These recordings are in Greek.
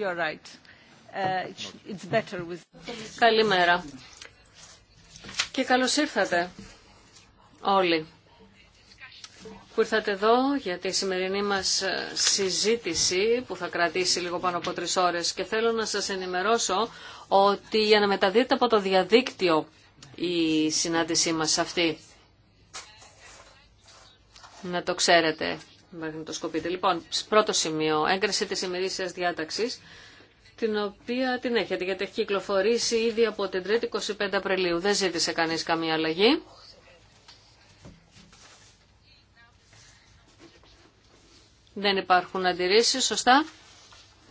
Uh, Καλημέρα. Και καλώς ήρθατε όλοι που ήρθατε εδώ για τη σημερινή μας ε, συζήτηση που θα κρατήσει λίγο πάνω από τρεις ώρες και θέλω να σας ενημερώσω ότι για να μεταδίδεται από το διαδίκτυο η συνάντησή μας αυτή. Να το ξέρετε. Λοιπόν, πρώτο σημείο, έγκριση της ημερήσιας διάταξης, την οποία την έχετε, γιατί έχει κυκλοφορήσει ήδη από την 3η 25 Απριλίου. Δεν ζήτησε κανείς καμία αλλαγή. Δεν υπάρχουν αντιρρήσεις, σωστά.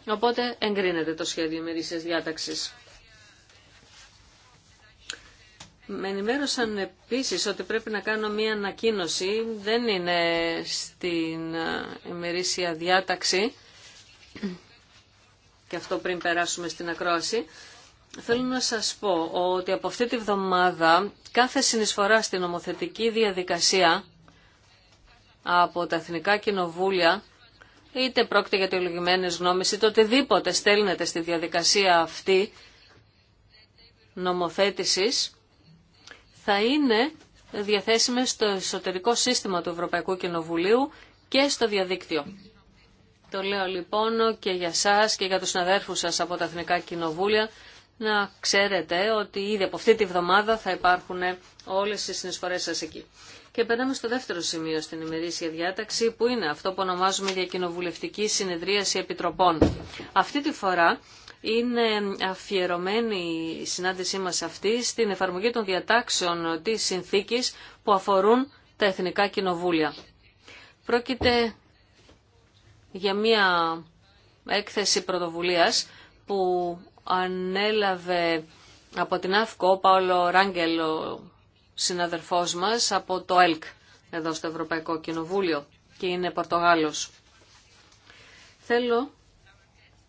Οπότε εγκρίνεται το σχέδιο ημερήσιας διάταξης. Με ενημέρωσαν επίσης ότι πρέπει να κάνω μία ανακοίνωση, δεν είναι στην ε, ημερήσια διάταξη, και αυτό πριν περάσουμε στην ακρόαση. Θέλω να σας πω ότι από αυτή τη βδομάδα κάθε συνεισφορά στην νομοθετική διαδικασία από τα Εθνικά Κοινοβούλια είτε πρόκειται για τελογημένες γνώμες είτε οτιδήποτε στέλνεται στη διαδικασία αυτή νομοθέτησης θα είναι διαθέσιμες στο εσωτερικό σύστημα του Ευρωπαϊκού Κοινοβουλίου και στο διαδίκτυο. Το λέω λοιπόν και για σας και για τους συναδέρφους σας από τα Εθνικά Κοινοβούλια να ξέρετε ότι ήδη από αυτή τη βδομάδα θα υπάρχουν όλες οι συνεισφορές σας εκεί. Και περνάμε στο δεύτερο σημείο στην ημερήσια διάταξη που είναι αυτό που ονομάζουμε για κοινοβουλευτική συνεδρίαση επιτροπών. Αυτή τη φορά είναι αφιερωμένη η συνάντησή μας αυτή στην εφαρμογή των διατάξεων της συνθήκης που αφορούν τα Εθνικά Κοινοβούλια. Πρόκειται για μια έκθεση πρωτοβουλίας που ανέλαβε από την ΑΦΚΟ ο Παόλο Ράγκελ, ο συναδερφός μας, από το ΕΛΚ, εδώ στο Ευρωπαϊκό Κοινοβούλιο και είναι Πορτογάλος. Θέλω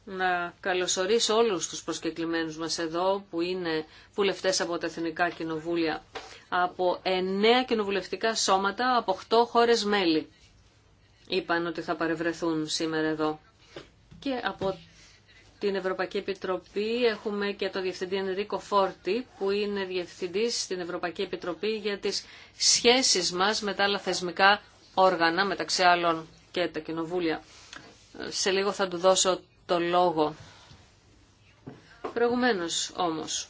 να καλωσορίσω όλους τους προσκεκλημένους μας εδώ που είναι βουλευτές από τα Εθνικά Κοινοβούλια από εννέα κοινοβουλευτικά σώματα από 8 χώρες μέλη είπαν ότι θα παρευρεθούν σήμερα εδώ και από την Ευρωπαϊκή Επιτροπή έχουμε και το Διευθυντή Ενρίκο Φόρτη που είναι Διευθυντής στην Ευρωπαϊκή Επιτροπή για τις σχέσεις μας με τα άλλα θεσμικά όργανα μεταξύ άλλων και τα κοινοβούλια. Σε λίγο θα του δώσω το λόγο. Προηγουμένως όμως,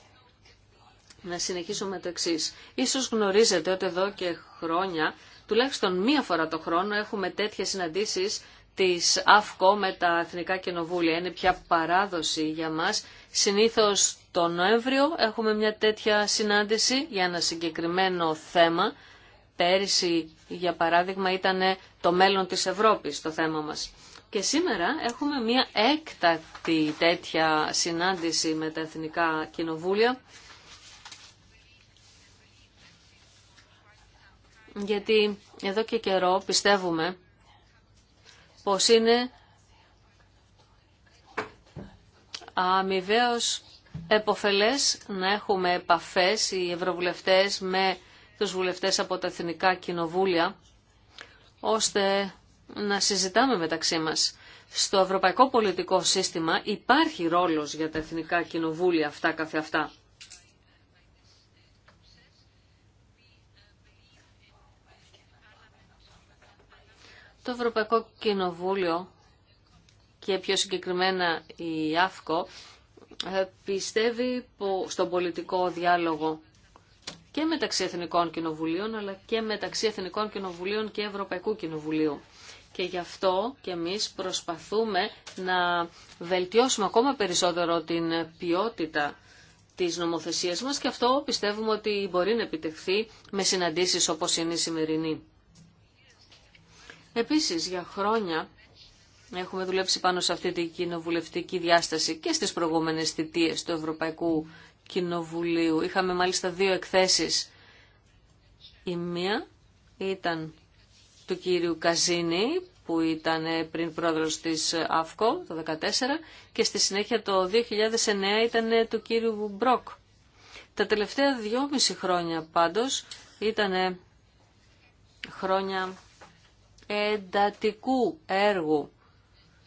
να συνεχίσω με το εξής. Ίσως γνωρίζετε ότι εδώ και χρόνια, τουλάχιστον μία φορά το χρόνο, έχουμε τέτοιες συναντήσεις της ΑΦΚΟ με τα Εθνικά Κοινοβούλια. Είναι πια παράδοση για μας. Συνήθως το Νοέμβριο έχουμε μια τέτοια συνάντηση για ένα συγκεκριμένο θέμα. Πέρυσι, για παράδειγμα, ήταν το μέλλον της Ευρώπης το θέμα μας. Και σήμερα έχουμε μια έκτακτη τέτοια συνάντηση με τα Εθνικά Κοινοβούλια γιατί εδώ και καιρό πιστεύουμε πως είναι αμοιβαίως εποφελές να έχουμε επαφές οι ευρωβουλευτές με τους βουλευτές από τα Εθνικά Κοινοβούλια ώστε να συζητάμε μεταξύ μας. Στο ευρωπαϊκό πολιτικό σύστημα υπάρχει ρόλος για τα εθνικά κοινοβούλια αυτά καθεαυτά. Το Ευρωπαϊκό Κοινοβούλιο και πιο συγκεκριμένα η ΑΦΚΟ ε, πιστεύει στον πολιτικό διάλογο και μεταξύ Εθνικών Κοινοβουλίων αλλά και μεταξύ Εθνικών Κοινοβουλίων και Ευρωπαϊκού Κοινοβουλίου και γι' αυτό και εμείς προσπαθούμε να βελτιώσουμε ακόμα περισσότερο την ποιότητα της νομοθεσίας μας και αυτό πιστεύουμε ότι μπορεί να επιτευχθεί με συναντήσεις όπως είναι η σημερινή. Επίσης, για χρόνια έχουμε δουλέψει πάνω σε αυτή την κοινοβουλευτική διάσταση και στις προηγούμενες θητείες του Ευρωπαϊκού Κοινοβουλίου. Είχαμε μάλιστα δύο εκθέσεις. Η μία ήταν του κύριου Καζίνη που ήταν πριν πρόεδρος της ΑΦΚΟ το 2014 και στη συνέχεια το 2009 ήταν του κύριου Μπρόκ. Τα τελευταία δυόμιση χρόνια πάντως ήταν χρόνια εντατικού έργου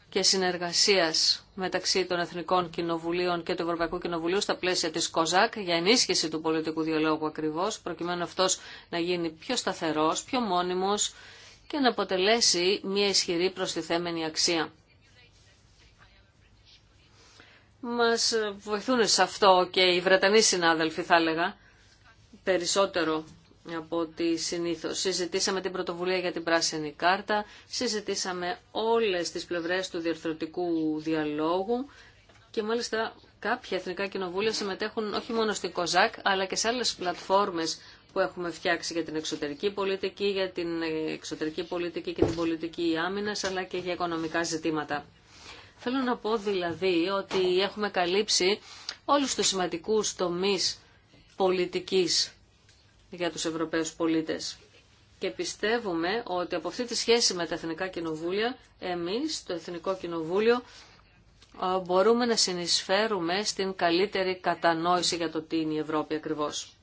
και συνεργασίας μεταξύ των Εθνικών Κοινοβουλίων και του Ευρωπαϊκού Κοινοβουλίου στα πλαίσια της ΚΟΖΑΚ για ενίσχυση του πολιτικού διαλόγου ακριβώς, προκειμένου αυτός να γίνει πιο σταθερός, πιο μόνιμος και να αποτελέσει μια ισχυρή προστιθέμενη αξία. Μας βοηθούν σε αυτό και οι Βρετανοί συνάδελφοι θα έλεγα περισσότερο από ό,τι συνήθως. Συζητήσαμε την πρωτοβουλία για την πράσινη κάρτα, συζητήσαμε όλες τις πλευρές του διαρθρωτικού διαλόγου και μάλιστα κάποια εθνικά κοινοβούλια συμμετέχουν όχι μόνο στην ΚΟΖΑΚ αλλά και σε άλλες πλατφόρμες που έχουμε φτιάξει για την εξωτερική πολιτική, για την εξωτερική πολιτική και την πολιτική άμυνας, αλλά και για οικονομικά ζητήματα. Θέλω να πω δηλαδή ότι έχουμε καλύψει όλους τους σημαντικούς τομείς πολιτικής για τους Ευρωπαίους πολίτες. Και πιστεύουμε ότι από αυτή τη σχέση με τα Εθνικά Κοινοβούλια, εμείς, το Εθνικό Κοινοβούλιο, μπορούμε να συνεισφέρουμε στην καλύτερη κατανόηση για το τι είναι η Ευρώπη ακριβώς.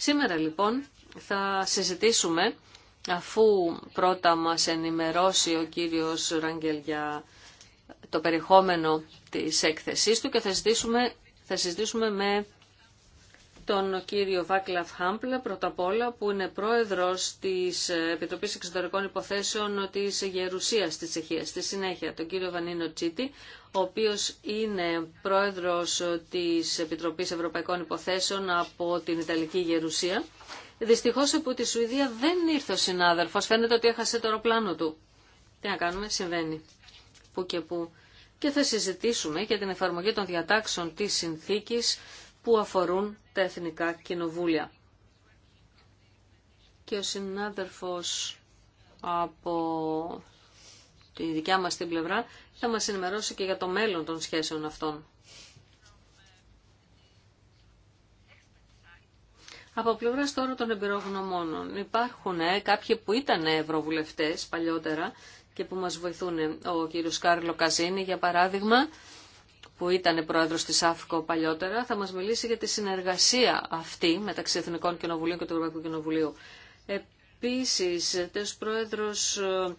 Σήμερα λοιπόν θα συζητήσουμε, αφού πρώτα μας ενημερώσει ο κύριος Ραγγελ για το περιεχόμενο της έκθεσής του και θα συζητήσουμε, θα συζητήσουμε με τον κύριο Βάκλαφ Χάμπλα, πρώτα απ' όλα, που είναι πρόεδρος της Επιτροπής Εξωτερικών Υποθέσεων της Γερουσίας της Τσεχίας. Στη συνέχεια, τον κύριο Βανίνο Τσίτη, ο οποίος είναι πρόεδρος της Επιτροπής Ευρωπαϊκών Υποθέσεων από την Ιταλική Γερουσία. Δυστυχώς από τη Σουηδία δεν ήρθε ο συνάδελφος. Φαίνεται ότι έχασε το αεροπλάνο του. Τι να κάνουμε, συμβαίνει. Πού και πού. Και θα συζητήσουμε για την εφαρμογή των διατάξεων της συνθήκης που αφορούν τα εθνικά κοινοβούλια. Και ο συνάδελφος από τη δικιά μας την πλευρά θα μας ενημερώσει και για το μέλλον των σχέσεων αυτών. Από πλευρά τώρα των εμπειρογνωμόνων υπάρχουν ε, κάποιοι που ήταν ευρωβουλευτές παλιότερα και που μας βοηθούν. Ε, ο κύριος Κάρλο Καζίνη για παράδειγμα που ήταν πρόεδρος της ΑΦΚΟ παλιότερα, θα μας μιλήσει για τη συνεργασία αυτή μεταξύ Εθνικών Κοινοβουλίων και του Ευρωπαϊκού Κοινοβουλίου. Επίσης, τέος πρόεδρος ε,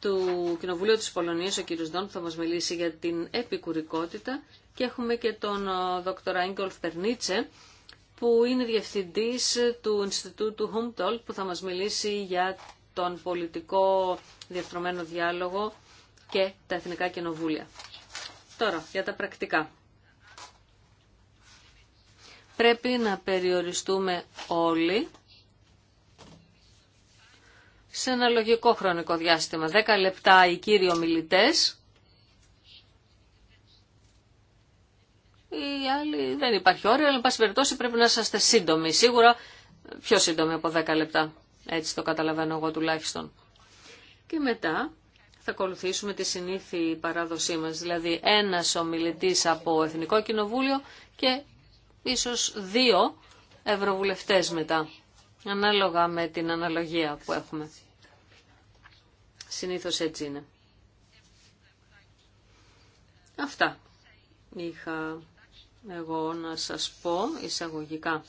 του Κοινοβουλίου της Πολωνίας, ο κ. Ντόν, που θα μας μιλήσει για την επικουρικότητα και έχουμε και τον Δ. Ίγκολφ Περνίτσε, που είναι διευθυντής του Ινστιτούτου Χουμτόλ, που θα μας μιλήσει για τον πολιτικό διαφθρωμένο διάλογο και τα Εθνικά Κοινοβούλια. Τώρα, για τα πρακτικά. Πρέπει να περιοριστούμε όλοι σε ένα λογικό χρονικό διάστημα. 10 λεπτά οι κύριοι ομιλητές. Οι άλλοι δεν υπάρχει όριο, αλλά εν πάση περιπτώσει πρέπει να είσαστε σύντομοι. Σίγουρα πιο σύντομοι από 10 λεπτά. Έτσι το καταλαβαίνω εγώ τουλάχιστον. Και μετά θα ακολουθήσουμε τη συνήθη παράδοσή μας, δηλαδή ένας ομιλητής από Εθνικό Κοινοβούλιο και ίσως δύο ευρωβουλευτές μετά, ανάλογα με την αναλογία που έχουμε. Συνήθως έτσι είναι. Αυτά είχα εγώ να σας πω εισαγωγικά.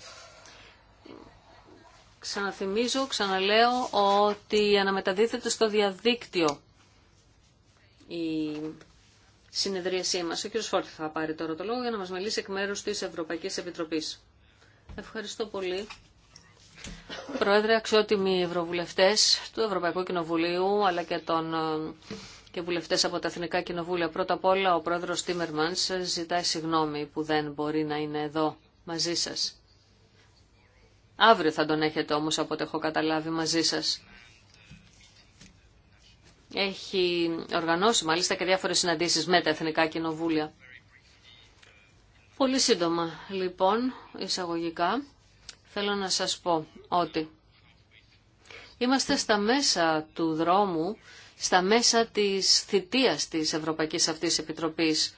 Ξαναθυμίζω, ξαναλέω ότι αναμεταδίδεται στο διαδίκτυο η συνεδρίασή μας. Ο κ. Φόλτ θα πάρει τώρα το λόγο για να μας μιλήσει εκ μέρους της Ευρωπαϊκής Επιτροπής. Ευχαριστώ πολύ. Πρόεδρε, αξιότιμοι ευρωβουλευτές του Ευρωπαϊκού Κοινοβουλίου αλλά και των ε, και βουλευτέ από τα Εθνικά Κοινοβούλια. Πρώτα απ' όλα, ο πρόεδρο Τίμερμαν ζητάει συγγνώμη που δεν μπορεί να είναι εδώ μαζί σα. Αύριο θα τον έχετε όμω, από ό,τι έχω καταλάβει, μαζί σα. Έχει οργανώσει μάλιστα και διάφορες συναντήσεις με τα Εθνικά Κοινοβούλια. Πολύ σύντομα, λοιπόν, εισαγωγικά, θέλω να σας πω ότι είμαστε στα μέσα του δρόμου, στα μέσα της θητείας της Ευρωπαϊκής αυτής Επιτροπής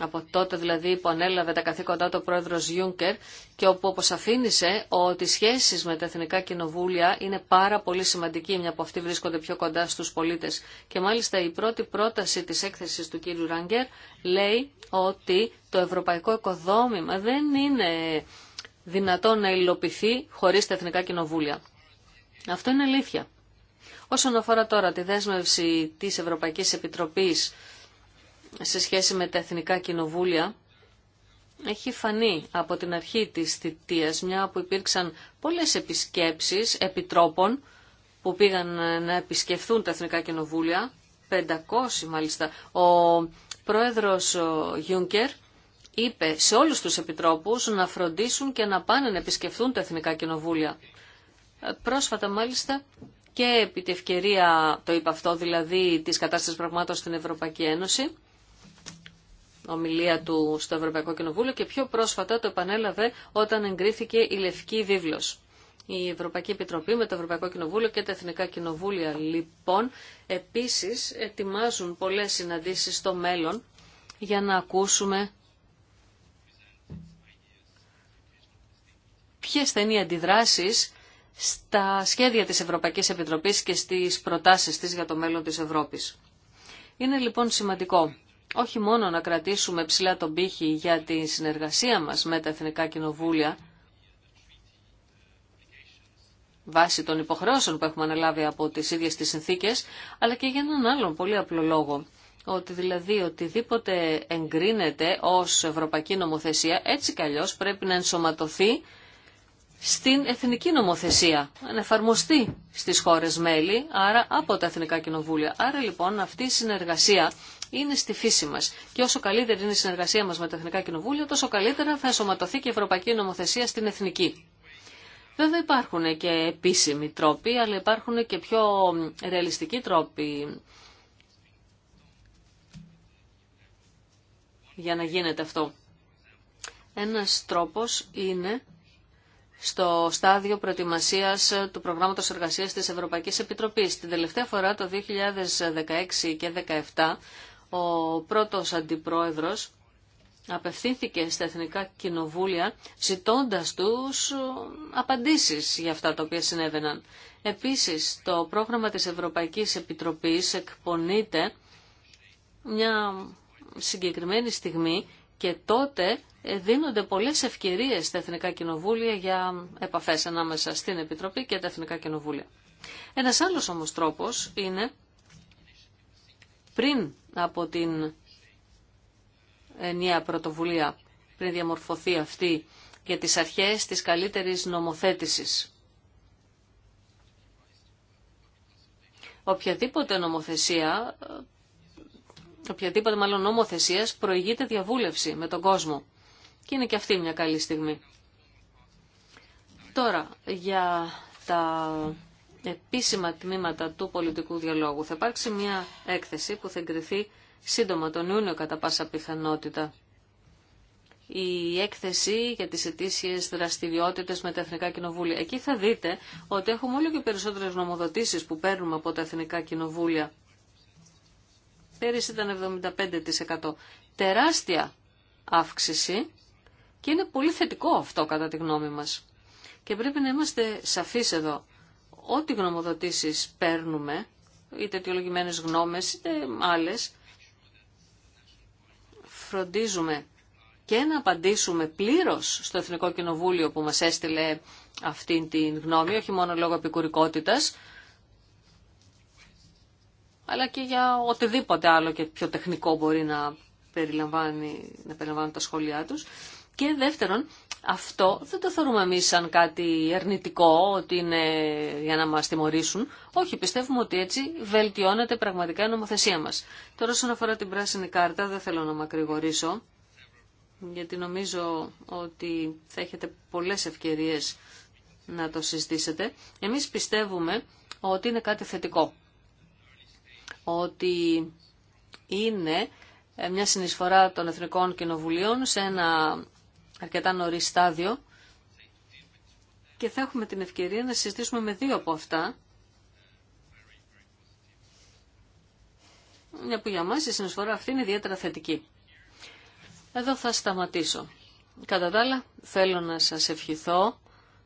από τότε δηλαδή που ανέλαβε τα καθήκοντά του ο πρόεδρος Γιούνκερ και όπου αφήνισε ότι οι σχέσεις με τα εθνικά κοινοβούλια είναι πάρα πολύ σημαντική, μια από αυτοί βρίσκονται πιο κοντά στους πολίτες. Και μάλιστα η πρώτη πρόταση της έκθεσης του κύριου Ράγκερ λέει ότι το ευρωπαϊκό οικοδόμημα δεν είναι δυνατό να υλοποιηθεί χωρίς τα εθνικά κοινοβούλια. Αυτό είναι αλήθεια. Όσον αφορά τώρα τη δέσμευση της Ευρωπαϊκής Επιτροπής σε σχέση με τα εθνικά κοινοβούλια έχει φανεί από την αρχή της θητείας μια που υπήρξαν πολλές επισκέψεις επιτρόπων που πήγαν ε, να επισκεφθούν τα εθνικά κοινοβούλια 500 μάλιστα ο πρόεδρος Γιούνκερ είπε σε όλους τους επιτρόπους να φροντίσουν και να πάνε να επισκεφθούν τα εθνικά κοινοβούλια ε, πρόσφατα μάλιστα και επί τη ευκαιρία, το είπα αυτό, δηλαδή της κατάστασης πραγμάτων στην Ευρωπαϊκή Ένωση, ομιλία του στο Ευρωπαϊκό Κοινοβούλιο και πιο πρόσφατα το επανέλαβε όταν εγκρίθηκε η Λευκή Βίβλος. Η Ευρωπαϊκή Επιτροπή με το Ευρωπαϊκό Κοινοβούλιο και τα Εθνικά Κοινοβούλια λοιπόν επίσης ετοιμάζουν πολλές συναντήσεις στο μέλλον για να ακούσουμε ποιες θα είναι οι αντιδράσεις στα σχέδια της Ευρωπαϊκής Επιτροπής και στις προτάσεις της για το μέλλον της Ευρώπης. Είναι λοιπόν σημαντικό όχι μόνο να κρατήσουμε ψηλά τον πύχη για τη συνεργασία μας με τα Εθνικά Κοινοβούλια, βάσει των υποχρεώσεων που έχουμε αναλάβει από τις ίδιες τις συνθήκες, αλλά και για έναν άλλον πολύ απλό λόγο. Ότι δηλαδή οτιδήποτε εγκρίνεται ως ευρωπαϊκή νομοθεσία, έτσι κι πρέπει να ενσωματωθεί στην εθνική νομοθεσία, να εφαρμοστεί στις χώρες μέλη, άρα από τα εθνικά κοινοβούλια. Άρα λοιπόν αυτή η συνεργασία είναι στη φύση μας. Και όσο καλύτερη είναι η συνεργασία μας με τα Εθνικά Κοινοβούλια, τόσο καλύτερα θα εσωματωθεί και η Ευρωπαϊκή Νομοθεσία στην Εθνική. Βέβαια υπάρχουν και επίσημοι τρόποι, αλλά υπάρχουν και πιο ρεαλιστικοί τρόποι για να γίνεται αυτό. Ένας τρόπος είναι στο στάδιο προετοιμασίας του προγράμματος εργασίας της Ευρωπαϊκής Επιτροπής. Την τελευταία φορά το 2016 και 2017 ο πρώτος αντιπρόεδρος απευθύνθηκε στα εθνικά κοινοβούλια ζητώντας τους απαντήσεις για αυτά τα οποία συνέβαιναν. Επίσης, το πρόγραμμα της Ευρωπαϊκής Επιτροπής εκπονείται μια συγκεκριμένη στιγμή και τότε δίνονται πολλές ευκαιρίες στα Εθνικά Κοινοβούλια για επαφές ανάμεσα στην Επιτροπή και τα Εθνικά Κοινοβούλια. Ένας άλλος όμως τρόπος είναι πριν από την ενιαία πρωτοβουλία πριν διαμορφωθεί αυτή για τις αρχές της καλύτερης νομοθέτησης. Οποιαδήποτε νομοθεσία, οποιαδήποτε μάλλον νομοθεσίας προηγείται διαβούλευση με τον κόσμο. Και είναι και αυτή μια καλή στιγμή. Τώρα, για τα επίσημα τμήματα του πολιτικού διαλόγου. Θα υπάρξει μια έκθεση που θα εγκριθεί σύντομα τον Ιούνιο κατά πάσα πιθανότητα. Η έκθεση για τις ετήσιε δραστηριότητες με τα Εθνικά Κοινοβούλια. Εκεί θα δείτε ότι έχουμε όλο και περισσότερες νομοδοτήσεις που παίρνουμε από τα Εθνικά Κοινοβούλια. Πέρυσι ήταν 75%. Τεράστια αύξηση και είναι πολύ θετικό αυτό κατά τη γνώμη μας. Και πρέπει να είμαστε σαφείς εδώ ό,τι γνωμοδοτήσεις παίρνουμε, είτε αιτιολογημένες γνώμες, είτε άλλες, φροντίζουμε και να απαντήσουμε πλήρως στο Εθνικό Κοινοβούλιο που μας έστειλε αυτή την γνώμη, όχι μόνο λόγω επικουρικότητας, αλλά και για οτιδήποτε άλλο και πιο τεχνικό μπορεί να περιλαμβάνει, να περιλαμβάνουν τα σχόλιά τους. Και δεύτερον, αυτό δεν το θεωρούμε εμεί σαν κάτι ερνητικό, ότι είναι για να μας τιμωρήσουν. Όχι, πιστεύουμε ότι έτσι βελτιώνεται πραγματικά η νομοθεσία μας. Τώρα, όσον αφορά την πράσινη κάρτα, δεν θέλω να μακρηγορήσω, γιατί νομίζω ότι θα έχετε πολλές ευκαιρίες να το συζητήσετε. Εμείς πιστεύουμε ότι είναι κάτι θετικό. Ότι είναι μια συνεισφορά των Εθνικών Κοινοβουλίων σε ένα αρκετά νωρί στάδιο και θα έχουμε την ευκαιρία να συζητήσουμε με δύο από αυτά. Μια που για μας η συνεισφορά αυτή είναι ιδιαίτερα θετική. Εδώ θα σταματήσω. Κατά τα άλλα, θέλω να σας ευχηθώ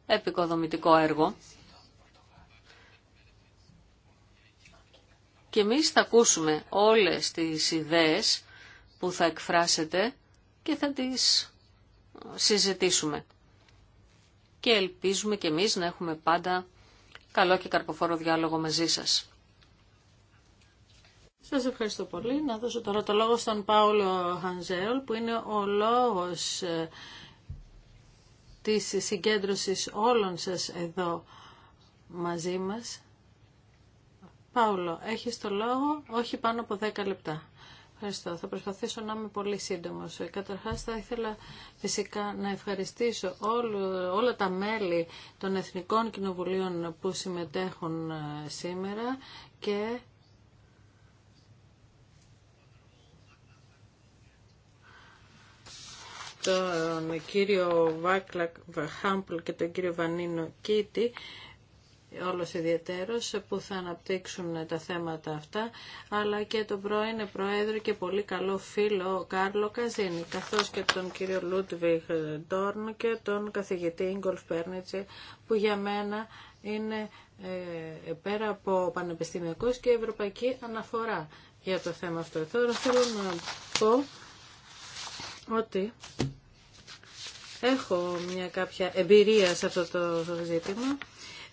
επικοδομητικό έργο. Και εμείς θα ακούσουμε όλες τις ιδέες που θα εκφράσετε και θα τις συζητήσουμε. Και ελπίζουμε και εμείς να έχουμε πάντα καλό και καρποφόρο διάλογο μαζί σας. Σας ευχαριστώ πολύ. Να δώσω τώρα το λόγο στον Πάολο Χανζέολ που είναι ο λόγος ε, της συγκέντρωσης όλων σας εδώ μαζί μας. Πάολο, έχεις το λόγο όχι πάνω από 10 λεπτά. Ευχαριστώ. Θα προσπαθήσω να είμαι πολύ σύντομο. Καταρχά, θα ήθελα φυσικά να ευχαριστήσω όλο, όλα τα μέλη των Εθνικών Κοινοβουλίων που συμμετέχουν ε, σήμερα και τον κύριο Βάκλακ Χάμπλ και τον κύριο Βανίνο Κίτη όλος ιδιαιτέρως που θα αναπτύξουν τα θέματα αυτά αλλά και τον πρώην Πρόεδρο και πολύ καλό φίλο Κάρλο Καζίνη καθώς και τον κύριο Λούτβιχ Ντόρν και τον καθηγητή Ίγκολφ Πέρνιτσε που για μένα είναι ε, πέρα από πανεπιστημιακός και ευρωπαϊκή αναφορά για το θέμα αυτό. Τώρα θέλω να πω ότι έχω μια κάποια εμπειρία σε αυτό το ζήτημα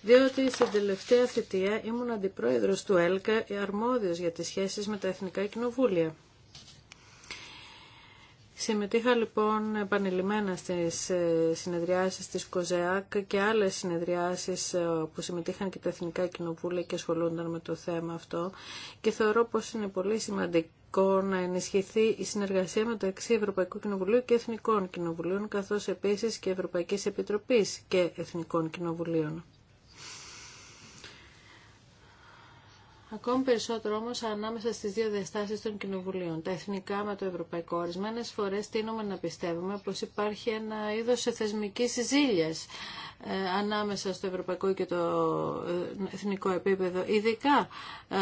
διότι στην τελευταία θητεία ήμουν αντιπρόεδρος του ΕΛΚΑ αρμόδιος για τις σχέσεις με τα Εθνικά Κοινοβούλια. Συμμετείχα λοιπόν επανειλημμένα στις ε, συνεδριάσεις της ΚΟΖΕΑΚ και άλλες συνεδριάσεις ε, που συμμετείχαν και τα Εθνικά Κοινοβούλια και ασχολούνταν με το θέμα αυτό και θεωρώ πως είναι πολύ σημαντικό να ενισχυθεί η συνεργασία μεταξύ Ευρωπαϊκού Κοινοβουλίου και Εθνικών Κοινοβουλίων καθώς επίσης και Ευρωπαϊκής Επιτροπής και Εθνικών Κοινοβουλίων. Ακόμη περισσότερο όμως ανάμεσα στις δύο διαστάσεις των κοινοβουλίων, τα εθνικά με το ευρωπαϊκό. Ορισμένε φορές τείνουμε να πιστεύουμε πως υπάρχει ένα είδος θεσμικής ζήλιας ε, ανάμεσα στο ευρωπαϊκό και το ε, εθνικό επίπεδο, ειδικά ε,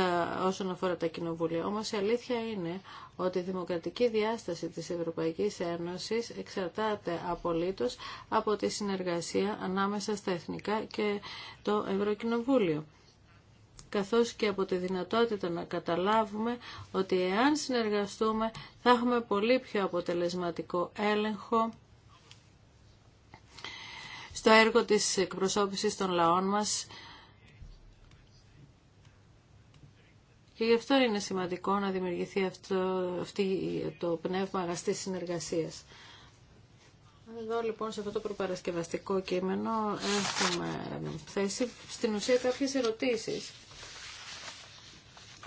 όσον αφορά τα κοινοβούλια. Όμως η αλήθεια είναι ότι η δημοκρατική διάσταση της Ευρωπαϊκής Ένωσης εξαρτάται απολύτως από τη συνεργασία ανάμεσα στα εθνικά και το Ευρωκοινοβούλιο καθώς και από τη δυνατότητα να καταλάβουμε ότι εάν συνεργαστούμε θα έχουμε πολύ πιο αποτελεσματικό έλεγχο στο έργο της εκπροσώπησης των λαών μας και γι' αυτό είναι σημαντικό να δημιουργηθεί αυτό, αυτή, το πνεύμα αγαστής συνεργασίας. Εδώ λοιπόν σε αυτό το προπαρασκευαστικό κείμενο έχουμε θέσει στην ουσία κάποιες ερωτήσεις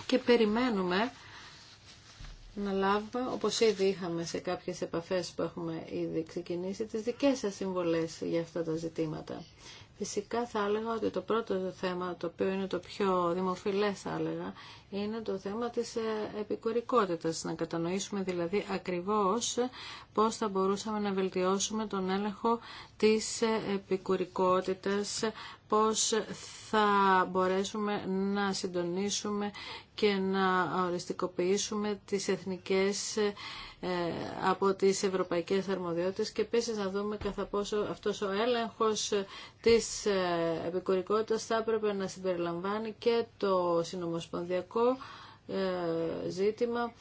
και περιμένουμε να λάβουμε, όπως ήδη είχαμε σε κάποιες επαφές που έχουμε ήδη ξεκινήσει, τις δικές σας συμβολές για αυτά τα ζητήματα. Φυσικά θα έλεγα ότι το πρώτο θέμα, το οποίο είναι το πιο δημοφιλές θα έλεγα, είναι το θέμα της ε, επικουρικότητας. Να κατανοήσουμε δηλαδή ακριβώς πώς θα μπορούσαμε να βελτιώσουμε τον έλεγχο της ε, επικουρικότητας πώς θα μπορέσουμε να συντονίσουμε και να οριστικοποιήσουμε τις εθνικές ε, από τις ευρωπαϊκές αρμοδιότητες και επίση να δούμε κατά πόσο αυτός ο έλεγχος της ε, επικουρικότητας θα έπρεπε να συμπεριλαμβάνει και το συνομοσπονδιακό ε, ζήτημα.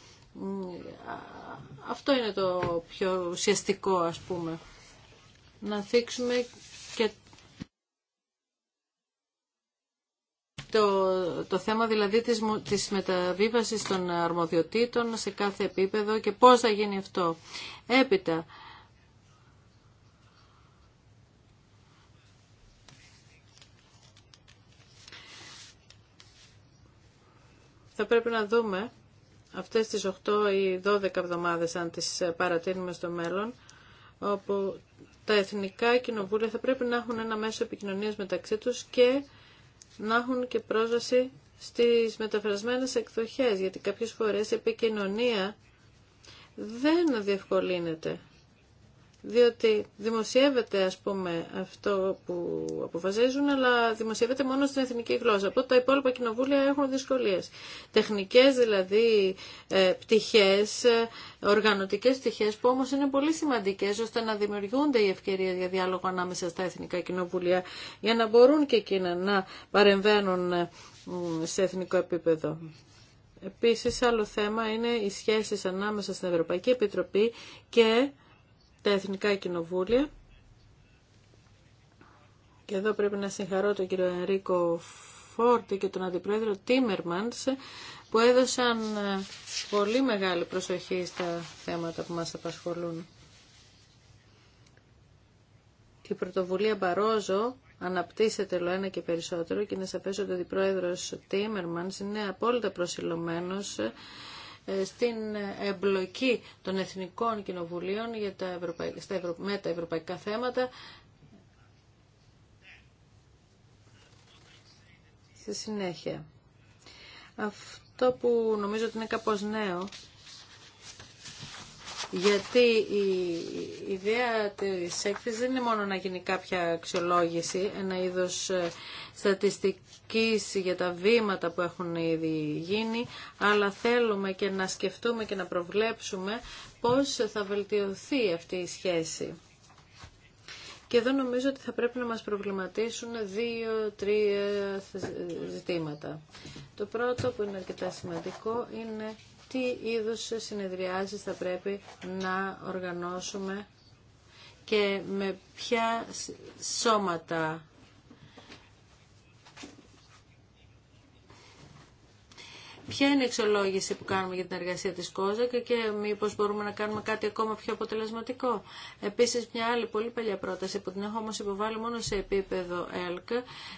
Αυτό είναι το πιο ουσιαστικό ας πούμε. Να θίξουμε και το, το θέμα δηλαδή της, της μεταβίβασης των αρμοδιοτήτων σε κάθε επίπεδο και πώς θα γίνει αυτό. Έπειτα, θα πρέπει να δούμε αυτές τις 8 ή 12 εβδομάδες αν τις παρατείνουμε στο μέλλον όπου τα εθνικά κοινοβούλια θα πρέπει να έχουν ένα μέσο επικοινωνίας μεταξύ τους και να έχουν και πρόσβαση στις μεταφρασμένες εκδοχές, γιατί κάποιες φορές η επικοινωνία δεν διευκολύνεται διότι δημοσιεύεται ας πούμε αυτό που αποφασίζουν, αλλά δημοσιεύεται μόνο στην εθνική γλώσσα. Οπότε τα υπόλοιπα κοινοβούλια έχουν δυσκολίες. Τεχνικές δηλαδή ε, πτυχές, ε, οργανωτικές πτυχές που όμως είναι πολύ σημαντικές ώστε να δημιουργούνται οι ευκαιρίες για διάλογο ανάμεσα στα εθνικά κοινοβούλια για να μπορούν και εκείνα να παρεμβαίνουν ε, σε εθνικό επίπεδο. Επίσης άλλο θέμα είναι οι σχέσεις ανάμεσα στην Ευρωπαϊκή Επιτροπή και τα Εθνικά Κοινοβούλια. Και εδώ πρέπει να συγχαρώ τον κύριο Ενρίκο Φόρτη και τον Αντιπρόεδρο Τίμερμαντς που έδωσαν ε, πολύ μεγάλη προσοχή στα θέματα που μας απασχολούν. Η πρωτοβουλία Μπαρόζο αναπτύσσεται όλο ένα και περισσότερο και είναι σαφές ότι ο Αντιπρόεδρος Τίμερμαντς είναι απόλυτα προσιλωμένος ε, ε, στην εμπλοκή των Εθνικών Κοινοβουλίων για τα ευρωπαϊκά, στα με τα ευρωπαϊκά θέματα. Στη συνέχεια. Αυτό που νομίζω ότι είναι κάπως νέο γιατί η ιδέα της έκθεσης δεν είναι μόνο να γίνει κάποια αξιολόγηση, ένα είδος ε, στατιστικής για τα βήματα που έχουν ήδη γίνει, αλλά θέλουμε και να σκεφτούμε και να προβλέψουμε πώς θα βελτιωθεί αυτή η σχέση. Και εδώ νομίζω ότι θα πρέπει να μας προβληματίσουν δύο-τρία ε, ζητήματα. Το πρώτο που είναι αρκετά σημαντικό είναι τι είδους συνεδριάσεις θα πρέπει να οργανώσουμε και με ποια σώματα Ποια είναι η εξολόγηση που κάνουμε για την εργασία της ΚΟΖΑ και, και μήπως μπορούμε να κάνουμε κάτι ακόμα πιο αποτελεσματικό. Επίσης μια άλλη πολύ παλιά πρόταση που την έχω όμως υποβάλει μόνο σε επίπεδο ΕΛΚ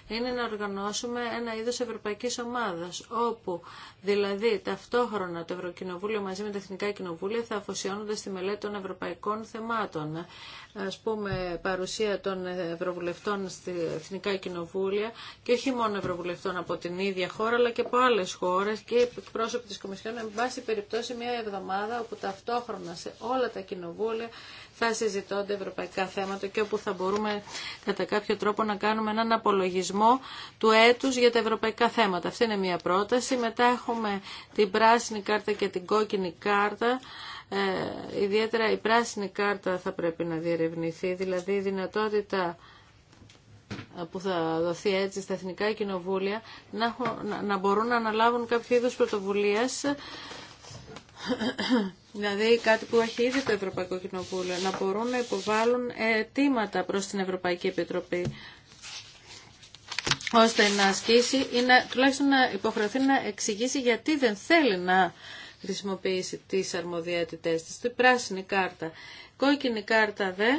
είναι να οργανώσουμε ένα είδος ευρωπαϊκής ομάδας όπου δηλαδή ταυτόχρονα το Ευρωκοινοβούλιο μαζί με τα Εθνικά Κοινοβούλια θα αφοσιώνονται στη μελέτη των ευρωπαϊκών θεμάτων. Ας πούμε παρουσία των ευρωβουλευτών στη Εθνικά Κοινοβούλια και όχι μόνο ευρωβουλευτών από την ίδια χώρα αλλά και από άλλες χώρες εκπρόσωποι τη Κομισιόν, εν πάση περιπτώσει μια εβδομάδα όπου ταυτόχρονα σε όλα τα κοινοβούλια θα συζητώνται ευρωπαϊκά θέματα και όπου θα μπορούμε κατά κάποιο τρόπο να κάνουμε έναν απολογισμό του έτους για τα ευρωπαϊκά θέματα. Αυτή είναι μια πρόταση. Μετά έχουμε την πράσινη κάρτα και την κόκκινη κάρτα. Ε, ιδιαίτερα η πράσινη κάρτα θα πρέπει να διερευνηθεί, δηλαδή η δυνατότητα ε, που θα δοθεί έτσι στα εθνικά κοινοβούλια να, να μπορούν να αναλάβουν κάποιο είδους πρωτοβουλίας Δηλαδή κάτι που έχει ήδη το Ευρωπαϊκό Κοινοβούλιο, να μπορούν να υποβάλουν αιτήματα προς την Ευρωπαϊκή Επιτροπή ώστε να ασκήσει ή τουλάχιστον να υποχρεωθεί να εξηγήσει γιατί δεν θέλει να χρησιμοποιήσει τις αρμοδιότητές της, την πράσινη κάρτα. Κόκκινη κάρτα δε,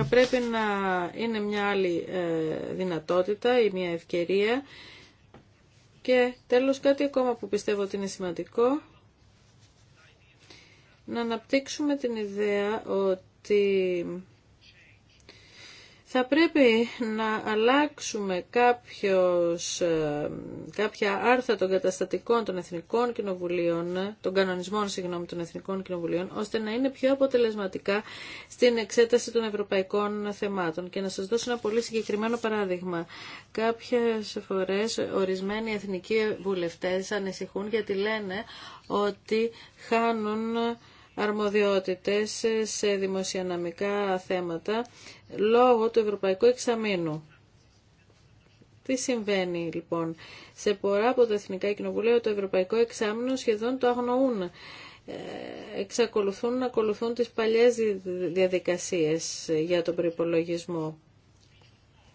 θα πρέπει να είναι μια άλλη ε, δυνατότητα ή μια ευκαιρία. Και τέλος κάτι ακόμα που πιστεύω ότι είναι σημαντικό, να αναπτύξουμε την ιδέα ότι θα πρέπει να αλλάξουμε κάποιος, ε, κάποια άρθρα των καταστατικών των Εθνικών Κοινοβουλίων, των κανονισμών συγγνώμη, των Εθνικών Κοινοβουλίων, ώστε να είναι πιο αποτελεσματικά στην εξέταση των ευρωπαϊκών θεμάτων. Και να σας δώσω ένα πολύ συγκεκριμένο παράδειγμα. Κάποιες φορές ορισμένοι εθνικοί βουλευτές ανησυχούν γιατί λένε ότι χάνουν αρμοδιότητες σε δημοσιονομικά θέματα λόγω του Ευρωπαϊκού Εξαμήνου. Τι συμβαίνει λοιπόν. Σε πορά από τα Εθνικά Κοινοβουλία το Ευρωπαϊκό Εξάμεινο σχεδόν το αγνοούν. Ε, εξακολουθούν να ακολουθούν τις παλιές διαδικασίες για τον προϋπολογισμό.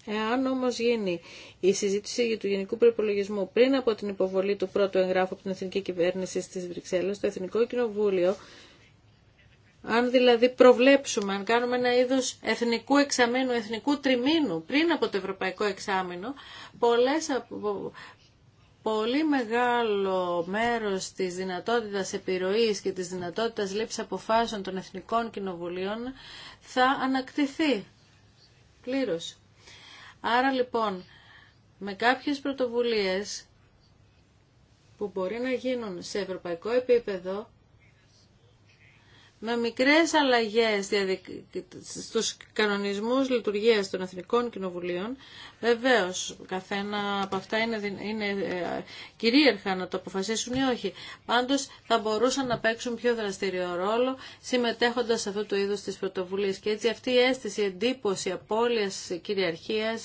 Εάν όμως γίνει η συζήτηση για του Γενικού προϋπολογισμού πριν από την υποβολή του πρώτου εγγράφου από την Εθνική Κυβέρνηση στις Βρυξέλλες, το Εθνικό Κοινοβούλιο αν δηλαδή προβλέψουμε, αν κάνουμε ένα είδος εθνικού εξαμήνου, εθνικού τριμήνου πριν από το ευρωπαϊκό εξάμεινο, πολλές πολύ μεγάλο μέρος της δυνατότητας επιρροής και της δυνατότητας λήψης αποφάσεων των εθνικών κοινοβουλίων θα ανακτηθεί πλήρως. Άρα λοιπόν, με κάποιες πρωτοβουλίες που μπορεί να γίνουν σε ευρωπαϊκό επίπεδο, με μικρές αλλαγές στους κανονισμούς λειτουργίας των Εθνικών Κοινοβουλίων. Βεβαίως, καθένα από αυτά είναι, ε, κυρίαρχα να το αποφασίσουν ή όχι. Πάντως, θα μπορούσαν να παίξουν πιο δραστηριό ρόλο συμμετέχοντας σε αυτού του είδους της πρωτοβουλίας. Και έτσι αυτή η αίσθηση, η εντύπωση απώλειας κυριαρχίας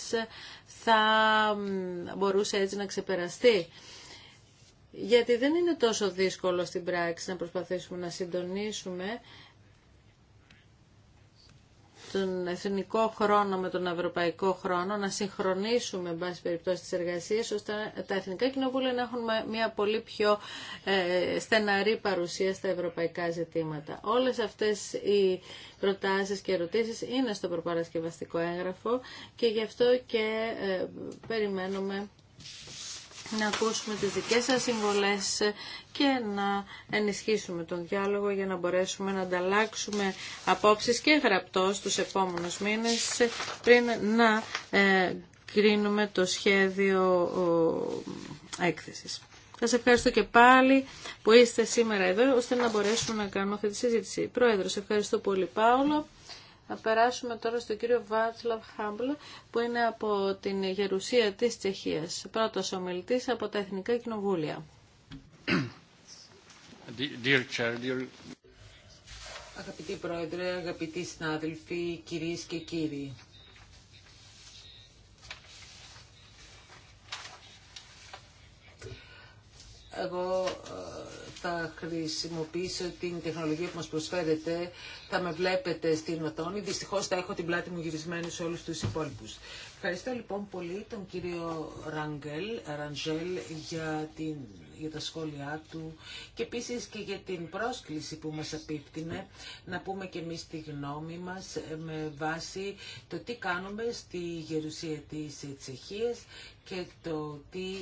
θα μπορούσε έτσι να ξεπεραστεί γιατί δεν είναι τόσο δύσκολο στην πράξη να προσπαθήσουμε να συντονίσουμε τον εθνικό χρόνο με τον ευρωπαϊκό χρόνο, να συγχρονίσουμε, εν πάση περιπτώσει, τις εργασίες, ώστε τα εθνικά κοινοβούλια να έχουν μια πολύ πιο ε, στεναρή παρουσία στα ευρωπαϊκά ζητήματα. Όλες αυτές οι προτάσεις και ερωτήσεις είναι στο προπαρασκευαστικό έγγραφο και γι' αυτό και ε, περιμένουμε να ακούσουμε τις δικές σας συμβολές και να ενισχύσουμε τον διάλογο για να μπορέσουμε να ανταλλάξουμε απόψεις και γραπτό τους επόμενους μήνες πριν να ε, κρίνουμε το σχέδιο έκθεσης. Σα ευχαριστώ και πάλι που είστε σήμερα εδώ ώστε να μπορέσουμε να κάνουμε αυτή τη συζήτηση. Πρόεδρος, ευχαριστώ πολύ Πάολο. Θα περάσουμε τώρα στον κύριο Βάτσλαβ Χάμπλ, που είναι από την Γερουσία της Τσεχίας, πρώτος ομιλητής από τα Εθνικά Κοινοβούλια. Dear Chair, dear... Αγαπητοί Πρόεδρε, αγαπητοί συνάδελφοι, κυρίες και κύριοι. εγώ ε, θα χρησιμοποιήσω την τεχνολογία που μας προσφέρετε. Θα με βλέπετε στην οθόνη. Δυστυχώς θα έχω την πλάτη μου γυρισμένη σε όλους τους υπόλοιπους. Ευχαριστώ λοιπόν πολύ τον κύριο Ραγγέλ, Ραντζέλ για, την, για τα σχόλιά του και επίσης και για την πρόσκληση που μας απίπτυνε να πούμε και εμείς τη γνώμη μας με βάση το τι κάνουμε στη γερουσία της Τσεχίας και το τι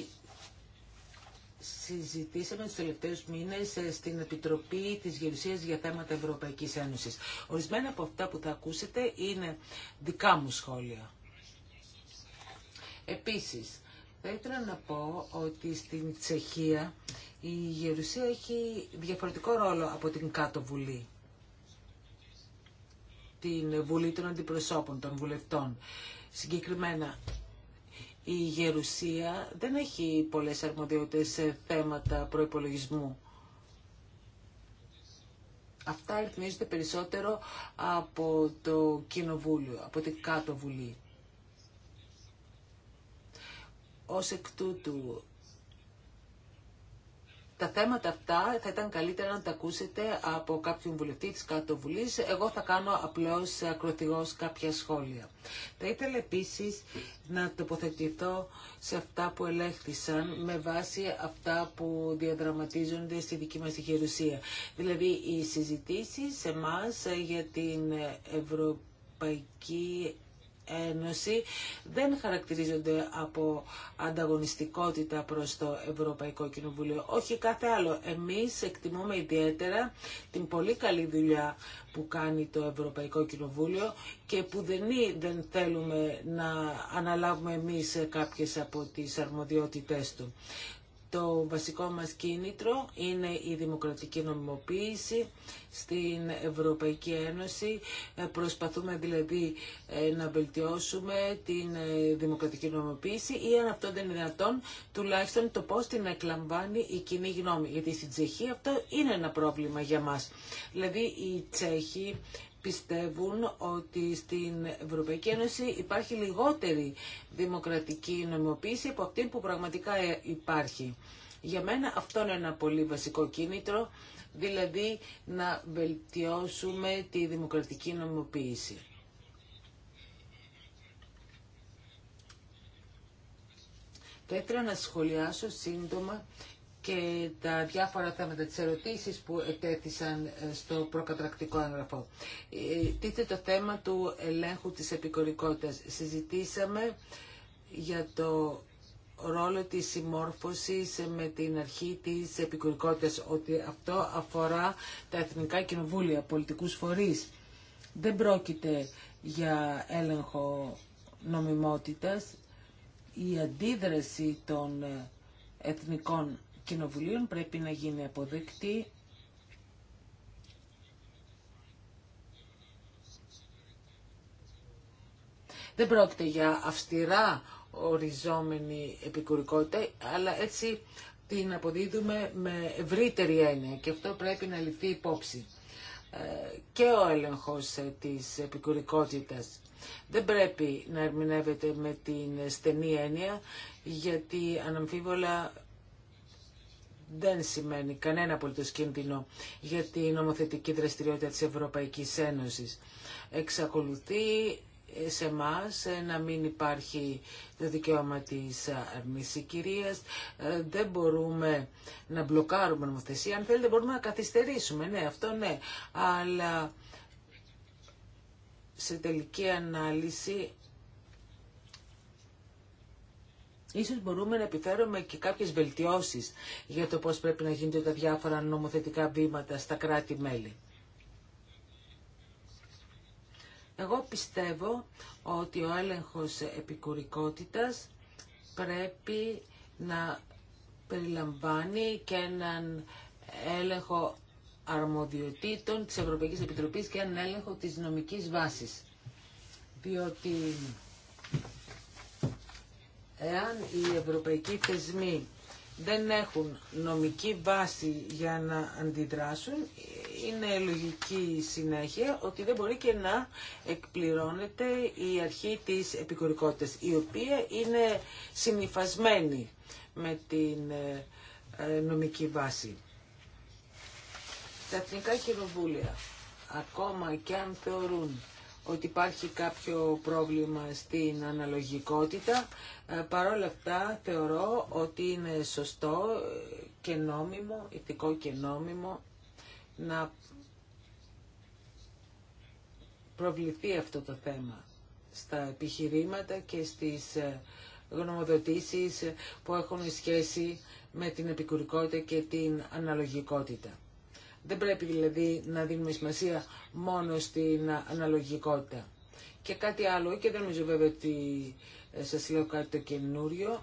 συζητήσαμε τους τελευταίους μήνες ε, στην Επιτροπή της Γερουσίας για θέματα Ευρωπαϊκής Ένωσης. Ορισμένα από αυτά που θα ακούσετε είναι δικά μου σχόλια. Επίσης, θα ήθελα να πω ότι στην Τσεχία η Γερουσία έχει διαφορετικό ρόλο από την Κάτω Βουλή. Την Βουλή των Αντιπροσώπων, των Βουλευτών. Συγκεκριμένα, η γερουσία δεν έχει πολλές αρμοδιότητες σε θέματα προϋπολογισμού. Αυτά ρυθμίζονται περισσότερο από το Κοινοβούλιο, από την Κάτω Βουλή. Ως εκ τούτου, τα θέματα αυτά θα ήταν καλύτερα να τα ακούσετε από κάποιον βουλευτή της κάτω βουλής. Εγώ θα κάνω απλώς ακροθυγός κάποια σχόλια. Θα ήθελα επίσης να τοποθετηθώ σε αυτά που ελέγχθησαν με βάση αυτά που διαδραματίζονται στη δική μας Γερουσία. Δηλαδή οι συζητήσεις σε εμά για την Ευρωπαϊκή Ένωση δεν χαρακτηρίζονται από ανταγωνιστικότητα προς το Ευρωπαϊκό Κοινοβούλιο. Όχι κάθε άλλο. Εμείς εκτιμούμε ιδιαίτερα την πολύ καλή δουλειά που κάνει το Ευρωπαϊκό Κοινοβούλιο και που δεν, δεν θέλουμε να αναλάβουμε εμείς κάποιες από τις αρμοδιότητές του. Το βασικό μας κίνητρο είναι η δημοκρατική νομιμοποίηση στην Ευρωπαϊκή Ένωση. Ε, προσπαθούμε δηλαδή ε, να βελτιώσουμε την ε, δημοκρατική νομιμοποίηση ή αν αυτό δεν είναι δυνατόν, τουλάχιστον το πώς την εκλαμβάνει η κοινή γνώμη. Γιατί στην Τσεχία αυτό είναι ένα πρόβλημα για μας. Δηλαδή οι Τσέχοι πιστεύουν ότι στην Ευρωπαϊκή Ένωση υπάρχει λιγότερη δημοκρατική νομιμοποίηση από αυτή που πραγματικά ε, υπάρχει. Για μένα αυτό είναι ένα πολύ βασικό κίνητρο, δηλαδή να βελτιώσουμε τη δημοκρατική νομιμοποίηση. Θα ήθελα να σχολιάσω σύντομα και τα διάφορα θέματα της ερωτήσεις που ετέθησαν ε, στο προκατρακτικό έγγραφο. Ε, Τίθε το θέμα του ελέγχου της επικορικότητας. Συζητήσαμε για το ρόλο της συμμόρφωσης με την αρχή της επικορικότητας, ότι αυτό αφορά τα εθνικά κοινοβούλια, πολιτικούς φορείς. Δεν πρόκειται για έλεγχο νομιμότητας. Η αντίδραση των ε, εθνικών κοινοβουλίων πρέπει να γίνει αποδεκτή Δεν πρόκειται για αυστηρά οριζόμενη επικουρικότητα, αλλά έτσι την αποδίδουμε με ευρύτερη έννοια και αυτό πρέπει να ληφθεί υπόψη. Ε, και ο έλεγχος ε, της επικουρικότητας δεν πρέπει να ερμηνεύεται με την στενή έννοια, γιατί αναμφίβολα δεν σημαίνει κανένα απολύτως κίνδυνο για την νομοθετική δραστηριότητα της Ευρωπαϊκής Ένωσης. Εξακολουθεί σε εμά να μην υπάρχει το δικαίωμα της αρνήσης κυρίας. Ε, δεν μπορούμε να μπλοκάρουμε νομοθεσία. Αν θέλετε μπορούμε να καθυστερήσουμε. Ναι, αυτό ναι. Αλλά σε τελική ανάλυση Ίσως μπορούμε να επιφέρουμε και κάποιες βελτιώσεις για το πώς πρέπει να γίνονται τα διάφορα νομοθετικά βήματα στα κράτη-μέλη. Εγώ πιστεύω ότι ο έλεγχος επικουρικότητας πρέπει να περιλαμβάνει και έναν έλεγχο αρμοδιοτήτων της Ευρωπαϊκής Επιτροπής και έναν έλεγχο της νομικής βάσης. Διότι Εάν οι ευρωπαϊκοί θεσμοί δεν έχουν νομική βάση για να αντιδράσουν, είναι λογική συνέχεια ότι δεν μπορεί και να εκπληρώνεται η αρχή της επικορικότητας, η οποία είναι συνειφασμένη με την ε, ε, νομική βάση. Τα εθνικά κοινοβούλια, ακόμα και αν θεωρούν ότι υπάρχει κάποιο πρόβλημα στην αναλογικότητα. Ε, παρόλα αυτά θεωρώ ότι είναι σωστό ε, και νόμιμο, ηθικό και νόμιμο να προβληθεί αυτό το θέμα στα επιχειρήματα και στις ε, γνωμοδοτήσεις που έχουν σχέση με την επικουρικότητα και την αναλογικότητα. Δεν πρέπει δηλαδή να δίνουμε σημασία μόνο στην αναλογικότητα. Και κάτι άλλο, και δεν νομίζω βέβαια ότι ε, σας λέω κάτι το καινούριο,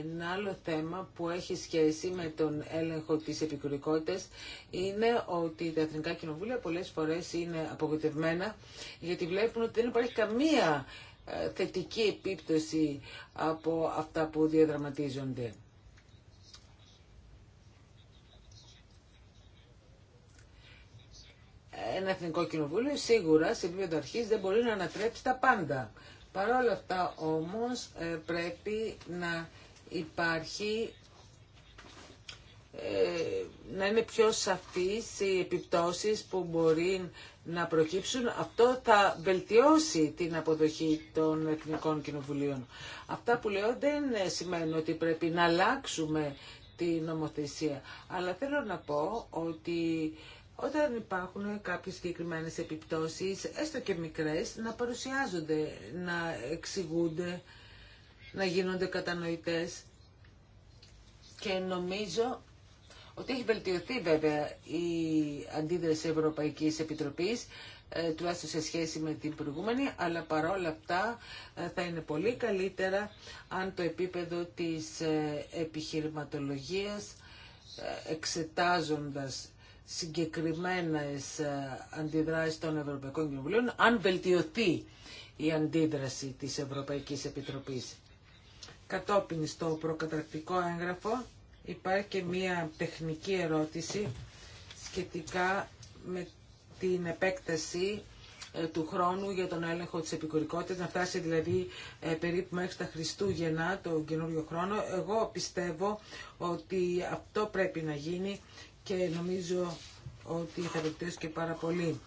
ένα άλλο θέμα που έχει σχέση με τον έλεγχο της επικουρικότητας είναι ότι τα εθνικά κοινοβούλια πολλές φορές είναι απογοητευμένα γιατί βλέπουν ότι δεν υπάρχει καμία ε, θετική επίπτωση από αυτά που διαδραματίζονται. ένα εθνικό κοινοβούλιο σίγουρα σε επίπεδο αρχή δεν μπορεί να ανατρέψει τα πάντα. Παρ' όλα αυτά όμως ε, πρέπει να υπάρχει ε, να είναι πιο σαφείς οι επιπτώσεις που μπορεί να προκύψουν. Αυτό θα βελτιώσει την αποδοχή των Εθνικών Κοινοβουλίων. Αυτά που λέω δεν ε, σημαίνουν ότι πρέπει να αλλάξουμε την νομοθεσία. Αλλά θέλω να πω ότι όταν υπάρχουν κάποιες συγκεκριμένε επιπτώσεις, έστω και μικρές, να παρουσιάζονται, να εξηγούνται, να γίνονται κατανοητές. Και νομίζω ότι έχει βελτιωθεί βέβαια η αντίδραση Ευρωπαϊκής Επιτροπής, ε, τουλάχιστον σε σχέση με την προηγούμενη, αλλά παρόλα αυτά ε, θα είναι πολύ καλύτερα αν το επίπεδο της ε, επιχειρηματολογίας εξετάζοντας συγκεκριμένες ε, αντιδράσεις των Ευρωπαϊκών Κοινοβουλίων αν βελτιωθεί η αντίδραση της Ευρωπαϊκής Επιτροπής. Κατόπιν στο προκαταρκτικό έγγραφο υπάρχει και μία τεχνική ερώτηση σχετικά με την επέκταση ε, του χρόνου για τον έλεγχο της επικουρικότητας, να φτάσει δηλαδή ε, περίπου μέχρι τα Χριστούγεννα, το καινούριο χρόνο. Εγώ πιστεύω ότι αυτό πρέπει να γίνει και νομίζω ότι θα βελτιώσει και πάρα πολύ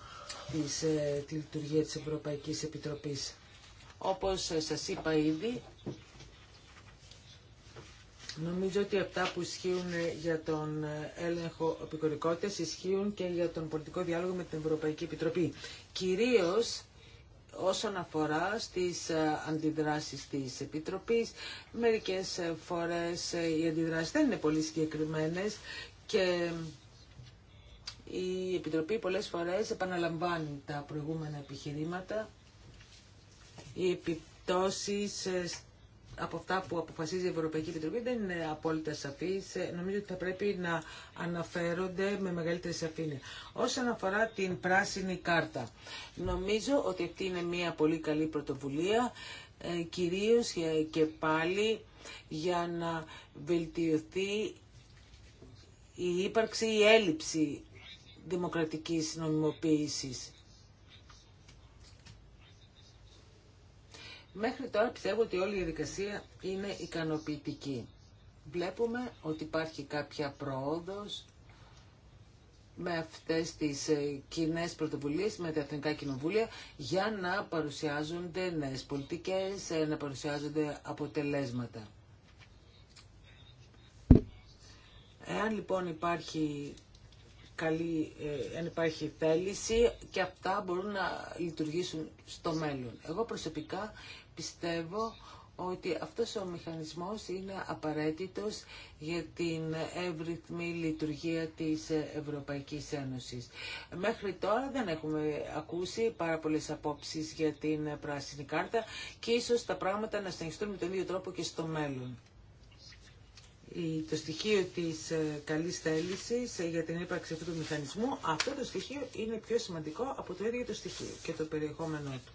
ε, τη λειτουργία της Ευρωπαϊκής Επιτροπής. Όπως ε, σας είπα ήδη, νομίζω ότι αυτά που ισχύουν ε, για τον έλεγχο επικορικότητας ισχύουν και για τον πολιτικό διάλογο με την Ευρωπαϊκή Επιτροπή. Κυρίως όσον αφορά στις αντιδράσεις της Επιτροπής. Μερικές φορές οι αντιδράσεις δεν είναι πολύ συγκεκριμένες και η Επιτροπή πολλές φορές επαναλαμβάνει τα προηγούμενα επιχειρήματα. Οι επιπτώσεις ε, από αυτά που αποφασίζει η Ευρωπαϊκή Επιτροπή δεν είναι απόλυτα σαφείς. Ε, νομίζω ότι θα πρέπει να αναφέρονται με μεγαλύτερη σαφήνεια. Όσον αφορά την πράσινη κάρτα, νομίζω ότι αυτή είναι μια πολύ καλή πρωτοβουλία, ε, κυρίως και πάλι για να βελτιωθεί η ύπαρξη ή η έλλειψη δημοκρατικής νομιμοποίησης. Μέχρι τώρα πιστεύω ότι όλη η διαδικασία είναι ικανοποιητική. Βλέπουμε ότι υπάρχει κάποια προόδος με αυτές τις ε, κοινέ πρωτοβουλίες με τα Εθνικά Κοινοβούλια για να παρουσιάζονται νέες πολιτικές, ε, να παρουσιάζονται αποτελέσματα. Εάν λοιπόν υπάρχει καλή, ε, υπάρχει θέληση και αυτά μπορούν να λειτουργήσουν στο μέλλον. Εγώ προσωπικά πιστεύω ότι αυτός ο μηχανισμός είναι απαραίτητος για την εύρυθμη λειτουργία της Ευρωπαϊκής Ένωσης. Μέχρι τώρα δεν έχουμε ακούσει πάρα πολλές απόψεις για την πράσινη κάρτα και ίσως τα πράγματα να συνεχιστούν με τον ίδιο τρόπο και στο μέλλον το στοιχείο της ε, καλής θέλησης ε, για την ύπαρξη αυτού του μηχανισμού, αυτό το στοιχείο είναι πιο σημαντικό από το ίδιο το στοιχείο και το περιεχόμενό του.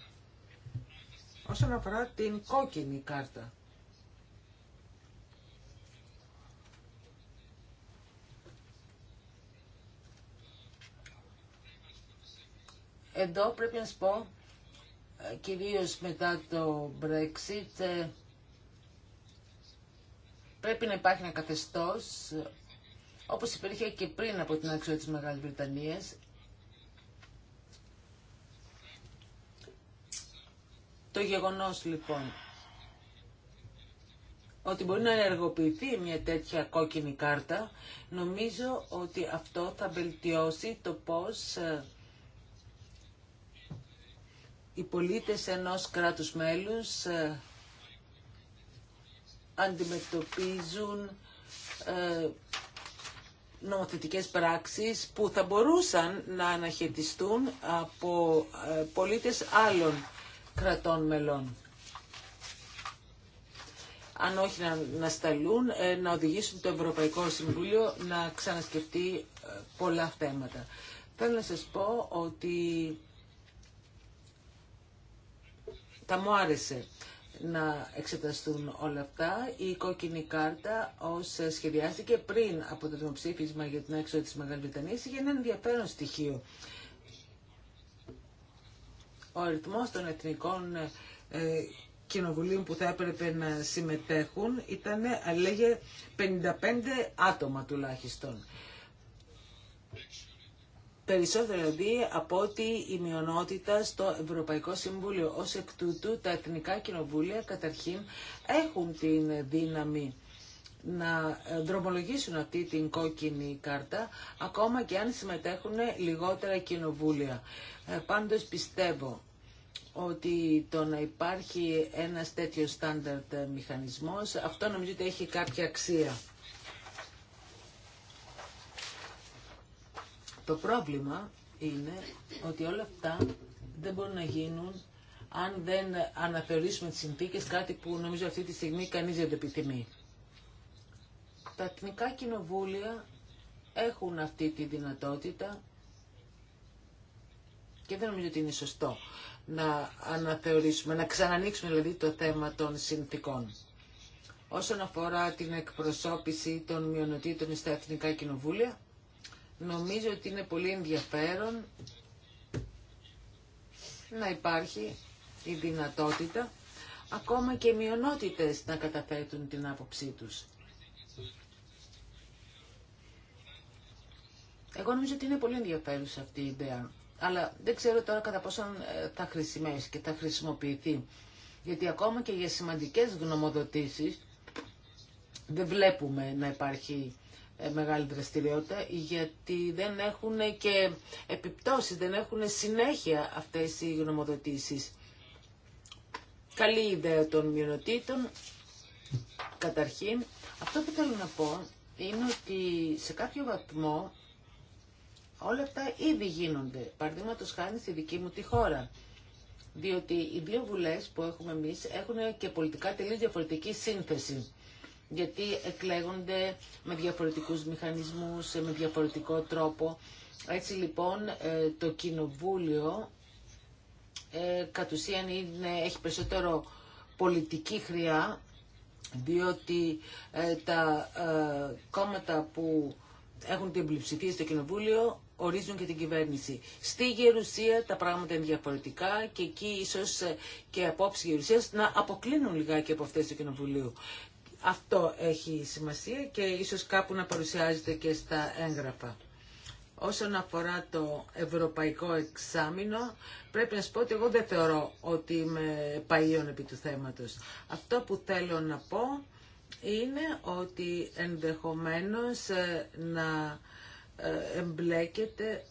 Όσον αφορά την κόκκινη κάρτα. Εδώ πρέπει να σας πω, ε, κυρίως μετά το Brexit, πρέπει να υπάρχει ένα καθεστώς όπως υπήρχε και πριν από την αξιότητα της Μεγάλης Βρετανίας Το γεγονός λοιπόν ότι μπορεί να ενεργοποιηθεί μια τέτοια κόκκινη κάρτα, νομίζω ότι αυτό θα βελτιώσει το πώς ε, οι πολίτες ενός κράτους μέλους ε, αντιμετωπίζουν ε, νομοθετικές πράξεις που θα μπορούσαν να αναχαιριστούν από ε, πολίτες άλλων κρατών μελών. Αν όχι να, να σταλούν, ε, να οδηγήσουν το Ευρωπαϊκό Συμβούλιο να ξανασκεφτεί ε, πολλά θέματα. Θέλω να σας πω ότι θα μου άρεσε να εξεταστούν όλα αυτά. Η κόκκινη κάρτα ως σχεδιάστηκε πριν από το δημοψήφισμα για την έξοδο της Μεγάλης Βρετανίας είχε ένα ενδιαφέρον στοιχείο. Ο αριθμό των εθνικών ε, κοινοβουλίων που θα έπρεπε να συμμετέχουν ήταν, ε, λέγε, 55 άτομα τουλάχιστον περισσότερο δηλαδή από ότι η μειονότητα στο Ευρωπαϊκό Συμβούλιο. Ως εκ τούτου τα εθνικά κοινοβούλια καταρχήν έχουν την δύναμη να ε, δρομολογήσουν αυτή την κόκκινη κάρτα, ακόμα και αν συμμετέχουν λιγότερα κοινοβούλια. Ε, πάντως πιστεύω ότι το να υπάρχει ένας τέτοιος στάνταρτ μηχανισμός, αυτό νομίζω ότι έχει κάποια αξία. Το πρόβλημα είναι ότι όλα αυτά δεν μπορούν να γίνουν αν δεν αναθεωρήσουμε τις συνθήκες, κάτι που νομίζω αυτή τη στιγμή κανείς δεν το επιθυμεί. Τα εθνικά κοινοβούλια έχουν αυτή τη δυνατότητα και δεν νομίζω ότι είναι σωστό να αναθεωρήσουμε, να ξανανοίξουμε δηλαδή το θέμα των συνθήκων. Όσον αφορά την εκπροσώπηση των μειονοτήτων στα εθνικά κοινοβούλια, Νομίζω ότι είναι πολύ ενδιαφέρον να υπάρχει η δυνατότητα ακόμα και μειονότητες να καταθέτουν την άποψή τους. Εγώ νομίζω ότι είναι πολύ ενδιαφέρουσα αυτή η ιδέα. Αλλά δεν ξέρω τώρα κατά πόσον ε, θα χρησιμεύσει και θα χρησιμοποιηθεί. Γιατί ακόμα και για σημαντικές γνωμοδοτήσεις δεν βλέπουμε να υπάρχει ε, μεγάλη δραστηριότητα γιατί δεν έχουν και επιπτώσεις, δεν έχουν συνέχεια αυτές οι γνωμοδοτήσεις. Καλή ιδέα των μειονοτήτων. Καταρχήν, αυτό που θέλω να πω είναι ότι σε κάποιο βαθμό όλα αυτά ήδη γίνονται. Παραδείγματος χάνει στη δική μου τη χώρα. Διότι οι δύο βουλές που έχουμε εμείς έχουν και πολιτικά τελείως διαφορετική σύνθεση γιατί εκλέγονται με διαφορετικούς μηχανισμούς, με διαφορετικό τρόπο. Έτσι λοιπόν ε, το κοινοβούλιο ε, κατ' ουσίαν είναι, έχει περισσότερο πολιτική χρειά, διότι ε, τα κόμματα που έχουν την πλειοψηφία στο κοινοβούλιο ορίζουν και την κυβέρνηση. Στη Γερουσία τα πράγματα είναι διαφορετικά και εκεί ίσως και απόψη Γερουσίας να αποκλίνουν λιγάκι από αυτές του Κοινοβουλίου. Αυτό έχει σημασία και ίσως κάπου να παρουσιάζεται και στα έγγραφα. Όσον αφορά το ευρωπαϊκό εξάμεινο, πρέπει να σου πω ότι εγώ δεν θεωρώ ότι είμαι παΐων επί του θέματος. Αυτό που θέλω να πω είναι ότι ενδεχομένως ε, να ε, εμπλέκεται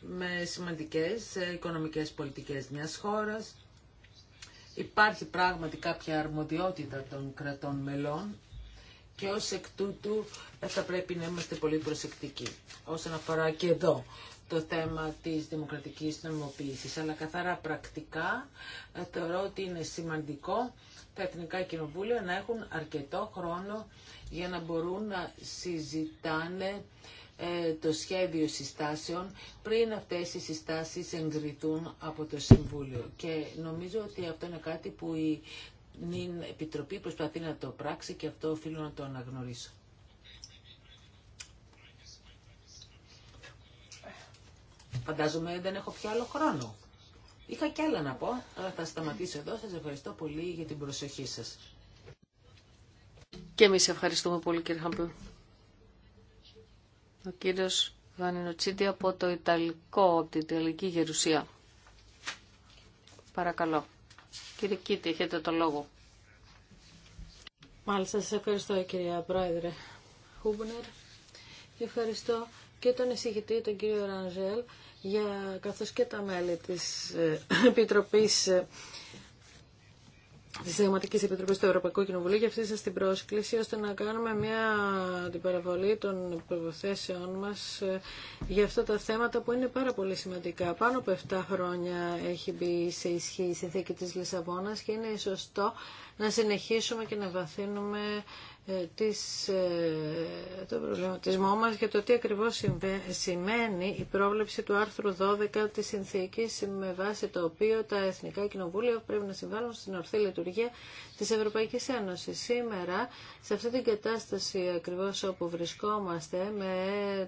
με σημαντικές ε, οικονομικές πολιτικές μιας χώρας, Υπάρχει πράγματι κάποια αρμοδιότητα των κρατών μελών και ως εκ τούτου ε, θα πρέπει να είμαστε πολύ προσεκτικοί όσον αφορά και εδώ το θέμα της δημοκρατικής νομιμοποίησης. Αλλά καθαρά πρακτικά ε, θεωρώ ότι είναι σημαντικό τα Εθνικά Κοινοβούλια να έχουν αρκετό χρόνο για να μπορούν να συζητάνε ε, το σχέδιο συστάσεων πριν αυτές οι συστάσεις εγκριτούν από το Συμβούλιο. Και νομίζω ότι αυτό είναι κάτι που η νυν Επιτροπή προσπαθεί να το πράξει και αυτό οφείλω να το αναγνωρίσω. Φαντάζομαι δεν έχω πια άλλο χρόνο. Είχα κι άλλα να πω, αλλά θα σταματήσω εδώ. Σας ευχαριστώ πολύ για την προσοχή σας. Και εμείς ευχαριστούμε πολύ κύριε Χάμπλου. Ο κύριος Βανινοτσίτη από το Ιταλικό, από την Ιταλική Γερουσία. Παρακαλώ. Κύριε Κίτη, έχετε το λόγο. Μάλιστα, σας ευχαριστώ κυρία Πρόεδρε Χούμπνερ. Ευχαριστώ και τον εισηγητή, τον κύριο Ρανζέλ, για, καθώς και τα μέλη της ε, Επιτροπής ε, τη Συνταγματική Επιτροπή του Ευρωπαϊκού Κοινοβουλίου για αυτή σα την πρόσκληση, ώστε να κάνουμε μια την παραβολή των προποθέσεών μα ε, για αυτά τα θέματα που είναι πάρα πολύ σημαντικά. Πάνω από 7 χρόνια έχει μπει σε ισχύ η συνθήκη τη Λισαβόνα και είναι σωστό να συνεχίσουμε και να βαθύνουμε ε, της, ε, το προβληματισμό μας για το τι ακριβώς σημαίνει η πρόβλεψη του άρθρου 12 της συνθήκης με βάση το οποίο τα Εθνικά Κοινοβούλια πρέπει να συμβάλλουν στην ορθή λειτουργία της Ευρωπαϊκής Ένωσης. Σήμερα, σε αυτή την κατάσταση ακριβώς όπου βρισκόμαστε με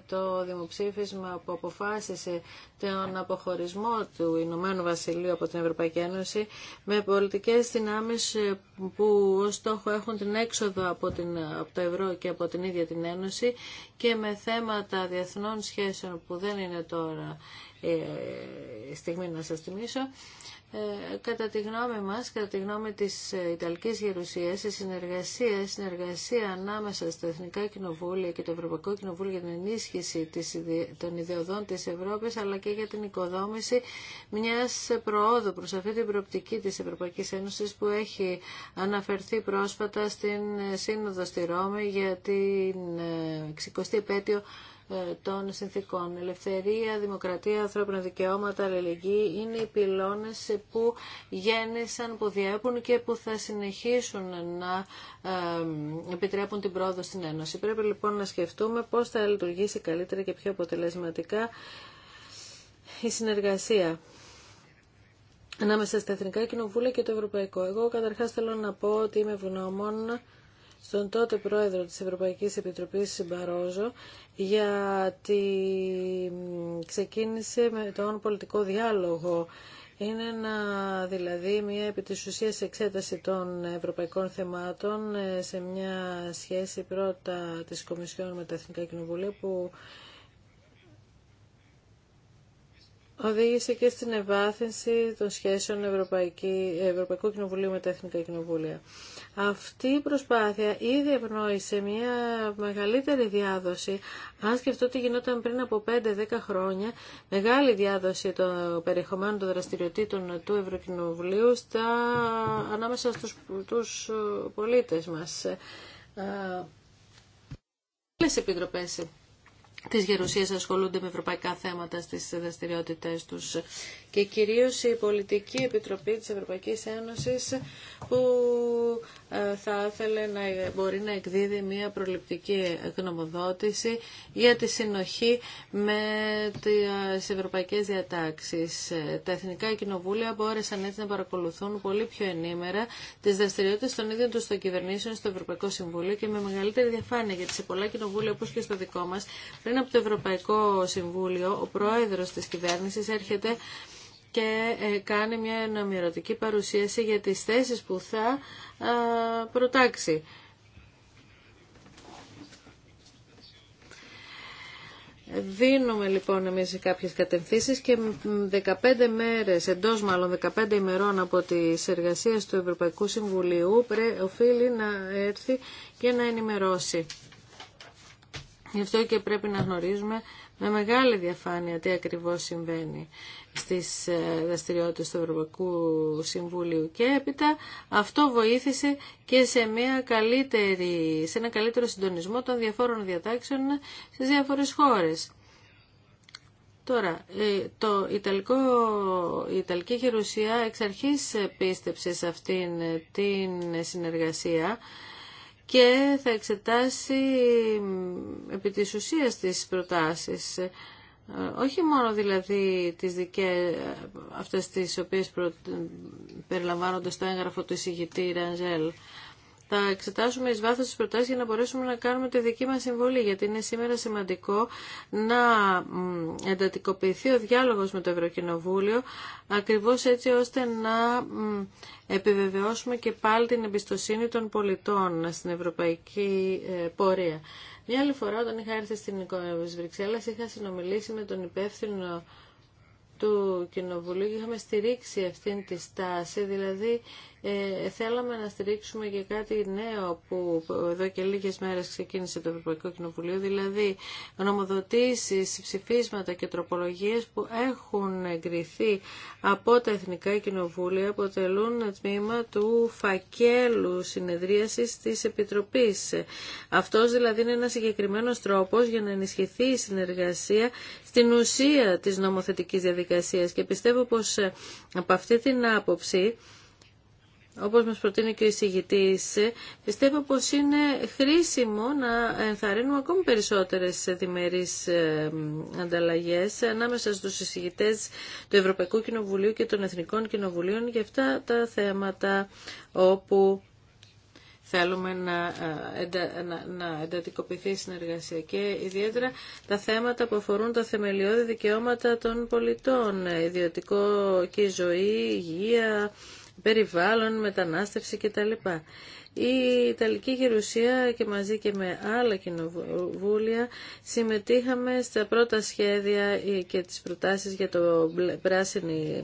το δημοψήφισμα που αποφάσισε τον αποχωρισμό του Ηνωμένου Βασιλείου από την Ευρωπαϊκή Ένωση με πολιτικές δυνάμεις που ως στόχο έχουν την έξοδο από την από το ευρώ και από την ίδια την Ένωση και με θέματα διεθνών σχέσεων που δεν είναι τώρα ε, στιγμή να σας θυμίσω ε, κατά τη γνώμη μας, κατά τη γνώμη της ε, Ιταλικής Γερουσίας, η συνεργασία, συνεργασία ανάμεσα στα Εθνικά Κοινοβούλια και το Ευρωπαϊκό Κοινοβούλιο για την ενίσχυση της, των ιδεωδών της Ευρώπης, αλλά και για την οικοδόμηση μιας προόδου προς αυτή την προοπτική της Ευρωπαϊκής Ένωσης που έχει αναφερθεί πρόσφατα στην ε, Σύνοδο στη Ρώμη για την 60η επέτειο ε, των συνθήκων. Ελευθερία, δημοκρατία, ανθρώπινα δικαιώματα, αλληλεγγύη είναι οι πυλώνες που γέννησαν, που διέπουν και που θα συνεχίσουν να ε, επιτρέπουν την πρόοδο στην Ένωση. Πρέπει λοιπόν να σκεφτούμε πώς θα λειτουργήσει καλύτερα και πιο αποτελεσματικά η συνεργασία ανάμεσα στα Εθνικά Κοινοβούλια και το Ευρωπαϊκό. Εγώ καταρχάς θέλω να πω ότι είμαι ευγνώμων στον τότε πρόεδρο της Ευρωπαϊκής Επιτροπής για γιατί ξεκίνησε με τον πολιτικό διάλογο. Είναι ένα, δηλαδή μια επί της εξέταση των ευρωπαϊκών θεμάτων ε, σε μια σχέση πρώτα της Κομισιόν με τα Εθνικά Κοινοβουλία που οδήγησε και στην ευάθυνση των σχέσεων Ευρωπαϊκού Κοινοβουλίου με τα Εθνικά Κοινοβούλια. Αυτή η προσπάθεια ήδη ευνόησε μια μεγαλύτερη διάδοση. Αν σκεφτώ ότι γινόταν πριν από 5-10 χρόνια, μεγάλη διάδοση των περιεχομένων των δραστηριοτήτων του Ευρωκοινοβουλίου στα, ανάμεσα στους, τους πολίτες μας. Πολλές ε, επιτροπές της Γερουσίας ασχολούνται με ευρωπαϊκά θέματα στις δραστηριότητε τους και κυρίως η Πολιτική Επιτροπή της Ευρωπαϊκής Ένωσης που ε, θα ήθελε να ε, μπορεί να εκδίδει μια προληπτική γνωμοδότηση για τη συνοχή με τις ευρωπαϊκές διατάξεις. Ε, τα εθνικά κοινοβούλια μπόρεσαν έτσι να παρακολουθούν πολύ πιο ενήμερα τις δραστηριότητες των ίδιων τους των κυβερνήσεων στο Ευρωπαϊκό Συμβούλιο και με μεγαλύτερη διαφάνεια γιατί σε πολλά κοινοβούλια όπως και στο δικό μας πριν από το Ευρωπαϊκό Συμβούλιο ο πρόεδρος της κυβέρνησης έρχεται και ε, κάνει μια ενημερωτική παρουσίαση για τις θέσεις που θα προτάξει. Δίνουμε λοιπόν εμείς κάποιες κατευθύνσεις και 15 μέρες, εντός μάλλον 15 ημερών από τις εργασίες του Ευρωπαϊκού Συμβουλίου πρέ, οφείλει να έρθει και να ενημερώσει. Γι' αυτό και πρέπει να γνωρίζουμε με μεγάλη διαφάνεια τι ακριβώς συμβαίνει στις ε, δραστηριότητες του Ευρωπαϊκού Συμβουλίου και έπειτα αυτό βοήθησε και σε, μια καλύτερη, σε ένα καλύτερο συντονισμό των διαφόρων διατάξεων στις διάφορες χώρες. Τώρα, ε, το Ιταλικό, η Ιταλική Γερουσία εξ αρχής πίστεψε σε αυτήν την συνεργασία και θα εξετάσει επί της ουσίας τις προτάσεις. Ε, όχι μόνο δηλαδή τις δικές, αυτές τις οποίες περιλαμβάνονται στο έγγραφο του εισηγητή Ρανζέλ. Θα εξετάσουμε εις βάθος τις προτάσεις για να μπορέσουμε να κάνουμε τη δική μας συμβολή, γιατί είναι σήμερα σημαντικό να εντατικοποιηθεί ο διάλογος με το Ευρωκοινοβούλιο, ακριβώς έτσι ώστε να επιβεβαιώσουμε και πάλι την εμπιστοσύνη των πολιτών στην ευρωπαϊκή ε, πορεία. Μια άλλη φορά όταν είχα έρθει στην Βρυξέλλας είχα συνομιλήσει με τον υπεύθυνο του Κοινοβουλίου και είχαμε στηρίξει αυτήν τη στάση, δηλαδή ε, θέλαμε να στηρίξουμε και κάτι νέο που εδώ και λίγες μέρες ξεκίνησε το Ευρωπαϊκό Κοινοβουλίο, δηλαδή νομοδοτήσεις, ψηφίσματα και τροπολογίες που έχουν εγκριθεί από τα Εθνικά Κοινοβούλια αποτελούν τμήμα του φακέλου συνεδρίασης της Επιτροπής. Αυτός δηλαδή είναι ένας συγκεκριμένος τρόπος για να ενισχυθεί η συνεργασία στην ουσία της νομοθετικής διαδικασίας και πιστεύω πως ε, από αυτή την άποψη όπως μας προτείνει και ο εισηγητής, πιστεύω πως είναι χρήσιμο να ενθαρρύνουμε ακόμη περισσότερες διμερείς ε, ανταλλαγές ανάμεσα στους εισηγητές του Ευρωπαϊκού Κοινοβουλίου και των Εθνικών Κοινοβουλίων για αυτά τα θέματα όπου θέλουμε να, ε, να, να εντατικοποιηθεί η συνεργασία και ιδιαίτερα τα θέματα που αφορούν τα θεμελιώδη δικαιώματα των πολιτών, ε, ιδιωτικό και ζωή, υγεία, περιβάλλον, μετανάστευση κτλ. Η Ιταλική Γερουσία και μαζί και με άλλα κοινοβούλια συμμετείχαμε στα πρώτα σχέδια ε, και τις προτάσεις για το πράσινη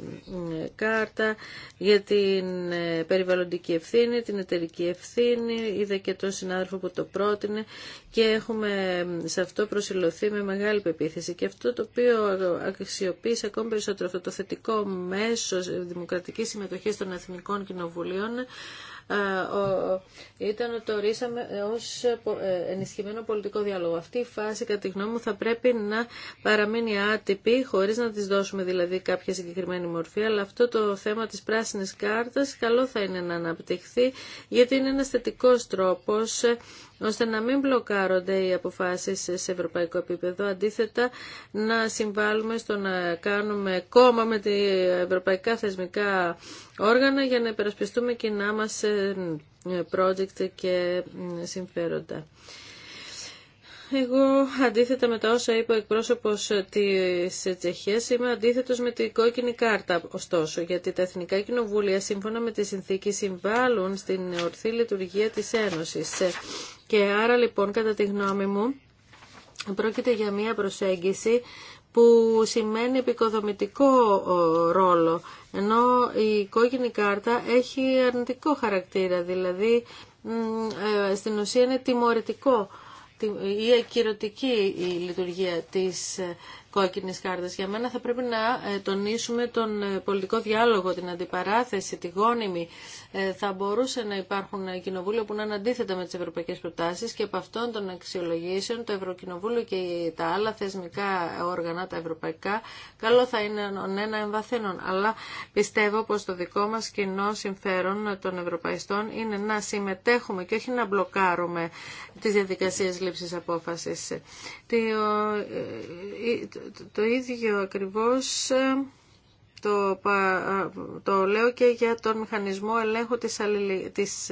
ε, κάρτα, για την ε, περιβαλλοντική ευθύνη, την εταιρική ευθύνη, είδα και τον συνάδελφο που το πρότεινε και έχουμε σε αυτό προσιλωθεί με μεγάλη πεποίθηση. Και αυτό το οποίο αξιοποίησε ακόμη περισσότερο αυτό το θετικό μέσο δημοκρατικής συμμετοχής των Εθνικών Κοινοβουλίων ήταν ότι το ορίσαμε ως ε, ενισχυμένο πολιτικό διάλογο. Αυτή η φάση, κατά τη γνώμη μου, θα πρέπει να παραμείνει άτυπη, χωρίς να της δώσουμε δηλαδή κάποια συγκεκριμένη μορφή, αλλά αυτό το θέμα της πράσινης κάρτας καλό θα είναι να αναπτυχθεί, γιατί είναι ένας θετικός τρόπος ε, ώστε να μην μπλοκάρονται οι αποφάσεις σε ευρωπαϊκό επίπεδο. Αντίθετα, να συμβάλλουμε στο να κάνουμε κόμμα με τα ευρωπαϊκά θεσμικά όργανα για να υπερασπιστούμε κοινά μας ε, project και ε, συμφέροντα εγώ αντίθετα με τα όσα είπε ο εκπρόσωπος της Τσεχίας είμαι αντίθετος με την κόκκινη κάρτα ωστόσο γιατί τα εθνικά κοινοβούλια σύμφωνα με τη συνθήκη συμβάλλουν στην ορθή λειτουργία της Ένωσης και άρα λοιπόν κατά τη γνώμη μου πρόκειται για μια προσέγγιση που σημαίνει επικοδομητικό ρόλο ενώ η κόκκινη κάρτα έχει αρνητικό χαρακτήρα δηλαδή ε, στην ουσία είναι τιμωρητικό η ακυρωτική η λειτουργία της ε, κόκκινης κάρτας. Για μένα θα πρέπει να ε, τονίσουμε τον ε, πολιτικό διάλογο, την αντιπαράθεση, τη γόνιμη ε, θα μπορούσε να υπάρχουν κοινοβούλια που να είναι αντίθετα με τις ευρωπαϊκές προτάσεις και από αυτών των αξιολογήσεων το Ευρωκοινοβούλιο και τα άλλα θεσμικά όργανα, τα ευρωπαϊκά, καλό θα είναι ένα ναι εμβαθύνων. Αλλά πιστεύω πως το δικό μας κοινό συμφέρον των ευρωπαϊστών είναι να συμμετέχουμε και όχι να μπλοκάρουμε τις διαδικασίες λήψης απόφαση. Ε, ε, το ίδιο ακριβώς το, το λέω και για τον μηχανισμό ελέγχου της, αλληλη, της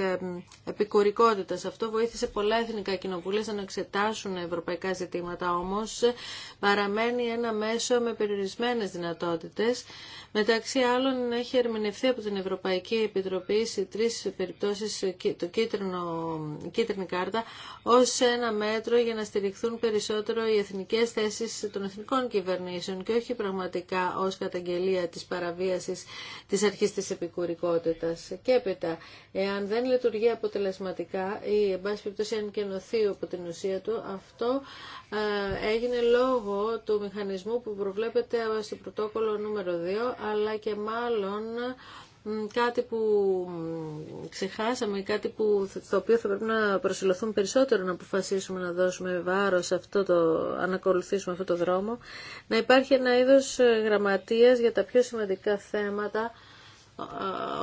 επικουρικότητας. Αυτό βοήθησε πολλά εθνικά κοινοβούλια να εξετάσουν ευρωπαϊκά ζητήματα, όμως παραμένει ένα μέσο με περιορισμένες δυνατότητες Μεταξύ άλλων έχει ερμηνευθεί από την Ευρωπαϊκή Επιτροπή σε τρει περιπτώσει, το κίτρινο, η κίτρινη κάρτα ω ένα μέτρο για να στηριχθούν περισσότερο οι εθνικέ θέσει των εθνικών κυβερνήσεων και όχι πραγματικά ω καταγγελία τη παραβίαση τη αρχής της επικουρικότητας. Και έπειτα, εάν δεν λειτουργεί αποτελεσματικά ή εν πάση περιπτώσει αν κενωθεί από την ουσία του, αυτό ε, έγινε λόγω του μηχανισμού που προβλέπεται στο πρωτόκολλο νούμερο 2 αλλά και μάλλον κάτι που ξεχάσαμε, κάτι που, στο οποίο θα πρέπει να προσυλλοθούμε περισσότερο να αποφασίσουμε να δώσουμε βάρος σε αυτό το, ανακολουθήσουμε αυτό το δρόμο, να υπάρχει ένα είδος ε, γραμματείας για τα πιο σημαντικά θέματα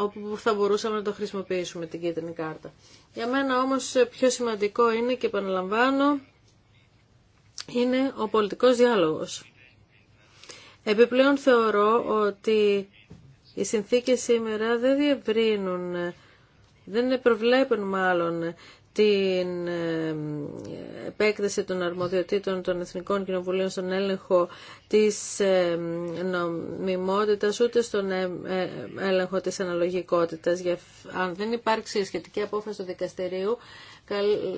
όπου θα μπορούσαμε να το χρησιμοποιήσουμε την κίτρινη κάρτα. Για μένα όμως ε, πιο σημαντικό είναι και επαναλαμβάνω είναι ο πολιτικός διάλογος. Επιπλέον θεωρώ ότι οι συνθήκες σήμερα δεν διευρύνουν, δεν προβλέπουν μάλλον την επέκταση των αρμοδιοτήτων των Εθνικών Κοινοβουλίων στον έλεγχο της νομιμότητας ούτε στον ε, ε, έλεγχο της αναλογικότητας. Αν δεν υπάρξει σχετική απόφαση του δικαστηρίου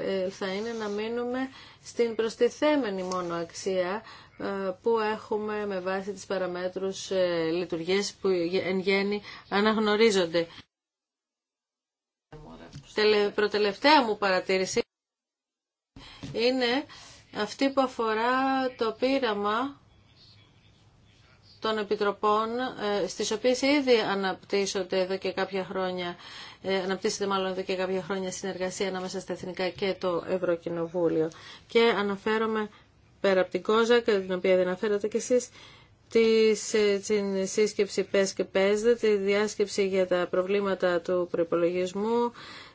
ε, θα είναι να μείνουμε στην προστιθέμενη μόνο αξία ε, που έχουμε με βάση τις παραμέτρους ε, λειτουργίες που εν γέννη αναγνωρίζονται. Τελε, προτελευταία μου παρατήρηση είναι αυτή που αφορά το πείραμα των επιτροπών, ε, στις οποίες ήδη αναπτύσσονται εδώ χρόνια, αναπτύσσεται μάλλον εδώ και κάποια χρόνια συνεργασία ανάμεσα στα Εθνικά και το Ευρωκοινοβούλιο. Και αναφέρομαι πέρα από την Κόζα, την οποία δεν αναφέρατε κι εσείς, τη ε, σύσκεψη ΠΕΣ και ΠΕΣΔΕ, τη διάσκεψη για τα προβλήματα του προπολογισμού,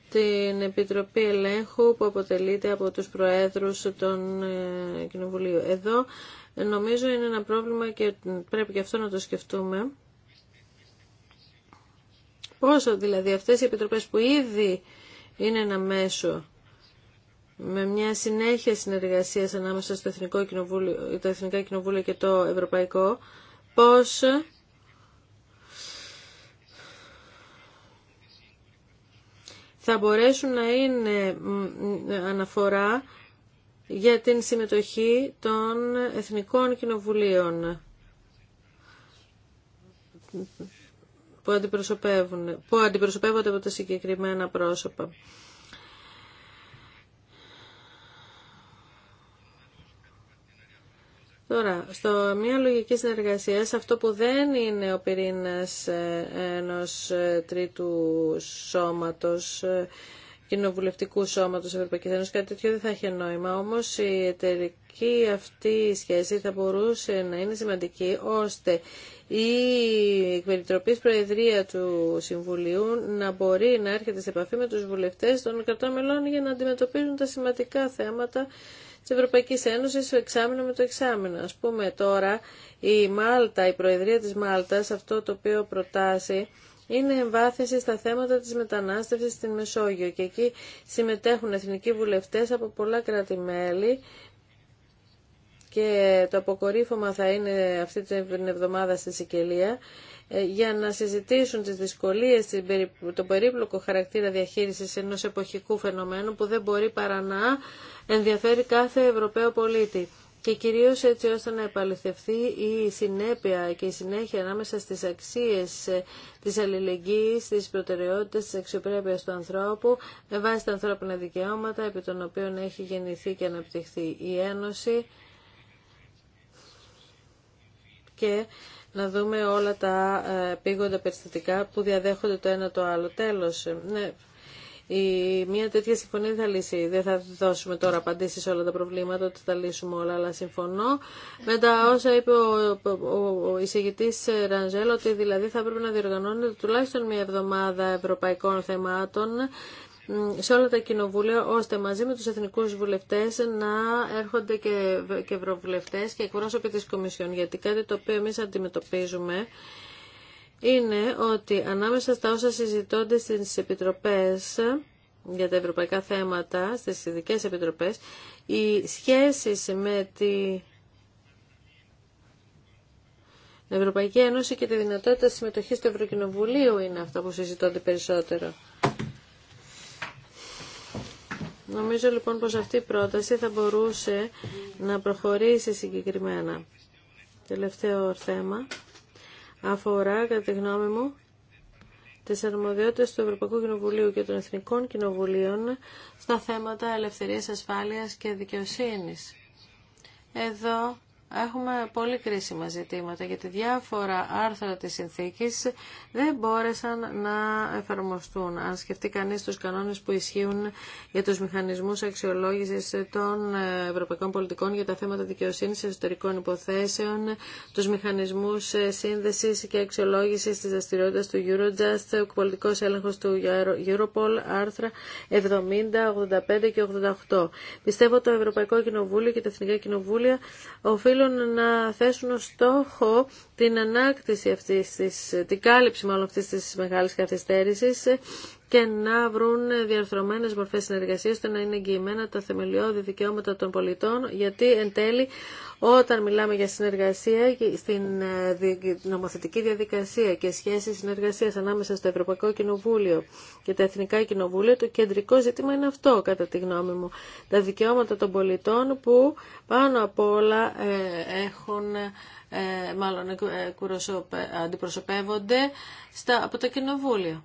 την Επιτροπή Ελέγχου που αποτελείται από τους Προέδρους των ε, Κοινοβουλίου. Εδώ νομίζω είναι ένα πρόβλημα και πρέπει και αυτό να το σκεφτούμε. Πόσο δηλαδή αυτές οι επιτροπές που ήδη είναι ένα μέσο με μια συνέχεια συνεργασίας ανάμεσα στο Εθνικό Κοινοβούλιο, το Εθνικά Κοινοβούλιο και το Ευρωπαϊκό, πώς θα μπορέσουν να είναι αναφορά για την συμμετοχή των Εθνικών Κοινοβουλίων αντιπροσωπεύουν, που αντιπροσωπεύονται από τα συγκεκριμένα πρόσωπα. Τώρα, στο μια λογική συνεργασία, αυτό που δεν είναι ο πυρήνα ε, ενό ε, τρίτου σώματος, ε, κοινοβουλευτικού σώματο Ευρωπαϊκή Ένωση, κάτι τέτοιο δεν θα έχει νόημα. όμω η εταιρική αυτή σχέση θα μπορούσε να είναι σημαντική, ώστε η εκμεριτροπής προεδρία του Συμβουλίου να μπορεί να έρχεται σε επαφή με του βουλευτέ των κρατών μελών για να αντιμετωπίζουν τα σημαντικά θέματα της Ευρωπαϊκής Ένωσης εξάμεινο με το εξάμεινο. Ας πούμε τώρα η Μάλτα, η Προεδρία της Μάλτας, αυτό το οποίο προτάσει είναι εμβάθυνση στα θέματα της μετανάστευσης στην Μεσόγειο και εκεί συμμετέχουν εθνικοί βουλευτές από πολλά κράτη-μέλη και το αποκορύφωμα θα είναι αυτή την εβδομάδα στη Σικελία ε, για να συζητήσουν τις δυσκολίες, το περίπλοκο χαρακτήρα διαχείρισης ενός εποχικού φαινομένου που δεν μπορεί παρά να ενδιαφέρει κάθε Ευρωπαίο πολίτη και κυρίως έτσι ώστε να επαληθευτεί η συνέπεια και η συνέχεια ανάμεσα στις αξίες ε, της αλληλεγγύης, της προτεραιότητας, της αξιοπρέπειας του ανθρώπου με βάση τα ανθρώπινα δικαιώματα επί των οποίων έχει γεννηθεί και αναπτυχθεί η Ένωση και να δούμε όλα τα ε, πήγοντα περιστατικά που διαδέχονται το ένα το άλλο. Τέλος, ε, ναι, η, μια τέτοια συμφωνία δεν θα λύσει. Δεν θα δώσουμε τώρα απαντήσει σε όλα τα προβλήματα, ότι θα λύσουμε όλα, αλλά συμφωνώ. Με τα όσα είπε ο, ο, ο εισηγητή ε, Ρανζέλ, ότι δηλαδή θα πρέπει να διοργανώνεται τουλάχιστον μια εβδομάδα ευρωπαϊκών θεμάτων σε όλα τα κοινοβούλια, ώστε μαζί με τους εθνικούς βουλευτές να έρχονται και, και ευρωβουλευτές και εκπρόσωποι της Κομισιόν. Γιατί κάτι το οποίο εμείς αντιμετωπίζουμε είναι ότι ανάμεσα στα όσα συζητώνται στις επιτροπές για τα ευρωπαϊκά θέματα, στις ειδικές επιτροπές, οι σχέσεις με τη Ευρωπαϊκή Ένωση και τη δυνατότητα συμμετοχής του Ευρωκοινοβουλίου είναι αυτά που συζητώνται περισσότερο. Νομίζω λοιπόν πως αυτή η πρόταση θα μπορούσε να προχωρήσει συγκεκριμένα. Τελευταίο θέμα αφορά, κατά τη γνώμη μου, τις αρμοδιότητες του Ευρωπαϊκού Κοινοβουλίου και των Εθνικών Κοινοβουλίων στα θέματα ελευθερίας, ασφάλειας και δικαιοσύνης. Εδώ έχουμε πολύ κρίσιμα ζητήματα γιατί διάφορα άρθρα της συνθήκης δεν μπόρεσαν να εφαρμοστούν. Αν σκεφτεί κανείς τους κανόνες που ισχύουν για τους μηχανισμούς αξιολόγησης των ε, ευρωπαϊκών πολιτικών για τα θέματα δικαιοσύνης εσωτερικών υποθέσεων, τους μηχανισμούς ε, σύνδεσης και αξιολόγησης της δραστηριότητα του Eurojust, ο πολιτικός έλεγχος του Europol, άρθρα 70, 85 και 88. Πιστεύω το Ευρωπαϊκό Κοινοβούλιο και τα Εθνικά Κοινοβούλια οφείλουν Θέλω να θέσουν ως στόχο την ανάκτηση αυτής της, την κάλυψη μάλλον αυτής της μεγάλης καθυστέρησης και να βρουν διαρθρωμένες μορφές συνεργασίας ώστε να είναι εγγυημένα τα θεμελιώδη δικαιώματα των πολιτών γιατί εν τέλει όταν μιλάμε για συνεργασία στην ε, νομοθετική διαδικασία και σχέση συνεργασίας ανάμεσα στο Ευρωπαϊκό Κοινοβούλιο και τα Εθνικά Κοινοβούλια, το κεντρικό ζήτημα είναι αυτό, κατά τη γνώμη μου. Τα δικαιώματα των πολιτών που πάνω απ' όλα ε, έχουν, ε, μάλλον αντιπροσωπεύονται από το Κοινοβούλιο